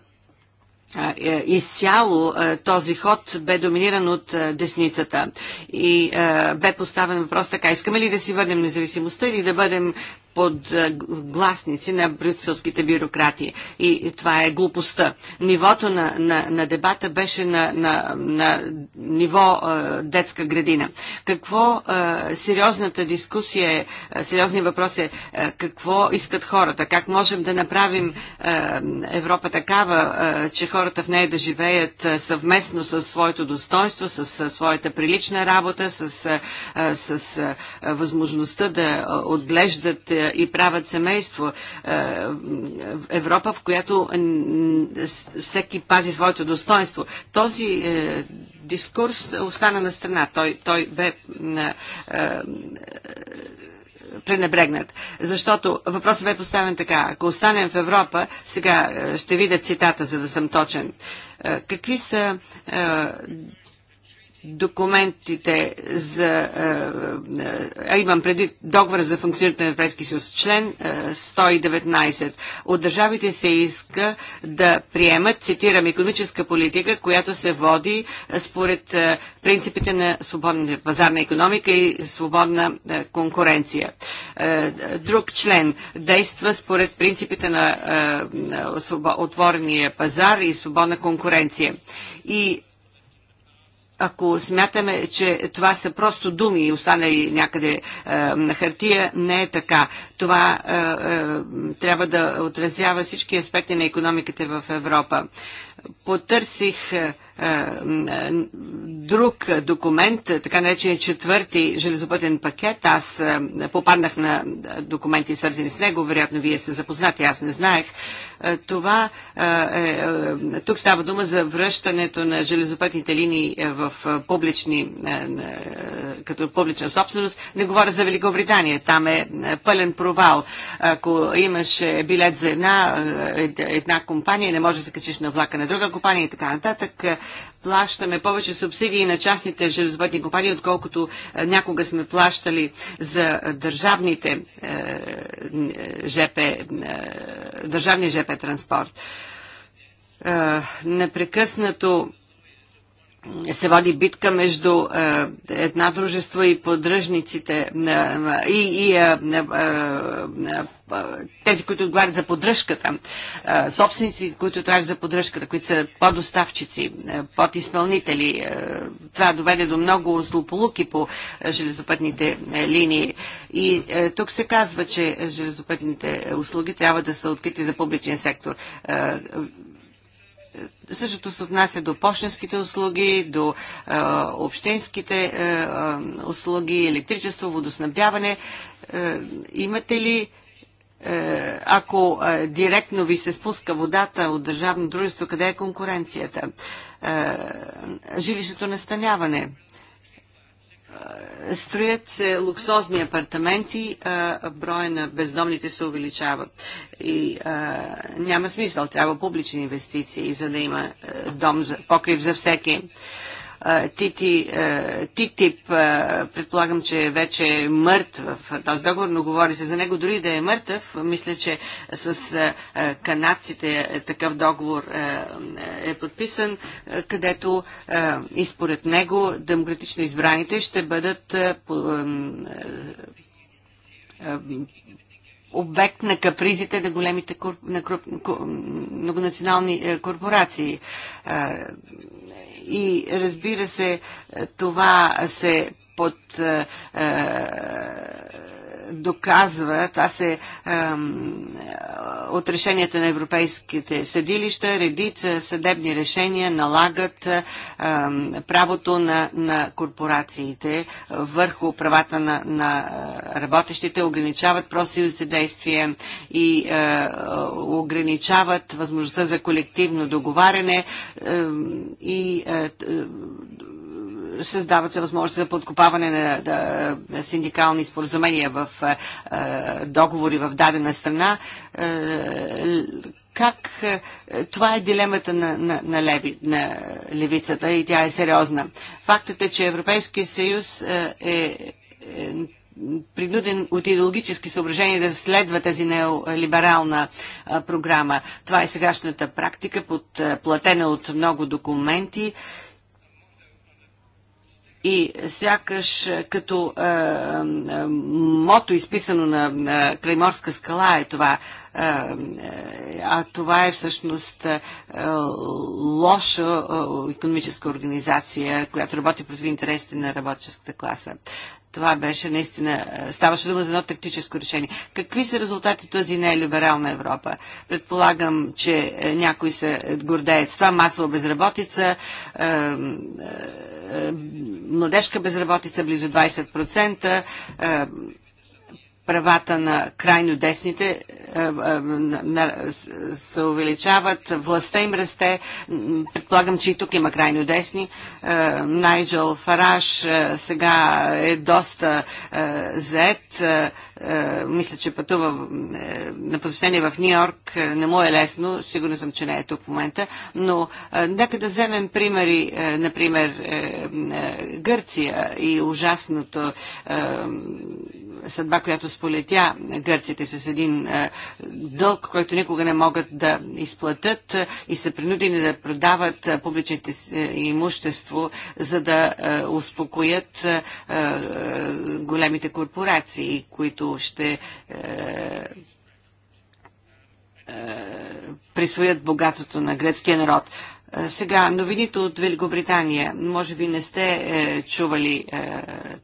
е, изцяло е, този ход бе доминиран от е, десницата и бе поставен въпрос така. Искаме ли да си върнем независимостта или да бъдем под гласници на брюкселските бюрократи. И това е глупостта. Нивото на, на, на дебата беше на, на, на ниво а, детска градина. Какво а, сериозната дискусия е, сериозният въпрос е, а, какво искат хората, как можем да направим а, Европа такава, а, че хората в нея да живеят а, съвместно с своето достоинство, с своята прилична работа, с, а, с а, възможността да отглеждат а, и правят семейство. Е, Европа, в която всеки пази своето достоинство. Този е, дискурс остана на страна. Той, той бе е, пренебрегнат. Защото въпросът бе поставен така. Ако останем в Европа, сега ще видя цитата, за да съм точен. Какви са документите за... Е, е, а, имам преди договор за функционирането на Европейския съюз, член 119. Е, От държавите се иска да приемат, цитирам, економическа политика, която се води според принципите на свободна пазарна економика и свободна конкуренция. Друг член действа според принципите на отворения пазар и свободна конкуренция. И ако смятаме, че това са просто думи и останали някъде е, на хартия, не е така. Това е, е, трябва да отразява всички аспекти на економиката в Европа. Потърсих е, е, друг документ, така наречен четвърти железопътен пакет. Аз е, попаднах на документи свързани с него, вероятно вие сте запознати, аз не знаех. Е, това, тук става дума за връщането на железопътните линии в публични, като публична собственост. Не говоря за Великобритания, там е пълен провал. Ако имаш билет за една, една компания, не можеш да се качиш на влака на друга компания и така нататък плащаме повече субсидии на частните железопътни компании, отколкото е, някога сме плащали за държавните е, ЖП, е, държавния ЖП транспорт. Непрекъснато се води битка между е, една дружество и поддръжниците е, и, и а, е, а, тези, които отговарят за поддръжката, собствениците, които отговарят за поддръжката, които са подоставчици, подизпълнители. Това доведе до много злополуки по железопътните линии. И тук се казва, че железопътните услуги трябва да са открити за публичен сектор Същото се отнася до почтенските услуги, до е, общинските е, услуги, електричество, водоснабдяване. Е, имате ли, е, ако е, директно ви се спуска водата от държавно дружество, къде е конкуренцията? Е, жилището настаняване строят се луксозни апартаменти, а броя на бездомните се увеличава. И а, няма смисъл, трябва публични инвестиции, за да има дом за, покрив за всеки. ТТИП, ТИТИП, предполагам, че вече е мъртв в този договор, но говори се за него, дори да е мъртъв. Мисля, че с канадците такъв договор е подписан, където и според него демократично избраните ще бъдат обект на капризите на големите многонационални корпорации и разбира се, това се под е, е доказва, това се е, от решенията на европейските съдилища, редица съдебни решения налагат правото на, на корпорациите върху правата на, на работещите, ограничават просъюзите действия и е, ограничават възможността за колективно договаряне е, и създават се възможности за подкопаване на, на, синдикални споразумения в договори в дадена страна. как това е дилемата на, на, на, леви, на левицата и тя е сериозна. Фактът е, че Европейския съюз е, е, е принуден от идеологически съображения да следва тази неолиберална програма. Това е сегашната практика, подплатена от много документи и сякаш е, като а, е, а, е, мото изписано на, на Клейморска скала е това. а, а това е всъщност а, лоша економическа организация, която работи против интересите на работническата класа. Това беше наистина, ставаше дума за едно тактическо решение. Какви са резултати този нелиберална Европа? Предполагам, че някои се гордеят с това, масова безработица, младежка безработица близо 20%, правата на крайно десните е, е, се увеличават, властта им расте. Предполагам, че и тук има крайно десни. Е, Найджел Фараш сега е доста зет. Мисля, че пътува на посещение в Нью Йорк. Не му е лесно. Сигурно съм, че не е тук в момента. Но нека да вземем примери, например, Гърция и ужасното съдба, която сполетя гърците с един е, дълг, който никога не могат да изплатят е, и са принудени да продават е, публичните имущество, за да успокоят големите корпорации, които ще присвоят богатството на гръцкия народ. Е, сега, новините от Великобритания, може би не сте е, чували е,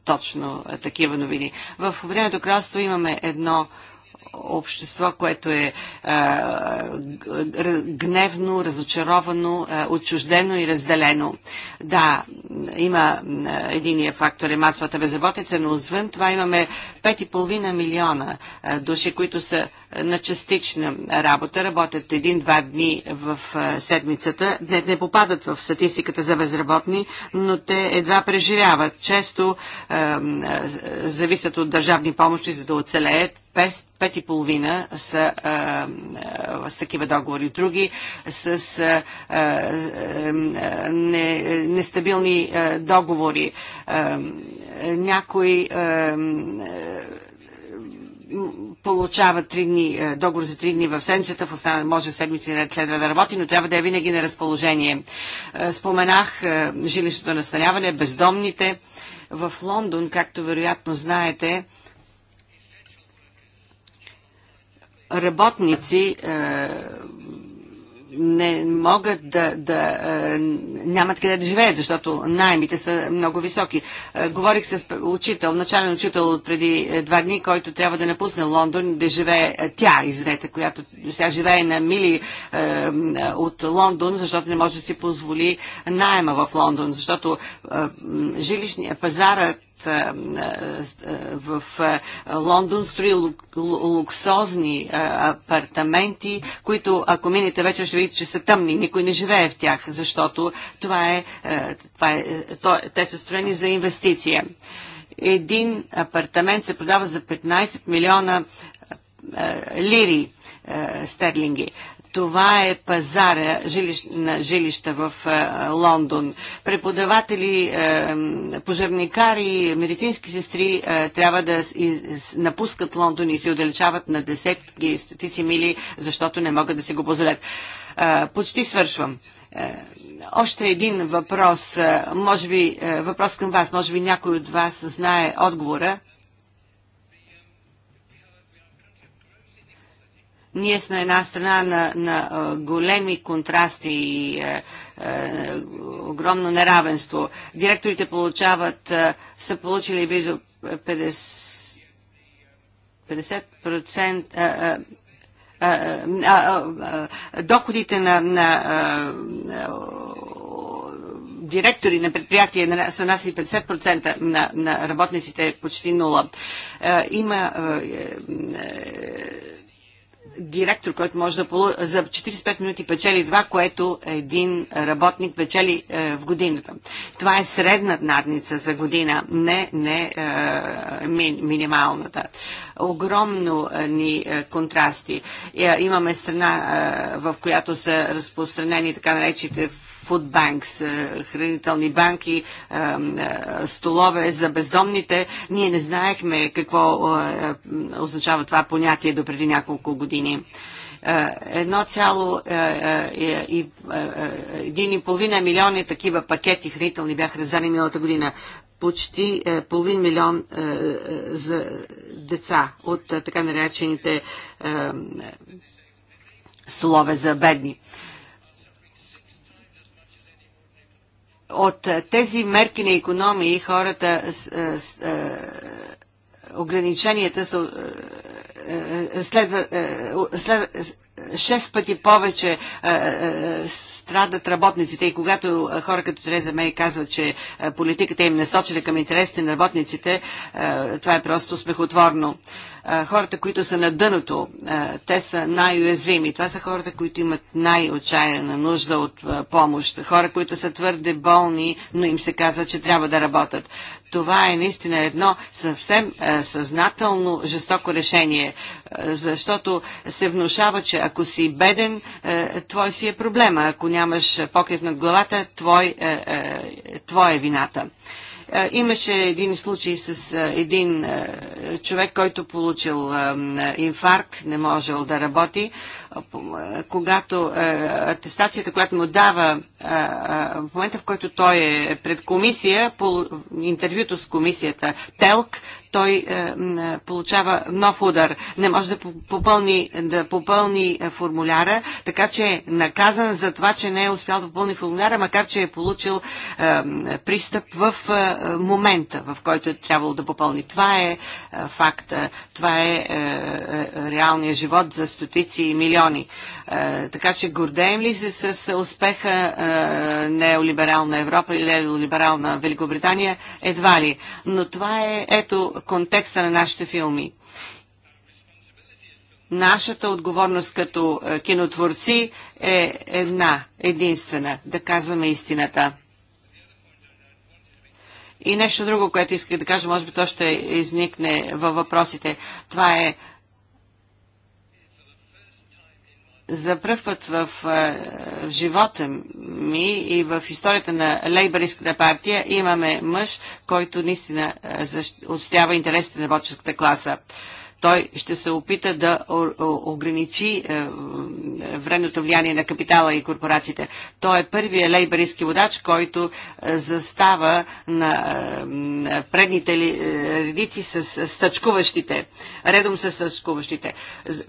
точно е, такива новини. В Обединеното кралство имаме едно общество, което е гневно, разочаровано, отчуждено и разделено. Да, има единия фактор е масовата безработица, но извън това имаме 5,5 милиона души, които са на частична работа, работят един-два дни в седмицата. Не, не попадат в статистиката за безработни, но те едва преживяват. Често е, зависят от държавни помощи, за да оцелеят пет и половина са с такива договори. Други с а, а, не, нестабилни а, договори. А, някои а, получава три дни, договор за три дни в седмицата, в останал, може седмици не следва да работи, но трябва да е винаги на разположение. Споменах жилищното настаняване, бездомните. В Лондон, както вероятно знаете, работници е, не могат да, да е, нямат къде да живеят, защото найемите са много високи. Е, говорих с учител, начален учител от преди два дни, който трябва да напусне Лондон, да живее тя, извинете, която сега живее на мили от Лондон, защото не може да си позволи найема в Лондон, защото е, жилищния пазарът в Лондон, строи луксозни апартаменти, които ако минете вече ще видите, че са тъмни, никой не живее в тях, защото това е, това е, то, те са строени за инвестиция. Един апартамент се продава за 15 милиона лири стерлинги. Това е пазара жилищ, на жилища в е, Лондон. Преподаватели, е, пожарникари, медицински сестри е, трябва да из, напускат Лондон и се отдалечават на десетки и стотици мили, защото не могат да си го позволят. Е, почти свършвам. Е, още един въпрос, е, може би въпрос към вас, може би някой от вас знае отговора Ние сме една страна на, на големи контрасти и е, е, огромно неравенство. Директорите получават, е, са получили близо 50%, 50% е, е, е, е доходите на, на директори на предприятия са нас и 50% на, на работниците почти нула. Има директор, който може да полу... за 45 минути печели това, което един работник печели е, в годината. Това е средна надница за година, не, не е, ми, минималната. Огромно е, ни е, контрасти. Е, имаме страна, е, в която са разпространени така наречите фудбанкс, е, хранителни банки, е, е, столове за бездомните. Ние не знаехме какво означава това понятие до преди няколко години. 1,5 милиона такива пакети хранителни бяха раздани миналата година. Почти половин милион за деца от така наречените столове за бедни. от е, тези мерки на економии хората е, е, ограниченията са, следва, след, шест пъти повече е, е, страдат работниците и когато е, хора като Тереза Мей казват, че политиката им насочена към интересите на работниците, това е просто смехотворно. Хората, които са на дъното, те са най-уязвими. Това са хората, които имат най-отчаяна нужда от помощ. Хора, които са твърде болни, но им се казва, че трябва да работят. Това е наистина едно съвсем е, съзнателно жестоко решение, е, защото се внушава, че ако си беден, е, твой си е проблема. Ако нямаш покрив над главата, твой, твоя е вината имаше един случай с един човек, който получил инфаркт, не можел да работи когато е, атестацията, която му дава е, е, в момента, в който той е пред комисия, по интервюто с комисията ТЕЛК, той получава нов удар. Не може да попълни, да попълни формуляра, така че е наказан за това, че не е успял да попълни формуляра, макар че е получил пристъп в момента, в който е трябвало да попълни. Това е факта, това е реалният живот за стотици и милиони региони. Е, така че гордеем ли се с успеха е, неолиберална Европа или неолиберална Великобритания? Едва ли. Но това е, ето, контекста на нашите филми нашата отговорност като е, кинотворци е една, единствена, да казваме истината. И нещо друго, което исках да кажа, може би то ще изникне във въпросите. Това е за пръв път в, в живота ми и в историята на Лейбористската партия имаме мъж, който наистина отстоява интересите на работническата класа. Той ще се опита да ограничи е, вредното влияние на капитала и корпорациите. Той е първият лейбаристски водач, който е, застава на е, предните редици с стъчкуващите, редом с стъчкуващите.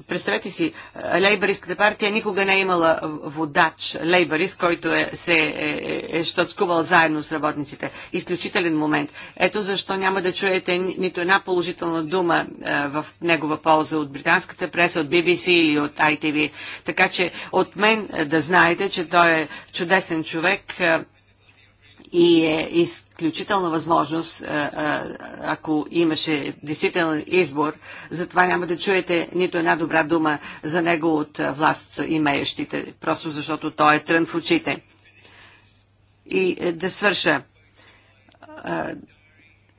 Представете си, лейбаристската партия никога не е имала водач, лейбарис, който е, се е, е стъчкувал заедно с работниците. Изключителен момент. Ето защо няма да чуете нито една положителна дума в негова полза от британската преса, от BBC или от ITV. Така че от мен е, да знаете, че той е чудесен човек е, и е изключителна възможност, е, ако имаше действителен избор. Затова няма да чуете нито една добра дума за него от власт имеещите, просто защото той е трън в очите. И да свърша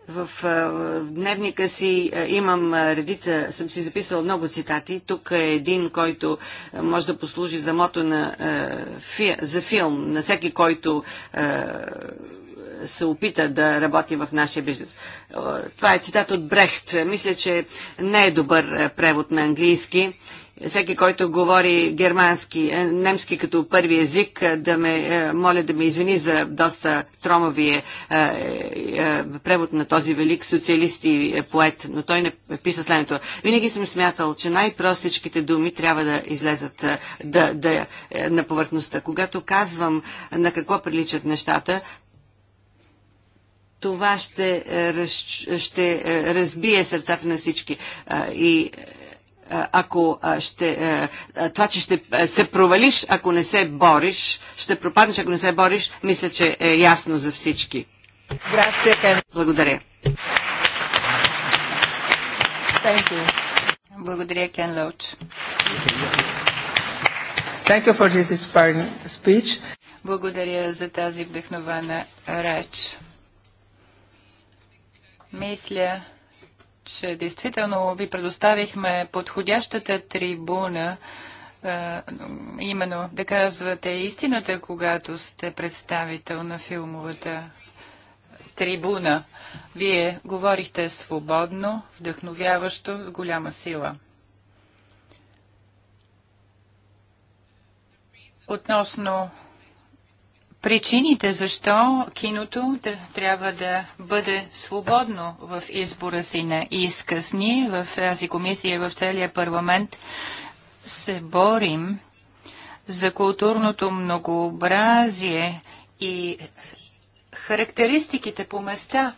в, в дневника си имам редица, съм си записал много цитати. Тук е един, който може да послужи за мото на, за филм, на всеки, който се опита да работи в нашия бизнес. Това е цитат от Брехт. Мисля, че не е добър превод на английски всеки, който говори германски, е, немски като първи език, е, да ме е, моля да ме извини за доста тромовия превод на този велик социалист и поет, но той не писа следното. Винаги съм смятал, че най-простичките думи трябва да излезат да, да, на повърхността. Когато казвам на какво приличат нещата, това ще, ще разбие сърцата на всички. И ако ще, това, че ще се провалиш, ако не се бориш, ще пропаднеш, ако не се бориш, мисля, че е ясно за всички. Благодаря. Благодаря, Кен Лоуч. Благодаря за тази вдъхновена реч. Мисля, че действително ви предоставихме подходящата трибуна, е, именно да казвате истината, когато сте представител на филмовата трибуна. Вие говорихте свободно, вдъхновяващо, с голяма сила. Относно причините защо киното трябва да бъде свободно в избора си на изкъсни в тази комисия, в целия парламент се борим за културното многообразие и характеристиките по места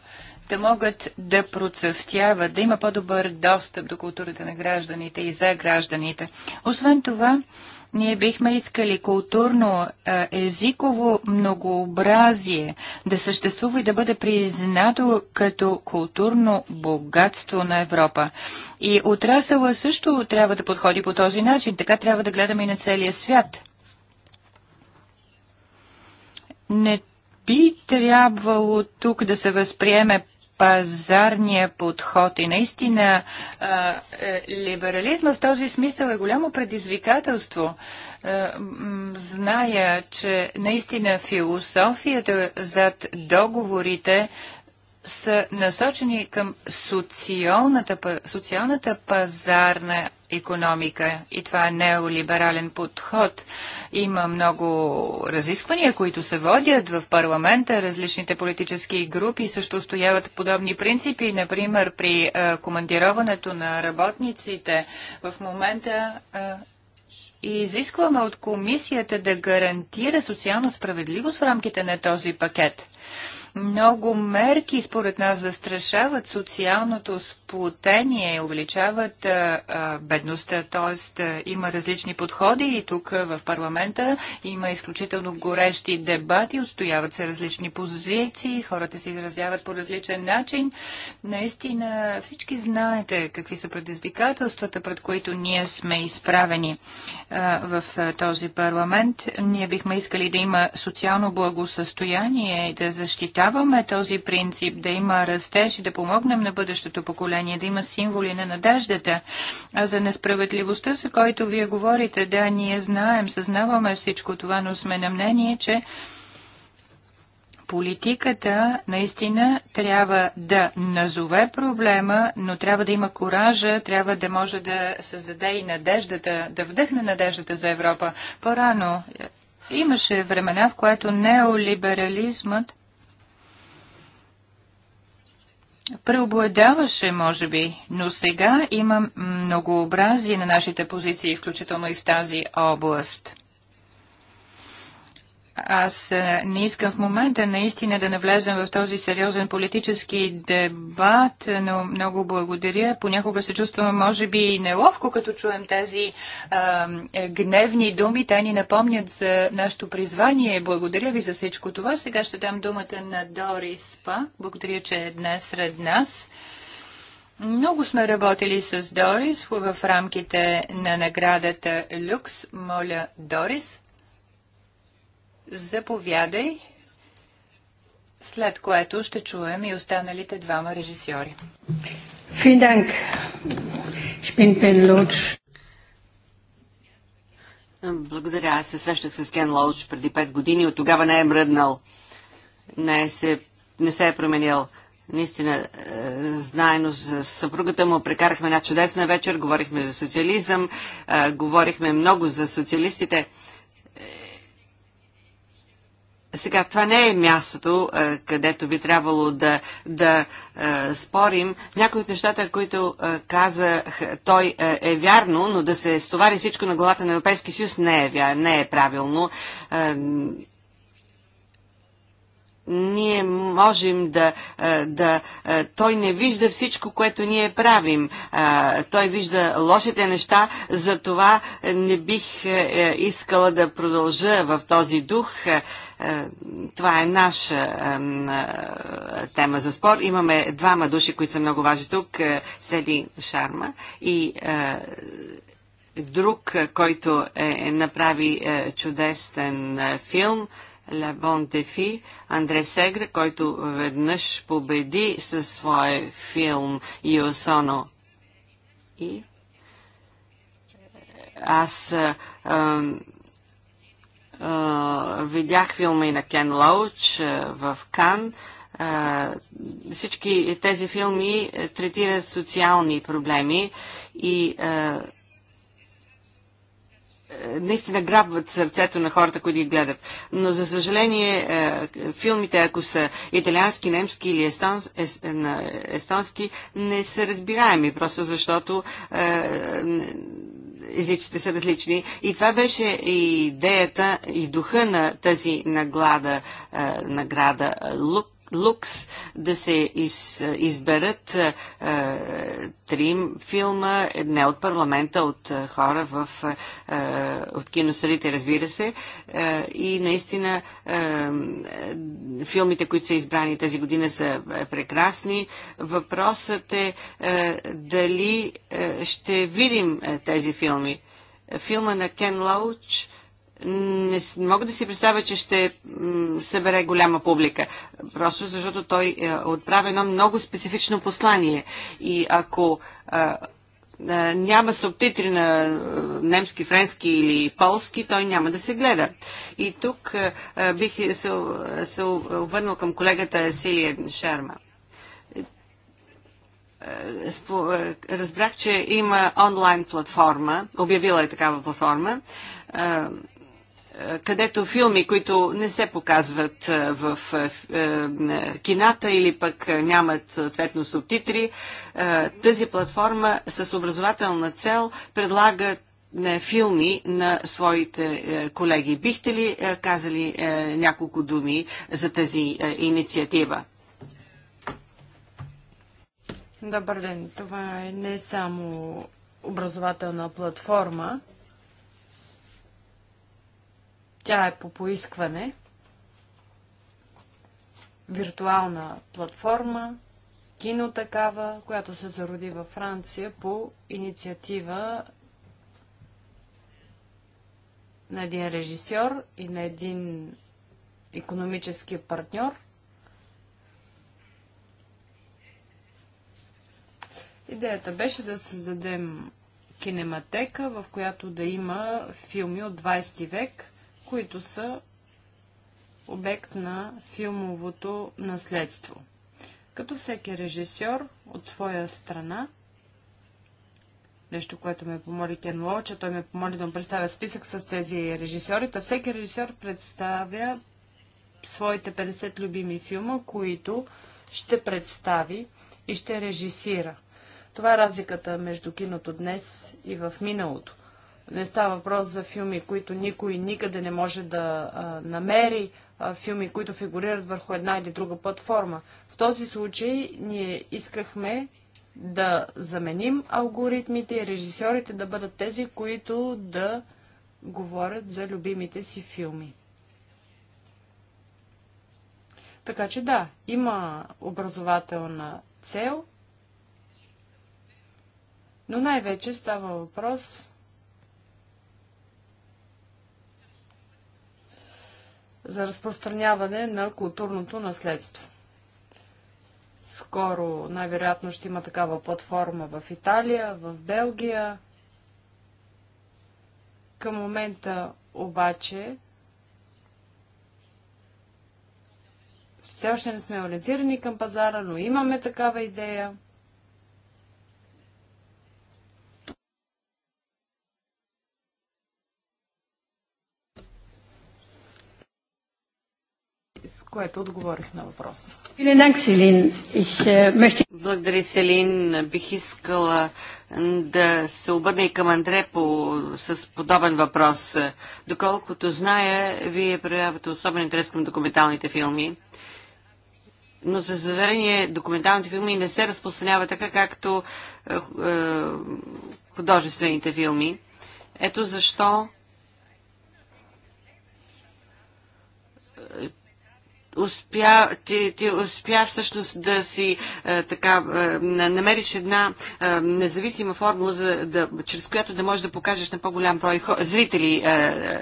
да могат да процъфтяват, да има по-добър достъп до културата на гражданите и за гражданите. Освен това, ние бихме искали културно езиково многообразие да съществува и да бъде признато като културно богатство на Европа. И отрасъла също трябва да подходи по този начин. Така трябва да гледаме и на целия свят. Не би трябвало тук да се възприеме пазарния подход. И наистина а, е, либерализма в този смисъл е голямо предизвикателство. А, зная, че наистина философията зад договорите са насочени към социалната, социалната пазарна економика и това е неолиберален подход. Има много разисквания, които се водят в парламента. Различните политически групи също стояват подобни принципи. Например, при е, командироването на работниците в момента е, и изискваме от комисията да гарантира социална справедливост в рамките на този пакет. Много мерки, според нас, застрашават социалното сплутение, увеличават а, бедността, т.е. има различни подходи и тук в парламента има изключително горещи дебати, отстояват се различни позиции, хората се изразяват по различен начин. Наистина всички знаете какви са предизвикателствата, пред които ние сме изправени а, в а, този парламент. Ние бихме искали да има социално благосъстояние и да защитаваме отстояваме този принцип, да има растеж, да помогнем на бъдещото поколение, да има символи на надеждата. А за несправедливостта, за който вие говорите, да, ние знаем, съзнаваме всичко това, но сме на мнение, че политиката наистина трябва да назове проблема, но трябва да има коража, трябва да може да създаде и надеждата, да вдъхне надеждата за Европа. По-рано имаше времена, в което неолиберализмът преобладаваше, може би, но сега има многообразие на нашите позиции, включително и в тази област. Аз е, не искам в момента наистина да навлезам в този сериозен политически дебат, но много благодаря. Понякога се чувствам, може би, неловко, като чуем тези а, е, гневни думи. Те ни напомнят за нашето призвание. Благодаря ви за всичко това. Сега ще дам думата на Дори Спа. Благодаря, че е днес сред нас. Много сме работили с Дорис в рамките на наградата Люкс. Моля, Дорис, Заповядай, след което ще чуем и останалите двама режисьори. Благодаря. Аз се срещах с Кен Лоуч преди 5 години. От тогава не е мръднал. Не, е се, не се е променил. Наистина, е, знайно с съпругата му прекарахме една чудесна вечер, говорихме за социализъм, е, говорихме много за социалистите. Сега, това не е мястото, е, където би трябвало да, да е, спорим. Някои от нещата, които казах, е, каза той е, вярно, но да се стовари всичко на главата на Европейския съюз не е, не е правилно ние можем да, да... Той не вижда всичко, което ние правим. Той вижда лошите неща, затова не бих е, искала да продължа в този дух. Това е наша тема за спор. Имаме двама души, които са много важни тук. Седи Шарма и друг, който е, е направи е, чудесен филм Лабон Тефи, Андре Сегр, който веднъж победи със своя филм Йосоно. И аз а, а, а, видях филма и на Кен Лоуч а, в Кан. А, всички тези филми третират социални проблеми и а, е, наистина грабват сърцето на хората, които ги гледат. Но, за съжаление, е, филмите, ако са италиански, немски или е, естонски, не са разбираеми, просто защото езиците са различни. И това беше и идеята, и духа на тази наглада, награда Лук Лукс да се из, изберат е, три филма, не от парламента, от е, хора в, е, от киносалите, разбира се. Е, и наистина е, филмите, които са избрани тази година са е, прекрасни. Въпросът е, е дали е, ще видим е, тези филми. Филма на Кен Лоуч не мога да си представя, че ще събере голяма публика. Просто защото той е, отправя едно много специфично послание. И ако няма субтитри на немски, френски или полски, той няма да се гледа. И тук бих се, се обърнал към колегата Силия Шарма е, е, разбрах, че има онлайн платформа, обявила е такава платформа, където филми, които не се показват в кината или пък нямат съответно субтитри, тази платформа с образователна цел предлага филми на своите колеги. Бихте ли казали няколко думи за тази инициатива? Добър ден. Това е не само образователна платформа, тя е по поискване. Виртуална платформа, кино такава, която се зароди във Франция по инициатива на един режисьор и на един економически партньор. Идеята беше да създадем кинематека, в която да има филми от 20 век – които са обект на филмовото наследство. Като всеки режисьор от своя страна, нещо, което ме помоли Кен Лоуча, той ме помоли да му представя списък с тези режисьори, та всеки режисьор представя своите 50 любими филма, които ще представи и ще режисира. Това е разликата между киното днес и в миналото – не става въпрос за филми, които никой никъде не може да а, намери, а, филми, които фигурират върху една или друга платформа. В този случай ние искахме да заменим алгоритмите и режисьорите да бъдат тези, които да говорят за любимите си филми. Така че да, има образователна цел, но най-вече става въпрос за разпространяване на културното наследство. Скоро най-вероятно ще има такава платформа в Италия, в Белгия. Към момента обаче все още не сме ориентирани към пазара, но имаме такава идея. с което отговорих на въпроса. Äh, Благодаря, Селин. Бих искала да се обърна и към Андре по, с подобен въпрос. Доколкото зная, вие проявявате особен интерес към документалните филми но за съжаление документалните филми не се разпространяват така, както е, е, художествените филми. Ето защо успя, ти, ти успя всъщност да си е, така, е, намериш една е, независима формула, за да, чрез която да можеш да покажеш на по-голям брой зрители е,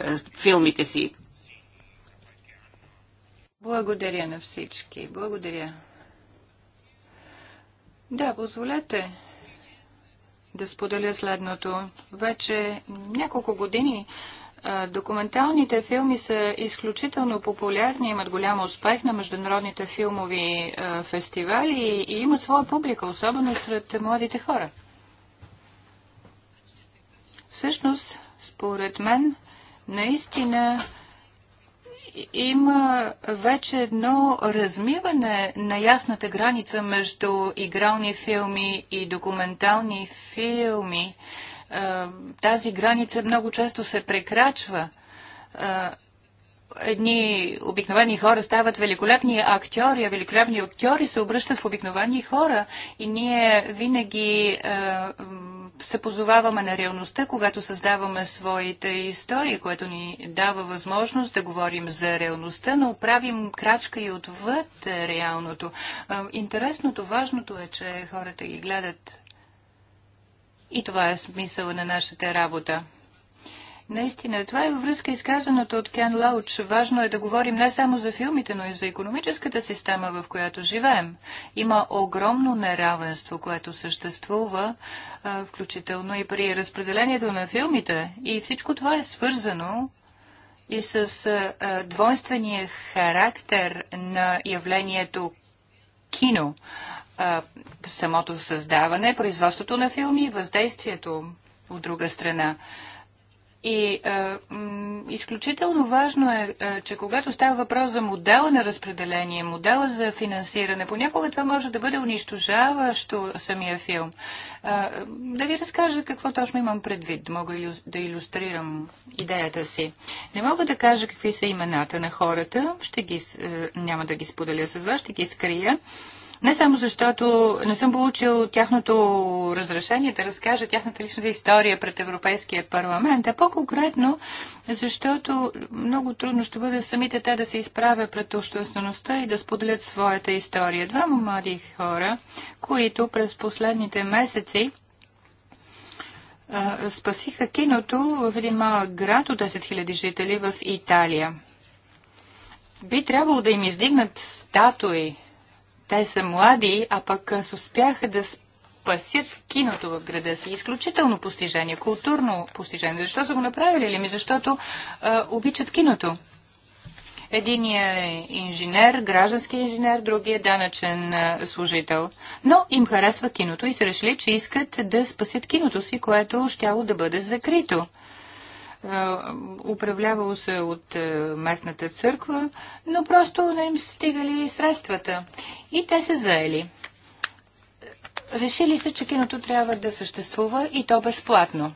е, филмите си. Благодаря на всички. Благодаря. Да, позволете да споделя следното. Вече няколко години Документалните филми са изключително популярни, имат голям успех на международните филмови фестивали и имат своя публика, особено сред младите хора. Всъщност, според мен, наистина има вече едно размиване на ясната граница между игрални филми и документални филми. Е, тази граница много често се прекрачва. Е, едни обикновени хора стават великолепни актьори, а великолепни актьори се обръщат в обикновени хора и ние винаги е, се позоваваме на реалността, когато създаваме своите истории, което ни дава възможност да говорим за реалността, но правим крачка и отвъд реалното. Интересното, важното е, че хората ги гледат и това е смисъл на нашата работа. Наистина, това е във връзка изказаното от Кен Лауч. Важно е да говорим не само за филмите, но и за економическата система, в която живеем. Има огромно неравенство, което съществува, включително и при разпределението на филмите. И всичко това е свързано и с двойствения характер на явлението кино а, самото създаване, производството на филми и въздействието от друга страна. И а, м, изключително важно е, а, че когато става въпрос за модела на разпределение, модела за финансиране, понякога това може да бъде унищожаващо самия филм. А, да ви разкажа какво точно имам предвид, да мога илю... да иллюстрирам идеята си. Не мога да кажа какви са имената на хората, ще ги, а, няма да ги споделя с вас, ще ги скрия. Не само защото не съм получил тяхното разрешение да разкажа тяхната личната история пред Европейския парламент, а по-конкретно, защото много трудно ще бъде самите те да се изправят пред обществеността и да споделят своята история. Двама млади хора, които през последните месеци а, спасиха киното в един малък град от 10 000 жители в Италия. Би трябвало да им издигнат статуи те са млади, а пък с успяха да спасят киното в града си. Изключително постижение, културно постижение. Защо са го направили ли ми? Защото а, обичат киното. Единият е инженер, граждански инженер, другият е данъчен служител. Но им харесва киното и са решили, че искат да спасят киното си, което щяло да бъде закрито управлявало се от е, местната църква, но просто не им стигали средствата. И те се заели. Решили се, че киното трябва да съществува и то безплатно.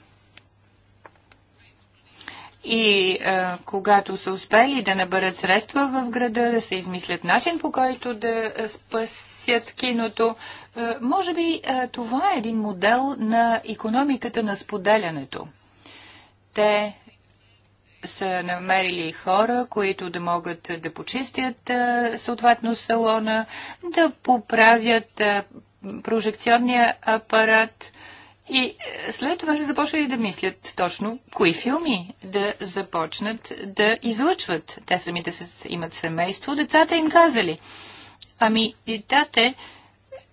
И е, когато са успели да наберат средства в града, да се измислят начин по който да е, спасят киното, е, може би е, това е един модел на економиката на споделянето. Те са намерили хора, които да могат да почистят съответно салона, да поправят прожекционния апарат и е, след това са започнали да мислят точно кои филми да започнат да излъчват. Те самите имат семейство, децата им казали. Ами, дете,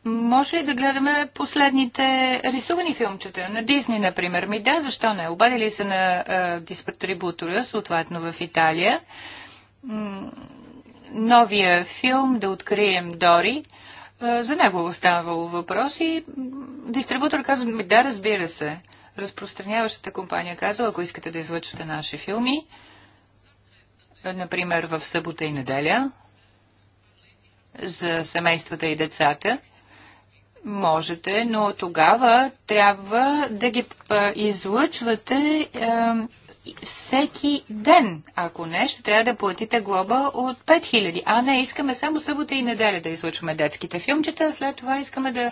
може ли да гледаме последните рисувани филмчета? На Дисни, например. Ми да, защо не? Обадили се на а, диспатрибутора, съответно в Италия. новия филм «Да открием Дори». за него оставало въпрос и дистрибутор казва, ми да, разбира се. Разпространяващата компания казва, ако искате да излъчвате наши филми, например в събота и неделя, за семействата и децата – Можете, но тогава трябва да ги излъчвате е, всеки ден. Ако не, ще трябва да платите глоба от 5000. А не, искаме само събота и неделя да излъчваме детските филмчета, а след това искаме да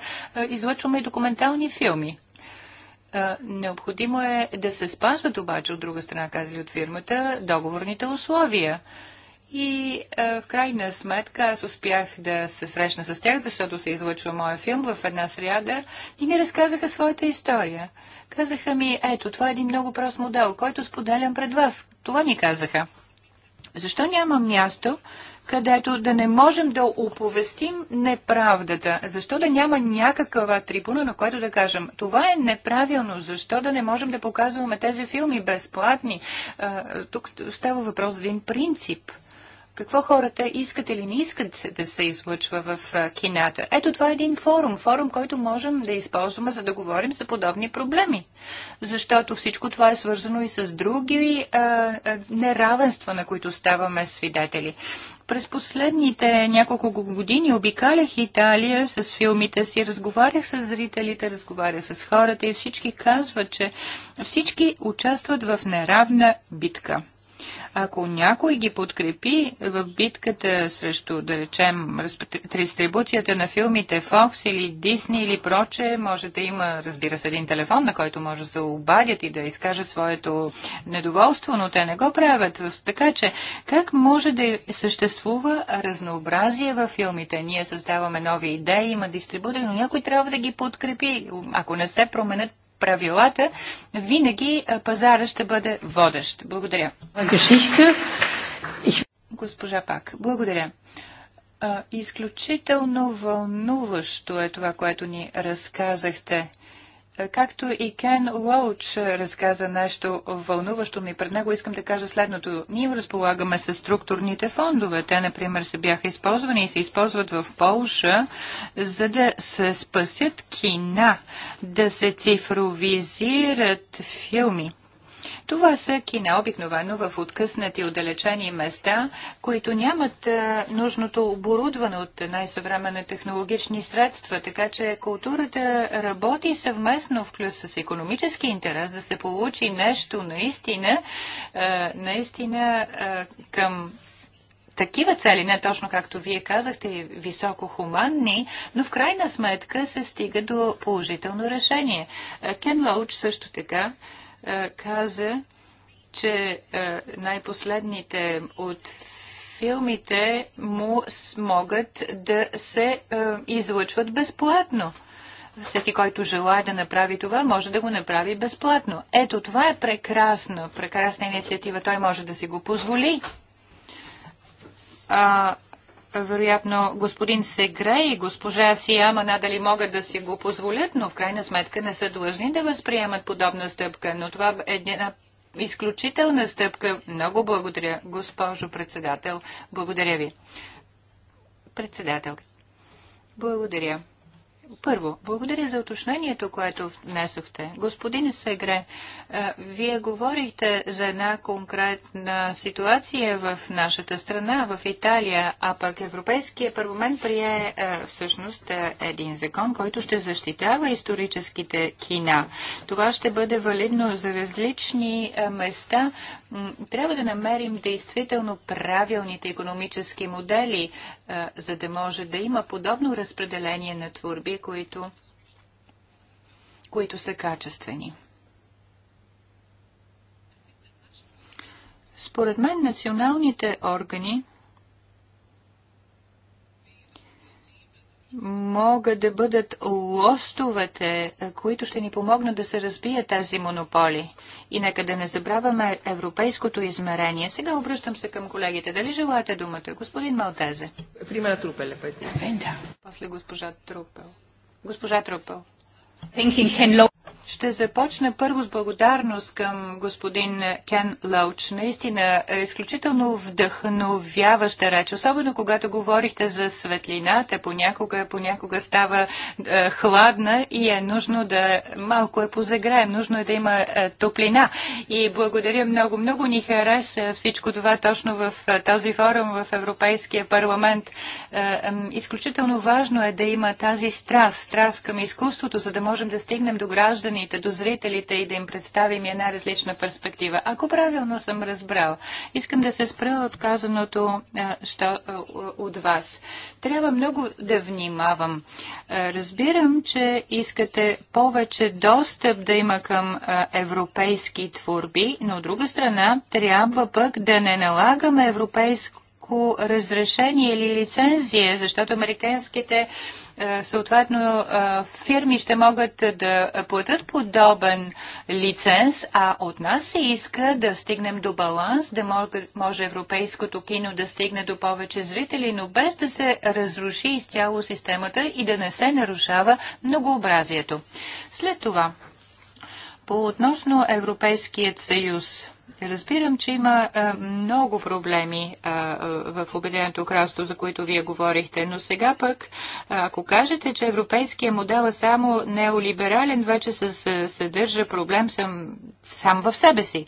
излъчваме и документални филми. Необходимо е да се спазват обаче от друга страна, казали от фирмата, договорните условия. И а, е, в крайна сметка аз успях да се срещна с тях, защото се излъчва моя филм в една сряда и ми разказаха своята история. Казаха ми, ето, това е един много прост модел, който споделям пред вас. Това ни казаха. Защо няма място, където да не можем да оповестим неправдата? Защо да няма някаква трибуна, на която да кажем, това е неправилно, защо да не можем да показваме тези филми безплатни? А, е, тук става въпрос за един принцип – какво хората искат или не искат да се излъчва в кината. Ето това е един форум, форум, който можем да използваме, за да говорим за подобни проблеми. Защото всичко това е свързано и с други а, а, неравенства, на които ставаме свидетели. През последните няколко години обикалях Италия с филмите си, разговарях с зрителите, разговарях с хората и всички казват, че всички участват в неравна битка. Ако някой ги подкрепи в битката срещу, да речем, дистрибуцията на филмите Fox или Дисни или проче, може да има, разбира се, един телефон, на който може да се обадят и да изкаже своето недоволство, но те не го правят. Така че, как може да съществува разнообразие във филмите? Ние създаваме нови идеи, има дистрибутори, но някой трябва да ги подкрепи. Ако не се променят правилата, винаги пазара ще бъде водещ. Благодаря. Госпожа Пак, благодаря. Изключително вълнуващо е това, което ни разказахте Както и Кен Лоуч разказа нещо вълнуващо ми пред него, искам да кажа следното. Ние разполагаме с структурните фондове. Те, например, се бяха използвани и се използват в Полша, за да се спасят кина, да се цифровизират филми. Това са кина обикновено в откъснати, отдалечени места, които нямат нужното оборудване от най-съвременни технологични средства, така че културата работи съвместно, вклюс с економически интерес, да се получи нещо наистина, наистина към такива цели, не точно както вие казахте, високо хуманни, но в крайна сметка се стига до положително решение. Кен Лоуч също така е, каза, че е, най-последните от филмите му могат да се е, излъчват безплатно. Всеки, който желая да направи това, може да го направи безплатно. Ето, това е прекрасно, прекрасна инициатива. Той може да си го позволи. А, вероятно господин Сегре и госпожа Сияма надали могат да си го позволят, но в крайна сметка не са длъжни да възприемат подобна стъпка. Но това е една изключителна стъпка. Много благодаря, госпожо председател. Благодаря ви. Председател. Благодаря. Първо, благодаря за уточнението, което внесохте. Господин Сегре, вие говорихте за една конкретна ситуация в нашата страна, в Италия, а пък Европейския парламент прие всъщност един закон, който ще защитава историческите кина. Това ще бъде валидно за различни места трябва да намерим действително правилните економически модели, е, за да може да има подобно разпределение на творби, които, които са качествени. Според мен националните органи могат да бъдат лостовете, е, които ще ни помогнат да се разбие тези монополи. И нека да не забравяме европейското измерение. Сега обръщам се към колегите. Дали желаете думата? Господин Малтезе. Примера Трупеле. После госпожа Трупел. Госпожа Трупел. Ще започна първо с благодарност към господин Кен Лоуч. Наистина е изключително вдъхновяваща реч, особено когато говорихте за светлината. Понякога, понякога става е, хладна и е нужно да малко е позаграем. Нужно е да има е, топлина. И благодаря много. Много ни хареса всичко това точно в е, този форум в Европейския парламент. Е, е, изключително важно е да има тази страст, страст към изкуството, за да можем да стигнем до граждан гражданите, до зрителите и да им представим една различна перспектива. Ако правилно съм разбрал, искам да се спра от казаното що, от вас. Трябва много да внимавам. Разбирам, че искате повече достъп да има към европейски творби, но от друга страна трябва пък да не налагаме европейско разрешение или лицензия, защото американските е, съответно е, фирми ще могат да платят подобен лиценз, а от нас се иска да стигнем до баланс, да може европейското кино да стигне до повече зрители, но без да се разруши изцяло системата и да не се нарушава многообразието. След това, по относно Европейският съюз – Разбирам, че има е, много проблеми е, е, в Обединеното кралство, за които вие говорихте, но сега пък, ако кажете, че европейския модел е само неолиберален, вече се съдържа проблем сам, сам в себе си.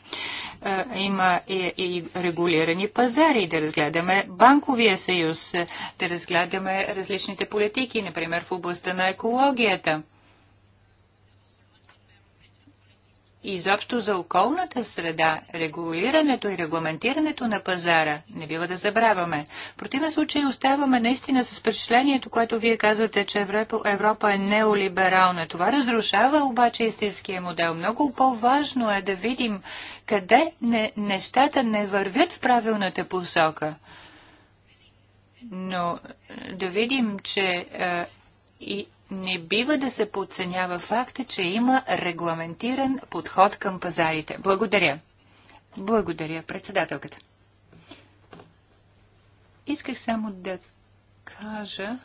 има и, и регулирани пазари, да разгледаме банковия съюз, да разгледаме различните политики, например в областта на екологията и изобщо за околната среда, регулирането и регламентирането на пазара. Не бива да забравяме. В противен случай оставаме наистина с впечатлението, което вие казвате, че Европа е неолиберална. Това разрушава обаче истинския модел. Много по-важно е да видим къде не, нещата не вървят в правилната посока. Но е, да видим, че е, и не бива да се подценява факта, че има регламентиран подход към пазарите. Благодаря. Благодаря, председателката. Исках само да кажа,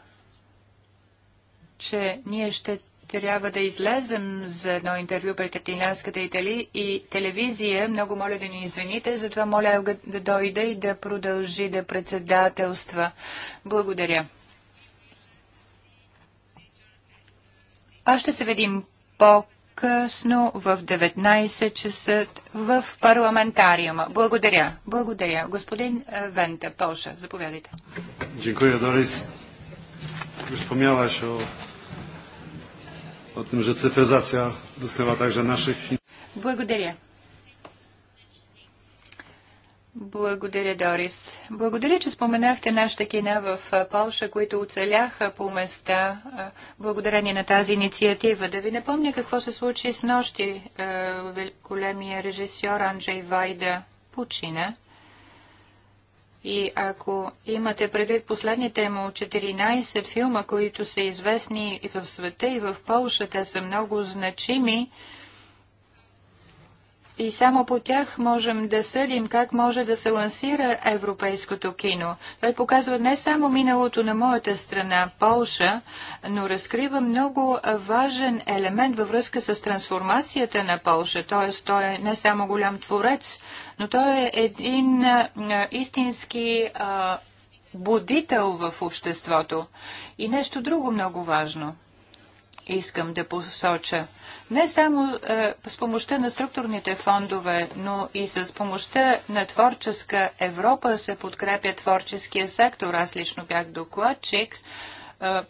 че ние ще трябва да излезем за едно интервю пред Атинанската Итали и телевизия. Много моля да ни извините, затова моля да дойде и да продължи да председателства. Благодаря. А ще се видим по-късно в 19 часа в парламентариума. Благодаря. Благодаря. Господин е, Венте, Полша, заповядайте. Дякую, Дорис. Wspomniałaś o, o tym, że cyfryzacja dotyczyła także naszych... Благодаря. Благодаря, Дорис. Благодаря, че споменахте нашите кина в Полша, които оцеляха по места благодарение на тази инициатива. Да ви напомня какво се случи с нощи. Големия режисьор Анджей Вайда почина. И ако имате предвид последните му 14 филма, които са известни и в света, и в Полша, те са много значими, и само по тях можем да съдим как може да се лансира европейското кино. Той показва не само миналото на моята страна, Полша, но разкрива много важен елемент във връзка с трансформацията на Полша. Т.е. той е не само голям творец, но той е един а, истински а, будител в обществото. И нещо друго много важно искам да посоча – не само е, с помощта на структурните фондове, но и с помощта на Творческа Европа се подкрепя творческия сектор. Аз лично бях докладчик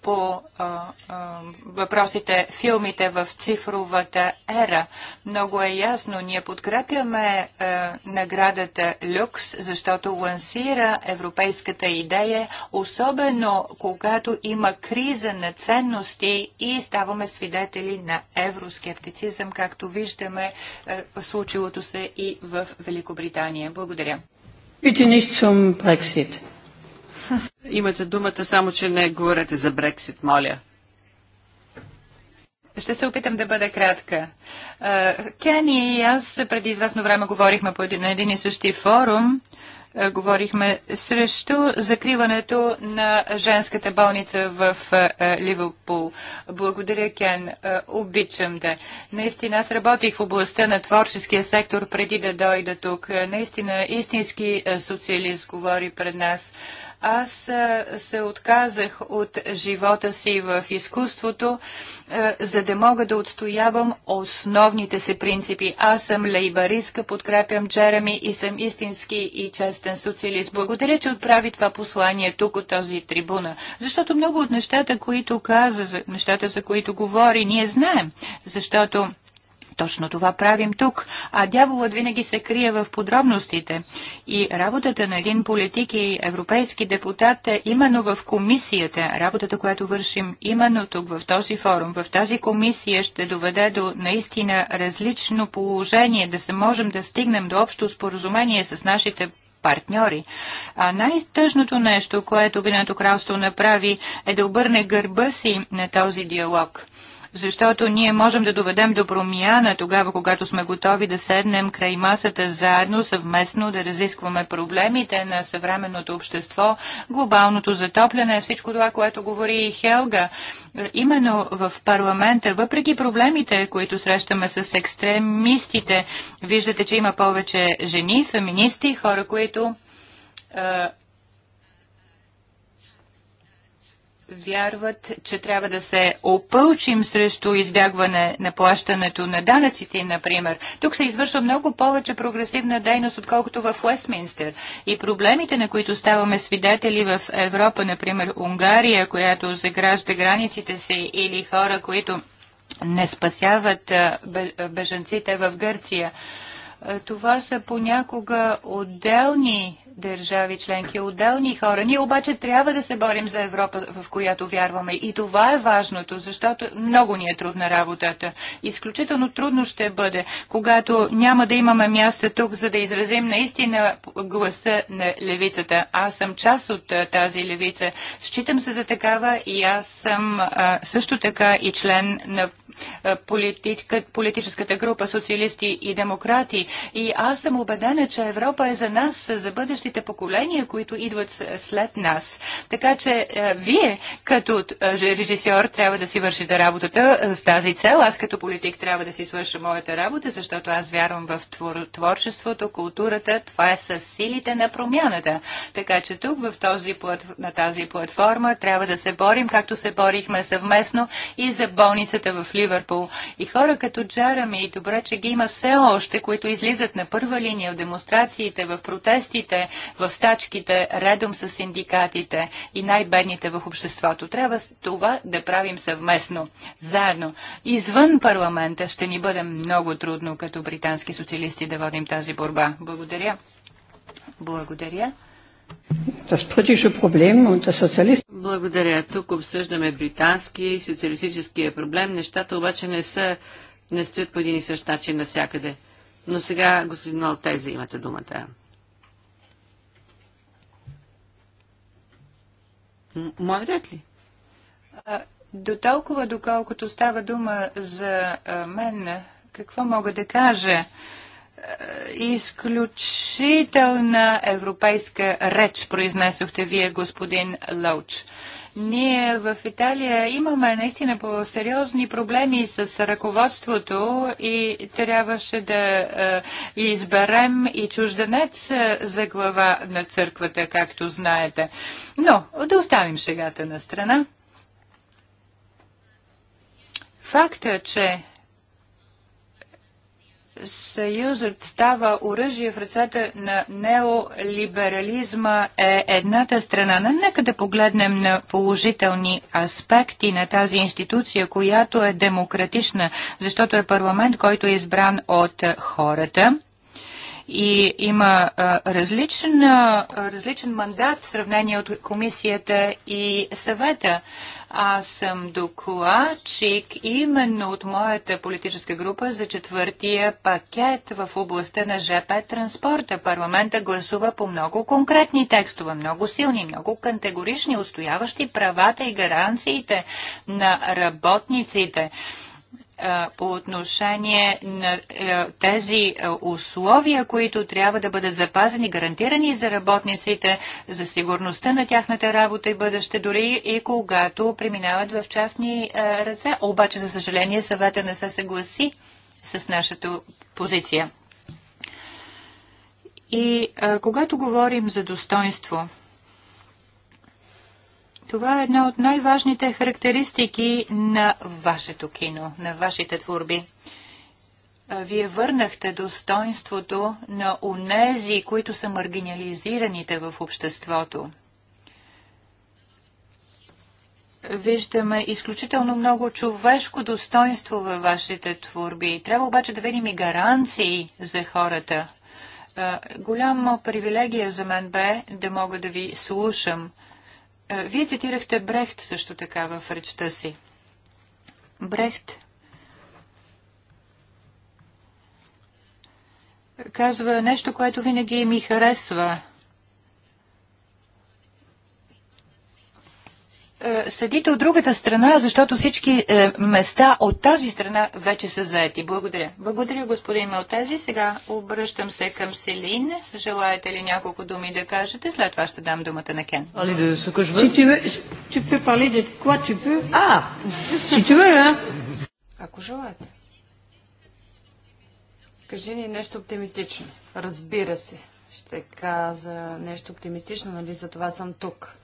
по въпросите, филмите в цифровата ера. Много е ясно, ние подкрепяме наградата Люкс, защото лансира европейската идея, особено когато има криза на ценности и ставаме свидетели на евроскептицизъм, както виждаме случилото се и в Великобритания. Благодаря. Bitte nicht zum Brexit. Имате думата, само че не говорете за Брексит, моля. Ще се опитам да бъда кратка. Кени и аз преди известно време говорихме на един и същи форум говорихме срещу закриването на женската болница в Ливърпул. Благодаря, Кен. Обичам да. Наистина, аз работих в областта на творческия сектор преди да дойда тук. Наистина, истински социалист говори пред нас. Аз се отказах от живота си в изкуството, за да мога да отстоявам основните си принципи. Аз съм лейбаристка, подкрепям Джереми и съм истински и честен социалист. Благодаря, че отправи това послание тук от този трибуна. Защото много от нещата, които каза, нещата, за които говори, ние знаем. Защото точно това правим тук. А дяволът винаги се крие в подробностите. И работата на един политик и европейски депутат е именно в комисията. Работата, която вършим именно тук, в този форум, в тази комисия ще доведе до наистина различно положение, да се можем да стигнем до общо споразумение с нашите партньори. А най-тъжното нещо, което Обединеното кралство направи, е да обърне гърба си на този диалог – защото ние можем да доведем до промяна тогава, когато сме готови да седнем край масата заедно, съвместно да разискваме проблемите на съвременното общество, глобалното затопляне, всичко това, което говори и Хелга. Именно в парламента, въпреки проблемите, които срещаме с екстремистите, виждате, че има повече жени, феминисти, хора, които вярват, че трябва да се опълчим срещу избягване на плащането на данъците, например. Тук се извършва много повече прогресивна дейност, отколкото в Уестминстер. И проблемите, на които ставаме свидетели в Европа, например Унгария, която загражда границите си, или хора, които не спасяват бежанците в Гърция, това са понякога отделни държави членки, отделни хора. Ние обаче трябва да се борим за Европа, в която вярваме. И това е важното, защото много ни е трудна работата. Изключително трудно ще бъде, когато няма да имаме място тук, за да изразим наистина гласа на левицата. Аз съм част от тази левица. Считам се за такава и аз съм също така и член на политическата група социалисти и демократи. И аз съм убедена, че Европа е за нас, за бъдещите следващите поколения, които идват след нас. Така че е, вие, като е, режисьор, трябва да си вършите работата е, с тази цел. Аз като политик трябва да си свърша моята работа, защото аз вярвам в твор... творчеството, културата. Това е с силите на промяната. Така че тук, в този, на тази платформа, трябва да се борим, както се борихме съвместно и за болницата в Ливърпул. И хора като Джарами, и добре, че ги има все още, които излизат на първа линия в демонстрациите, в протестите, в стачките, редом с синдикатите и най-бедните в обществото. Трябва това да правим съвместно, заедно. Извън парламента ще ни бъде много трудно като британски социалисти да водим тази борба. Благодаря. Благодаря. Благодаря. Тук обсъждаме британски и социалистическия проблем. Нещата обаче не са, не стоят по един и същ начин навсякъде. Но сега, господин Малтеза имате думата. Мой ред ли? До толкова, доколкото става дума за мен, какво мога да кажа? Изключителна европейска реч произнесохте вие, господин Лоуч. Ние в Италия имаме наистина по сериозни проблеми с ръководството и трябваше да е, изберем и чужденец е, за глава на църквата, както знаете. Но да оставим шегата на страна. Факта, че съюзът става оръжие в ръцете на неолиберализма е едната страна. Но нека да погледнем на положителни аспекти на тази институция, която е демократична, защото е парламент, който е избран от хората и има различен, различен мандат в сравнение от комисията и съвета. Аз съм докладчик именно от моята политическа група за четвъртия пакет в областта на ЖП транспорта. Парламента гласува по много конкретни текстове, много силни, много категорични, устояващи правата и гаранциите на работниците по отношение на тези условия, които трябва да бъдат запазени, гарантирани за работниците, за сигурността на тяхната работа и бъдеще, дори и когато преминават в частни ръце. Обаче, за съжаление, съвета не се съгласи с нашата позиция. И когато говорим за достоинство, това е една от най-важните характеристики на вашето кино, на вашите творби. Вие върнахте достоинството на унези, които са маргинализираните в обществото. Виждаме изключително много човешко достоинство във вашите творби. Трябва обаче да видим и гаранции за хората. Голяма привилегия за мен бе да мога да ви слушам е, вие цитирахте Брехт също така в речта си. Брехт казва нещо, което винаги ми харесва Е, седите от другата страна, защото всички е, места от тази страна вече са заети. Благодаря. Благодаря, господин Малтези. Сега обръщам се към Селин. Желаете ли няколко думи да кажете? След това ще дам думата на Кен. А, а. Ah! Ако желаете. Кажи ни нещо оптимистично. Разбира се. Ще каза нещо оптимистично, нали? За това съм тук.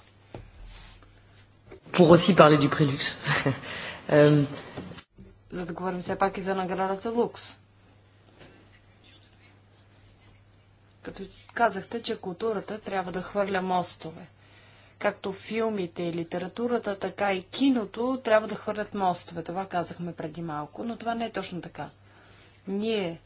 Pour aussi parler du Prelux. Euh, за да говорим все пак и за наградата Лукс. Като казахте, че културата трябва да хвърля мостове. Както филмите и литературата, така и киното трябва да хвърлят мостове. Това казахме преди малко, но това не е точно така. Ние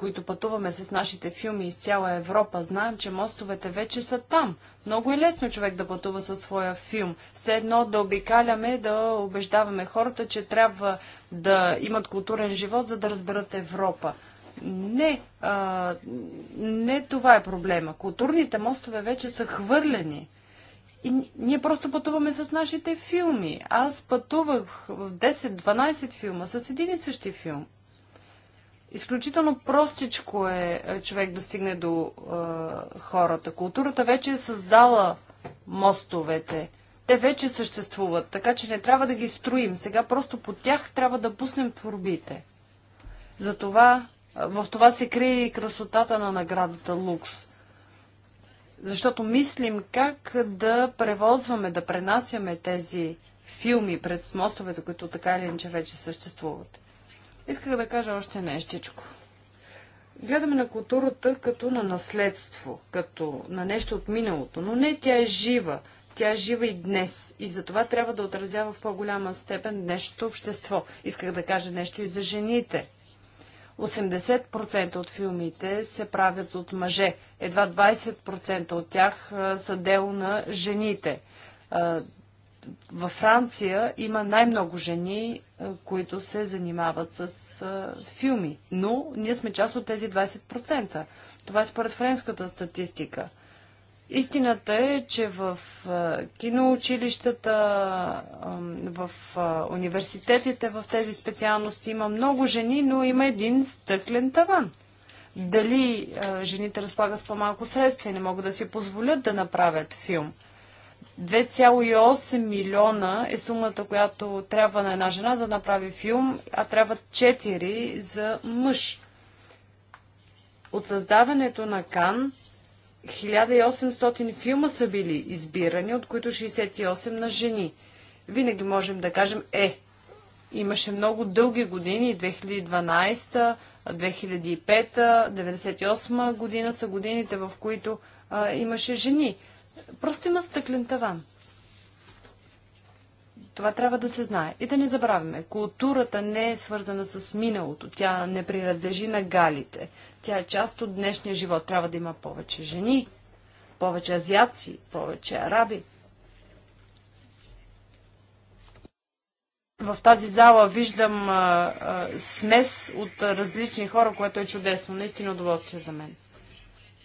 които пътуваме с нашите филми из цяла Европа, знаем, че мостовете вече са там. Много е лесно човек да пътува със своя филм. Все едно да обикаляме, да убеждаваме хората, че трябва да имат културен живот, за да разберат Европа. Не, а, не това е проблема. Културните мостове вече са хвърлени. И ние просто пътуваме с нашите филми. Аз пътувах в 10-12 филма с един и същи филм. Изключително простичко е, е човек да стигне до е, хората. Културата вече е създала мостовете. Те вече съществуват, така че не трябва да ги строим. Сега просто по тях трябва да пуснем творбите. Затова е, в това се крие и красотата на наградата Лукс. Защото мислим как да превозваме, да пренасяме тези филми през мостовете, които така или иначе вече съществуват. Исках да кажа още нещичко. Гледаме на културата като на наследство, като на нещо от миналото, но не тя е жива. Тя е жива и днес. И затова трябва да отразява в по-голяма степен днешното общество. Исках да кажа нещо и за жените. 80% от филмите се правят от мъже. Едва 20% от тях са дело на жените във Франция има най-много жени, е, които се занимават с е, филми, но ние сме част от тези 20%. Това е според френската статистика. Истината е, че в е, киноучилищата, в университетите, в тези специалности има много жени, но има един стъклен таван. Дали жените разполагат с по-малко средства и не могат да си позволят да направят филм – 2,8 милиона е сумата, която трябва на една жена за да направи филм, а трябва 4 за мъж. От създаването на Кан 1800 филма са били избирани, от които 68 на жени. Винаги можем да кажем е. Имаше много дълги години, 2012, 2005, 98 година са годините, в които а, имаше жени. Просто има стъклен таван. Това трябва да се знае. И да не забравяме, културата не е свързана с миналото. Тя не принадлежи на галите. Тя е част от днешния живот. Трябва да има повече жени, повече азиаци, повече араби. В тази зала виждам а, а, смес от различни хора, което е чудесно. Наистина удоволствие за мен.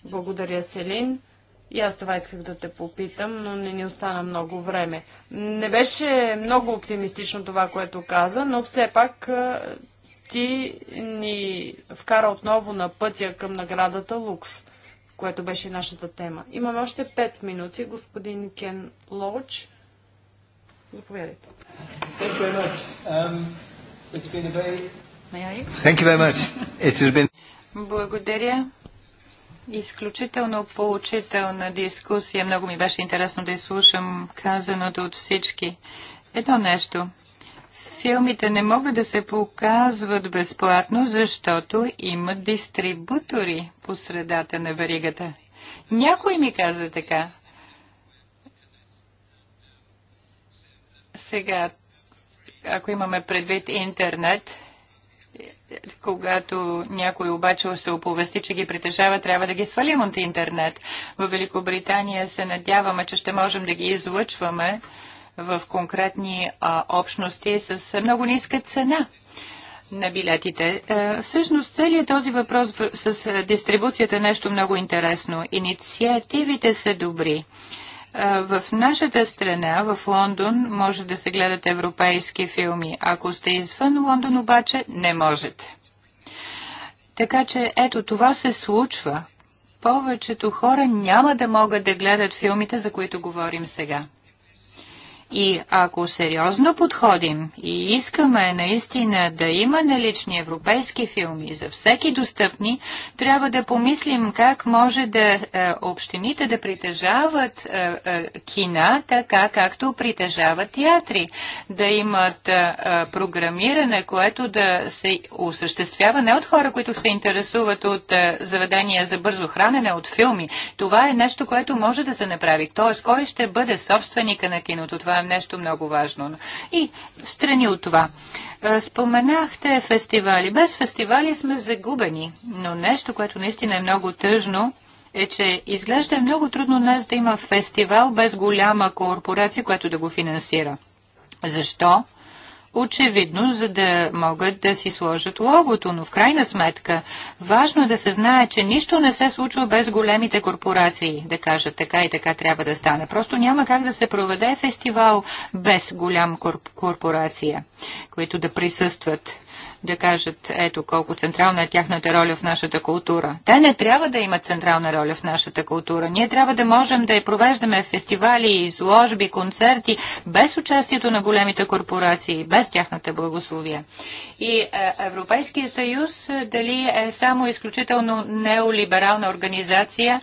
Благодаря, Селин. И аз това исках да те попитам, но не ни остана много време. Не беше много оптимистично това, което каза, но все пак ти ни вкара отново на пътя към наградата Лукс, което беше нашата тема. Имаме още 5 минути. Господин Кен Лоуч, заповядайте. Um, Благодаря. Изключително поучителна дискусия. Много ми беше интересно да изслушам казаното от всички. Едно нещо. Филмите не могат да се показват безплатно, защото имат дистрибутори по средата на варигата. Някой ми каза така. Сега, ако имаме предвид интернет, когато някой обаче се оповести, че ги притежава, трябва да ги свалим от интернет. В Великобритания се надяваме, че ще можем да ги излъчваме в конкретни а, общности с много ниска цена на билетите. Е, всъщност целият този въпрос с е, дистрибуцията е нещо много интересно. Инициативите са добри. В нашата страна, в Лондон, може да се гледат европейски филми. Ако сте извън Лондон обаче, не можете. Така че ето това се случва повечето хора няма да могат да гледат филмите, за които говорим сега. И ако сериозно подходим и искаме наистина да има налични европейски филми за всеки достъпни, трябва да помислим как може да е, общините да притежават е, е, кина така, както притежават театри. Да имат е, е програмиране, което да се осъществява не от хора, които се интересуват от е, заведения за бързо хранене, от филми. Това е нещо, което може да се направи. Тоест, кой ще бъде собственика на киното? Това това е нещо много важно. И страни от това. Е, споменахте фестивали. Без фестивали сме загубени, но нещо, което наистина е много тъжно, е, че изглежда е много трудно днес да има фестивал без голяма корпорация, която да го финансира. Защо? очевидно, за да могат да си сложат логото, но в крайна сметка важно е да се знае, че нищо не се случва без големите корпорации да кажат така и така трябва да стане. Просто няма как да се проведе фестивал без голям корп- корпорация, които да присъстват да кажат ето колко централна е тяхната роля в нашата култура. Те не трябва да имат централна роля в нашата култура. Ние трябва да можем да я провеждаме в фестивали, изложби, концерти, без участието на големите корпорации, без тяхната благословие. И е, Европейския съюз е, дали е само изключително неолиберална организация,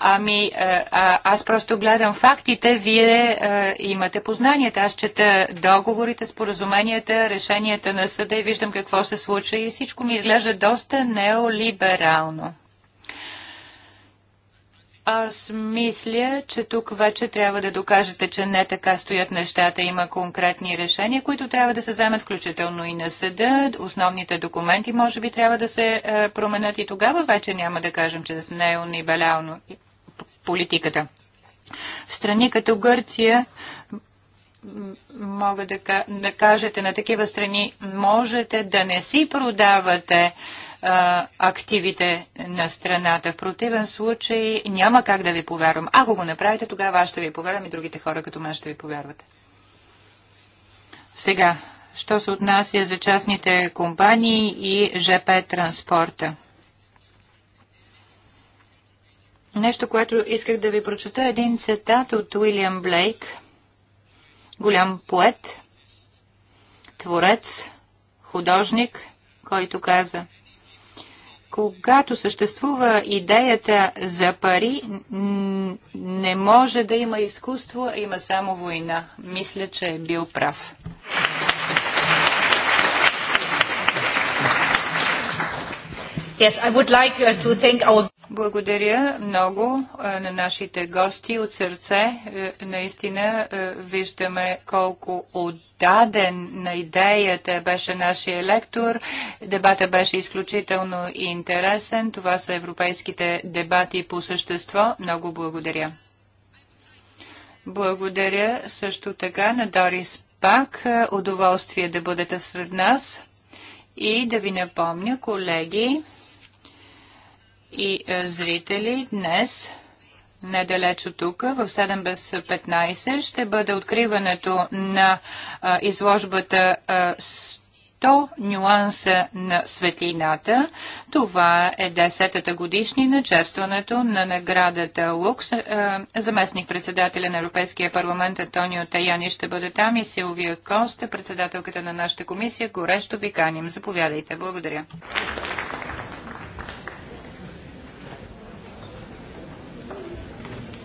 Ами, е, а, аз просто гледам фактите, вие а, е, имате познанията. Аз чета договорите, споразуменията, решенията на съда и виждам какво се случва и всичко ми изглежда доста неолиберално. Аз мисля, че тук вече трябва да докажете, че не така стоят нещата. Има конкретни решения, които трябва да се вземат, включително и на съда. Основните документи може би трябва да се е, променят и тогава вече няма да кажем, че не е политиката. В страни като Гърция мога да, да кажете на такива страни, можете да не си продавате а, активите на страната. В противен случай няма как да ви повярвам. Ако го направите, тогава аз ще ви повярвам и другите хора като мен ще ви повярват. Сега, що се отнася за частните компании и ЖП транспорта? нещо, което исках да ви прочета. Е един цитат от Уилям Блейк, голям поет, творец, художник, който каза когато съществува идеята за пари, не може да има изкуство, а има само война. Мисля, че е бил прав. Yes, I would like uh, to thank our... Благодаря много е, на нашите гости от сърце. Е, наистина е, виждаме колко отдаден на идеята беше нашия лектор. Дебата беше изключително интересен. Това са европейските дебати по същество. Много благодаря. Благодаря също така на Дорис Пак. Удоволствие да бъдете сред нас. И да ви напомня, колеги, и е, зрители днес недалеч от тук, в 7 без 15, ще бъде откриването на а, е, изложбата а, е, 100 нюанса на светлината. Това е 10-та на честването на наградата Лукс. заместник председателя на Европейския парламент Антонио Таяни ще бъде там и Силвия Коста, председателката на нашата комисия. Горещо ви каним. Заповядайте. Благодаря.